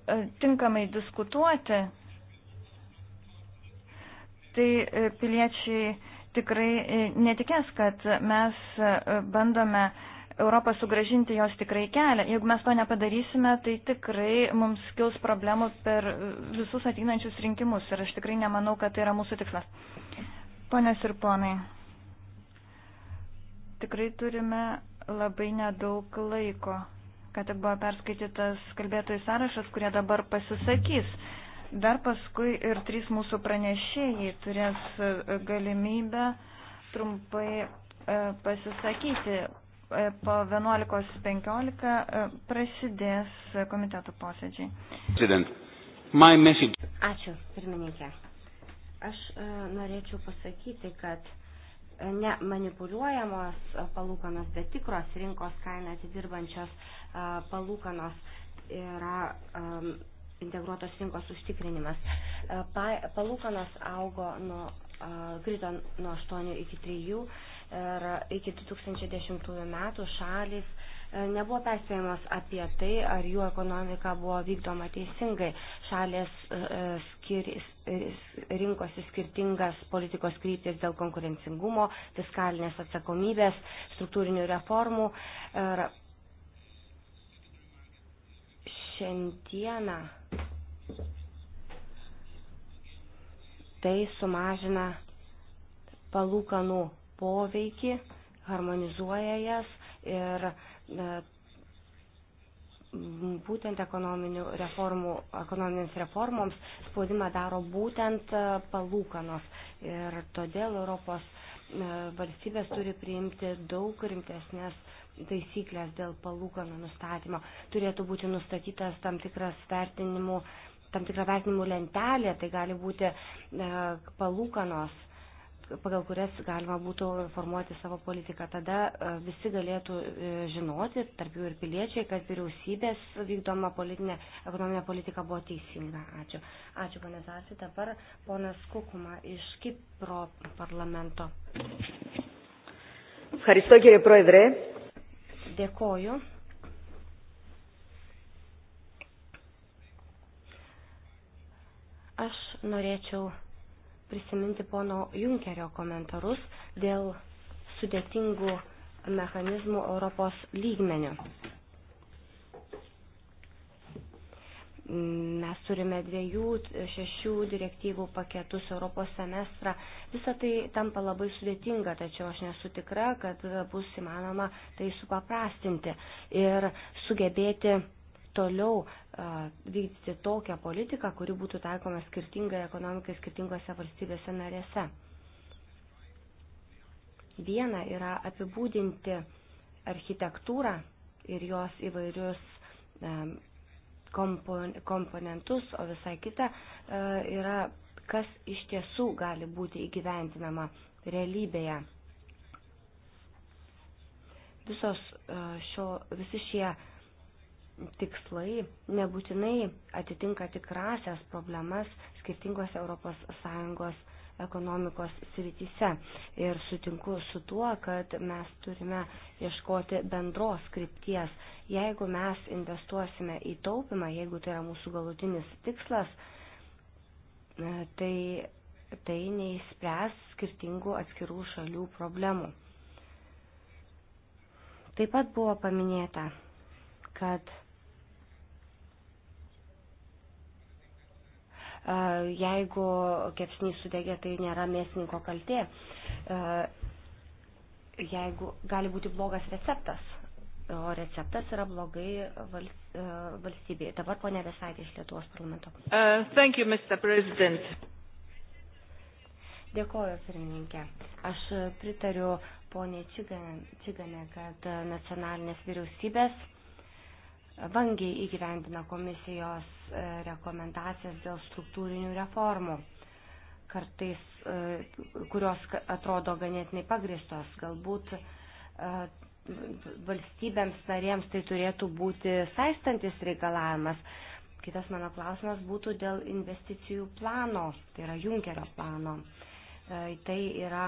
E, tinkamai diskutuoti, tai e, piliečiai tikrai e, netikės, kad mes bandome Europą sugražinti jos tikrai kelią. Jeigu mes to nepadarysime, tai tikrai mums kils problemų per visus ateinančius rinkimus ir aš tikrai nemanau, kad tai yra mūsų tikslas. Ponės ir ponai, tikrai turime labai nedaug laiko kad buvo perskaitytas kalbėtojų sąrašas, kurie dabar pasisakys. Dar paskui ir trys mūsų pranešėjai turės e, galimybę trumpai e, pasisakyti. E, po 11.15 prasidės komitetų posėdžiai. Ačiū, pirmininkė. Aš norėčiau pasakyti, kad ne manipuliuojamos palūkanos, bet tikros rinkos kainą atidirbančios palūkanos yra integruotos rinkos užtikrinimas. Palūkanos augo nuo, krito nuo 8 iki 3 ir iki 2010 metų šalis E, nebuvo perspėjimas apie tai, ar jų ekonomika buvo vykdoma teisingai. Šalės e, e, skir, rinkosi skirtingas politikos kryptis dėl konkurencingumo, fiskalinės atsakomybės, struktūrinių reformų. Ir šiandieną tai sumažina palūkanų poveikį, harmonizuoja jas ir uh, būtent reformų, ekonominėms reformoms spaudimą daro būtent e, palūkanos. Ir todėl Europos e, valstybės turi priimti daug rimtesnės taisyklės dėl palūkanų nustatymo. Turėtų būti nustatytas tam tikras vertinimų, tam tikra vertinimų lentelė, tai gali būti e, palūkanos pagal kurias galima būtų formuoti savo politiką. Tada e, visi galėtų e, žinoti, tarp jų ir piliečiai, kad vyriausybės vykdoma politinė, ekonominė politika buvo teisinga. Ačiū. Ačiū, ponė Zasi. Dabar ponas Kukuma iš Kipro parlamento. Dėkoju. Aš norėčiau prisiminti pono Junkerio komentarus dėl sudėtingų mechanizmų Europos lygmenių. Mes turime dviejų, šešių direktyvų paketus Europos semestrą. Visą tai tampa labai sudėtinga, tačiau aš nesu tikra, kad bus įmanoma tai supaprastinti ir sugebėti toliau vykdyti tokią politiką, kuri būtų taikoma skirtingai ekonomikai skirtingose valstybėse narėse. Viena yra apibūdinti architektūrą ir jos įvairius komponentus, o visai kita yra, kas iš tiesų gali būti įgyventinama realybėje. Visos šio, visi šie tikslai nebūtinai atitinka tikrasias problemas skirtingose ES ekonomikos srityse. Ir sutinku su tuo, kad mes turime ieškoti bendros krypties. Jeigu mes investuosime į taupimą, jeigu tai yra mūsų galutinis tikslas, e, tai tai neįspręs skirtingų atskirų šalių problemų. Taip pat buvo paminėta, kad jeigu kepsnys sudegė, tai nėra mėsininko kaltė. Jeigu gali būti blogas receptas, o receptas yra blogai valstybėje. Dabar ponė Vesaitė iš Lietuvos parlamento. Uh, thank you, Mr. President. Dėkoju, pirmininkė. Aš pritariu poniai Čiganė, kad nacionalinės vyriausybės vangiai įgyvendina komisijos E, rekomendacijas dėl struktūrinių reformų, kartais, e, kurios atrodo ganėtinai pagristos. Galbūt e, valstybėms narėms tai turėtų būti saistantis reikalavimas. Kitas mano klausimas būtų dėl investicijų plano, tai yra Junkerio plano. Tai yra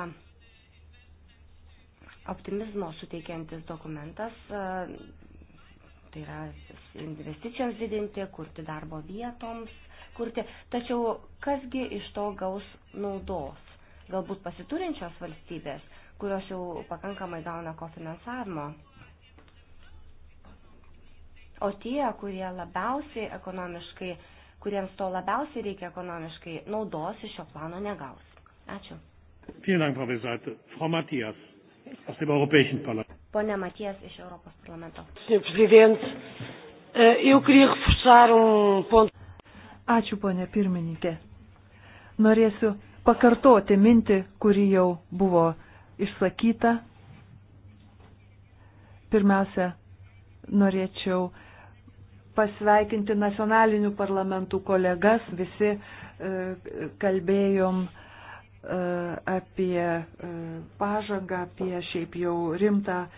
optimizmo suteikiantis dokumentas, tai yra investicijoms didinti, kurti darbo vietoms, kurti. Tačiau kasgi iš to gaus naudos? Galbūt pasiturinčios valstybės, kurios jau pakankamai gauna kofinansavimo. O tie, kurie labiausiai ekonomiškai, kuriems to labiausiai reikia ekonomiškai, naudos iš šio plano negaus. Ačiū. Vielen Dank, Frau Weseite. Frau Matthias aus dem Europäischen Parlament. Pone Matijas iš Europos parlamento. Eh, um Ačiū, ponė pirmininkė. Norėsiu pakartoti mintį, kuri jau buvo išsakyta. Pirmiausia, norėčiau pasveikinti nacionalinių parlamentų kolegas, visi eh, kalbėjom e, E, apie e, pažangą, apie šiaip jau rimtą e,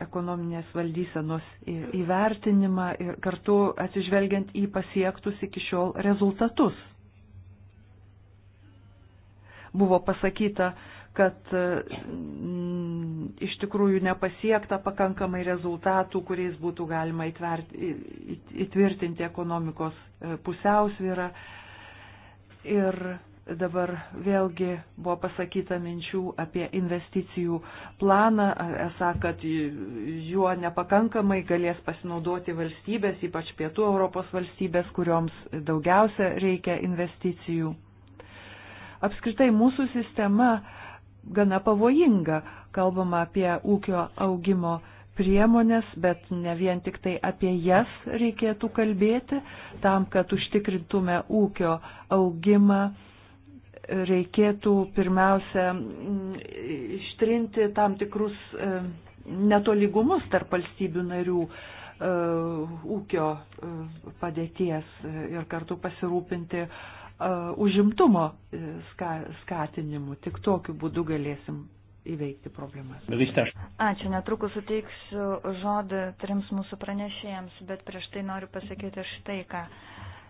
ekonominės valdysenos įvertinimą ir kartu atsižvelgiant į pasiektus iki šiol rezultatus. Buvo pasakyta, kad m, iš tikrųjų nepasiekta pakankamai rezultatų, kuriais būtų galima įtverti, įtvirtinti ekonomikos pusiausvyrą. Ir dabar vėlgi buvo pasakyta minčių apie investicijų planą, esą, kad juo nepakankamai galės pasinaudoti valstybės, ypač pietų Europos valstybės, kurioms daugiausia reikia investicijų. Apskritai mūsų sistema gana pavojinga, kalbama apie ūkio augimo priemonės, bet ne vien tik tai apie jas reikėtų kalbėti, tam, kad užtikrintume ūkio augimą reikėtų pirmiausia mm, ištrinti tam tikrus e, netolygumus tarp valstybių narių e, ūkio e, padėties ir kartu pasirūpinti užimtumo skatinimu. Tik tokiu būdu galėsim įveikti problemas. Ačiū, netrukus suteiksiu žodį trims mūsų pranešėjams, bet prieš tai noriu pasakyti štai ką.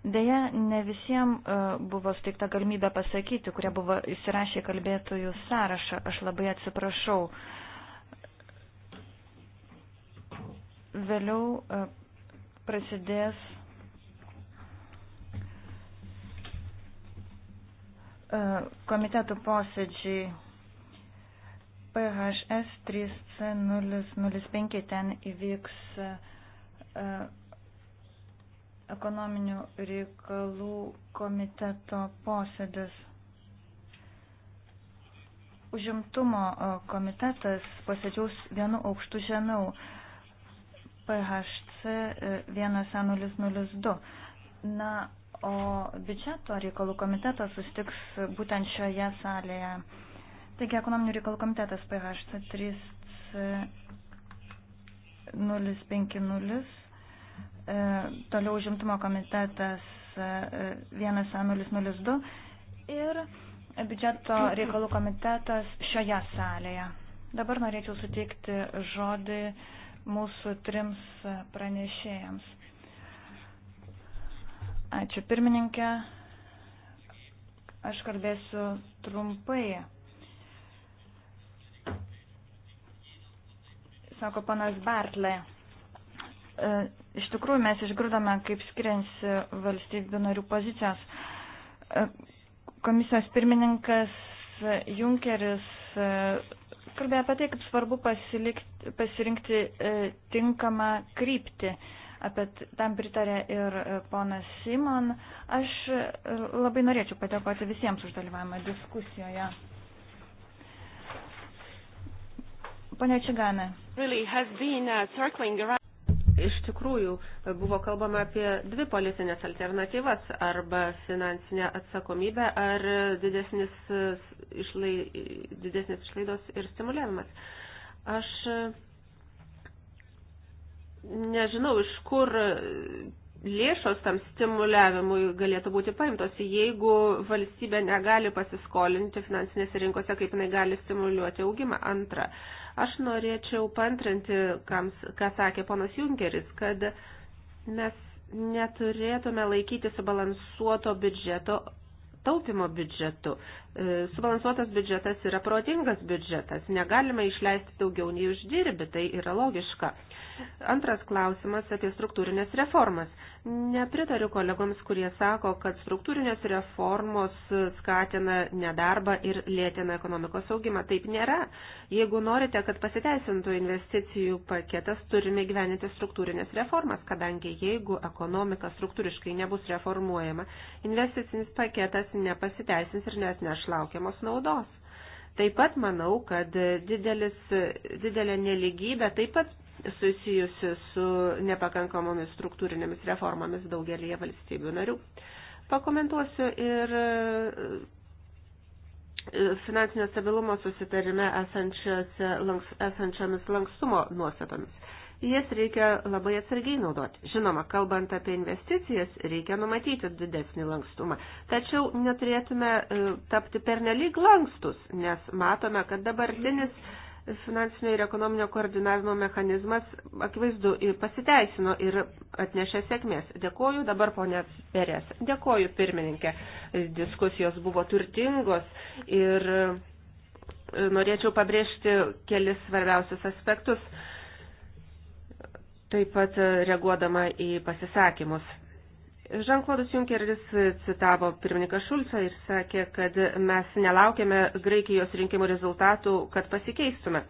Deja, ne visiems e, buvo suteikta galimybė pasakyti, kurie buvo įsirašę kalbėtojų sąrašą. Aš labai atsiprašau. Vėliau e, prasidės e, komitetų posėdžiai PHS 3C005. Ten įvyks ekonominių reikalų komiteto posėdis. Užimtumo e, komitetas posėdžiaus vienu aukštu žemiau PHC 1002. E, Na, o biudžeto reikalų komitetas sustiks būtent šioje salėje. Taigi, ekonominių reikalų komitetas PHC 3050 E, toliau užimtumo komitetas 1002 e, ir biudžeto reikalų komitetas šioje salėje. Dabar norėčiau suteikti žodį mūsų trims pranešėjams. Ačiū pirmininkė. Aš kalbėsiu trumpai. Sako panas Bartlė. E, iš tikrųjų, mes išgirdome, kaip skiriasi valstybių narių pozicijos. E, komisijos pirmininkas Junkeris e, kalbėjo apie tai, kaip svarbu pasilikti, pasirinkti tinkamą kryptį. Apie tam pritarė ir ponas Simon. Aš labai norėčiau padėkoti visiems už dalyvavimą diskusijoje. Pone Čigane. Really Iš tikrųjų, buvo kalbama apie dvi politinės alternatyvas - arba finansinę atsakomybę, ar didesnis, išlai, didesnis išlaidos ir stimuliavimas. Aš nežinau, iš kur lėšos tam stimuliavimui galėtų būti paimtos, jeigu valstybė negali pasiskolinti finansinėse rinkose, kaip jinai gali stimuliuoti augimą. Antra, aš norėčiau pantrinti, kams, ką sakė ponas Junkeris, kad mes neturėtume laikyti subalansuoto biudžeto taupimo biudžetu. E, subalansuotas biudžetas yra protingas biudžetas. Negalima išleisti daugiau nei uždirbi, tai yra logiška. Antras klausimas apie struktūrinės reformas. Nepritariu kolegoms, kurie sako, kad struktūrinės reformos skatina nedarbą ir lėtina ekonomikos augimą. Taip nėra. Jeigu norite, kad pasiteisintų investicijų paketas, turime gyveninti struktūrinės reformas, kadangi jeigu ekonomika struktūriškai nebus reformuojama, investicinis paketas jos nepasiteisins ir nesneš laukiamos naudos. Taip pat manau, kad didelis, didelė neligybė taip pat susijusi su nepakankamomis struktūrinėmis reformomis daugelėje valstybių narių. Pakomentuosiu ir e, finansinio stabilumo susitarime esančiamis lankstumo nuostatomis jas reikia labai atsargiai naudoti. Žinoma, kalbant apie investicijas, reikia numatyti didesnį lankstumą. Tačiau neturėtume e, tapti pernelyg lankstus, nes matome, kad dabartinis finansinio ir ekonominio koordinavimo mechanizmas akivaizdu pasiteisino ir atnešė sėkmės. Dėkoju dabar ponė Perės. Dėkoju pirmininkė. Diskusijos buvo turtingos ir e, norėčiau pabrėžti kelis svarbiausius aspektus taip pat e, reaguodama į pasisakymus. Žanklodas Junkeris citavo pirmininką Šulcą ir sakė, kad mes nelaukėme Graikijos rinkimų rezultatų, kad pasikeistume.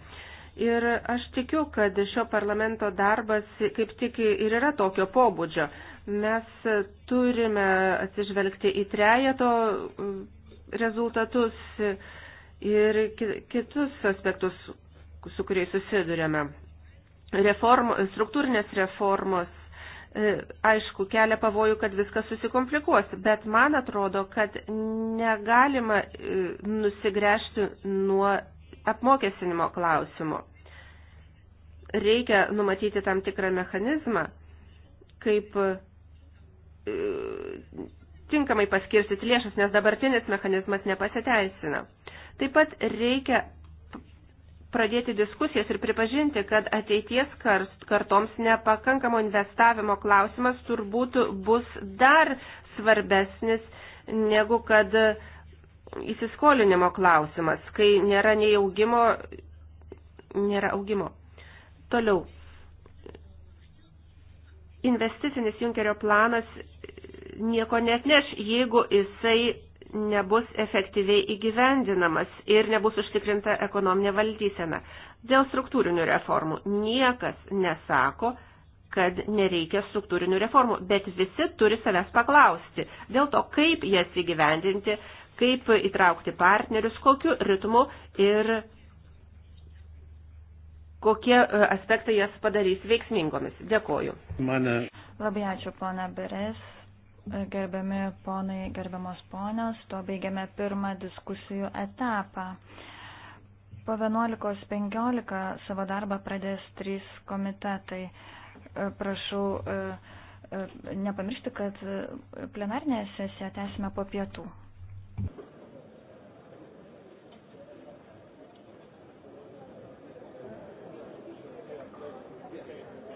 Ir aš tikiu, kad šio parlamento darbas kaip tik ir yra tokio pobūdžio. Mes turime atsižvelgti į trejato e, rezultatus ir kitus aspektus, su kuriais susidurėme reform, struktūrinės reformos, e, aišku, kelia pavojų, kad viskas susikomplikuos, bet man atrodo, kad negalima e, nusigręžti nuo apmokestinimo klausimo. Reikia numatyti tam tikrą mechanizmą, kaip e, tinkamai paskirstyti lėšas, nes dabartinis mechanizmas nepasiteisina. Taip pat reikia pradėti diskusijas ir pripažinti, kad ateities kartoms nepakankamo investavimo klausimas turbūt bus dar svarbesnis negu kad įsiskolinimo klausimas, kai nėra nei augimo, nėra augimo. Toliau. Investicinis Junkerio planas nieko net neš, jeigu jisai nebus efektyviai įgyvendinamas ir nebus užtikrinta ekonominė valdysena. Dėl struktūrinių reformų niekas nesako, kad nereikia struktūrinių reformų, bet visi turi savęs paklausti dėl to, kaip jas įgyvendinti, kaip įtraukti partnerius, kokiu ritmu ir kokie e, aspektai jas padarys veiksmingomis. Dėkoju. Mane. Labai ačiū, pana Beres. Gerbiami ponai, gerbiamos ponios, to baigiame pirmą diskusijų etapą. Po 11.15 savo darbą pradės trys komitetai. E, prašau e, e, nepamiršti, kad plenarnė sesija tęsime po pietų.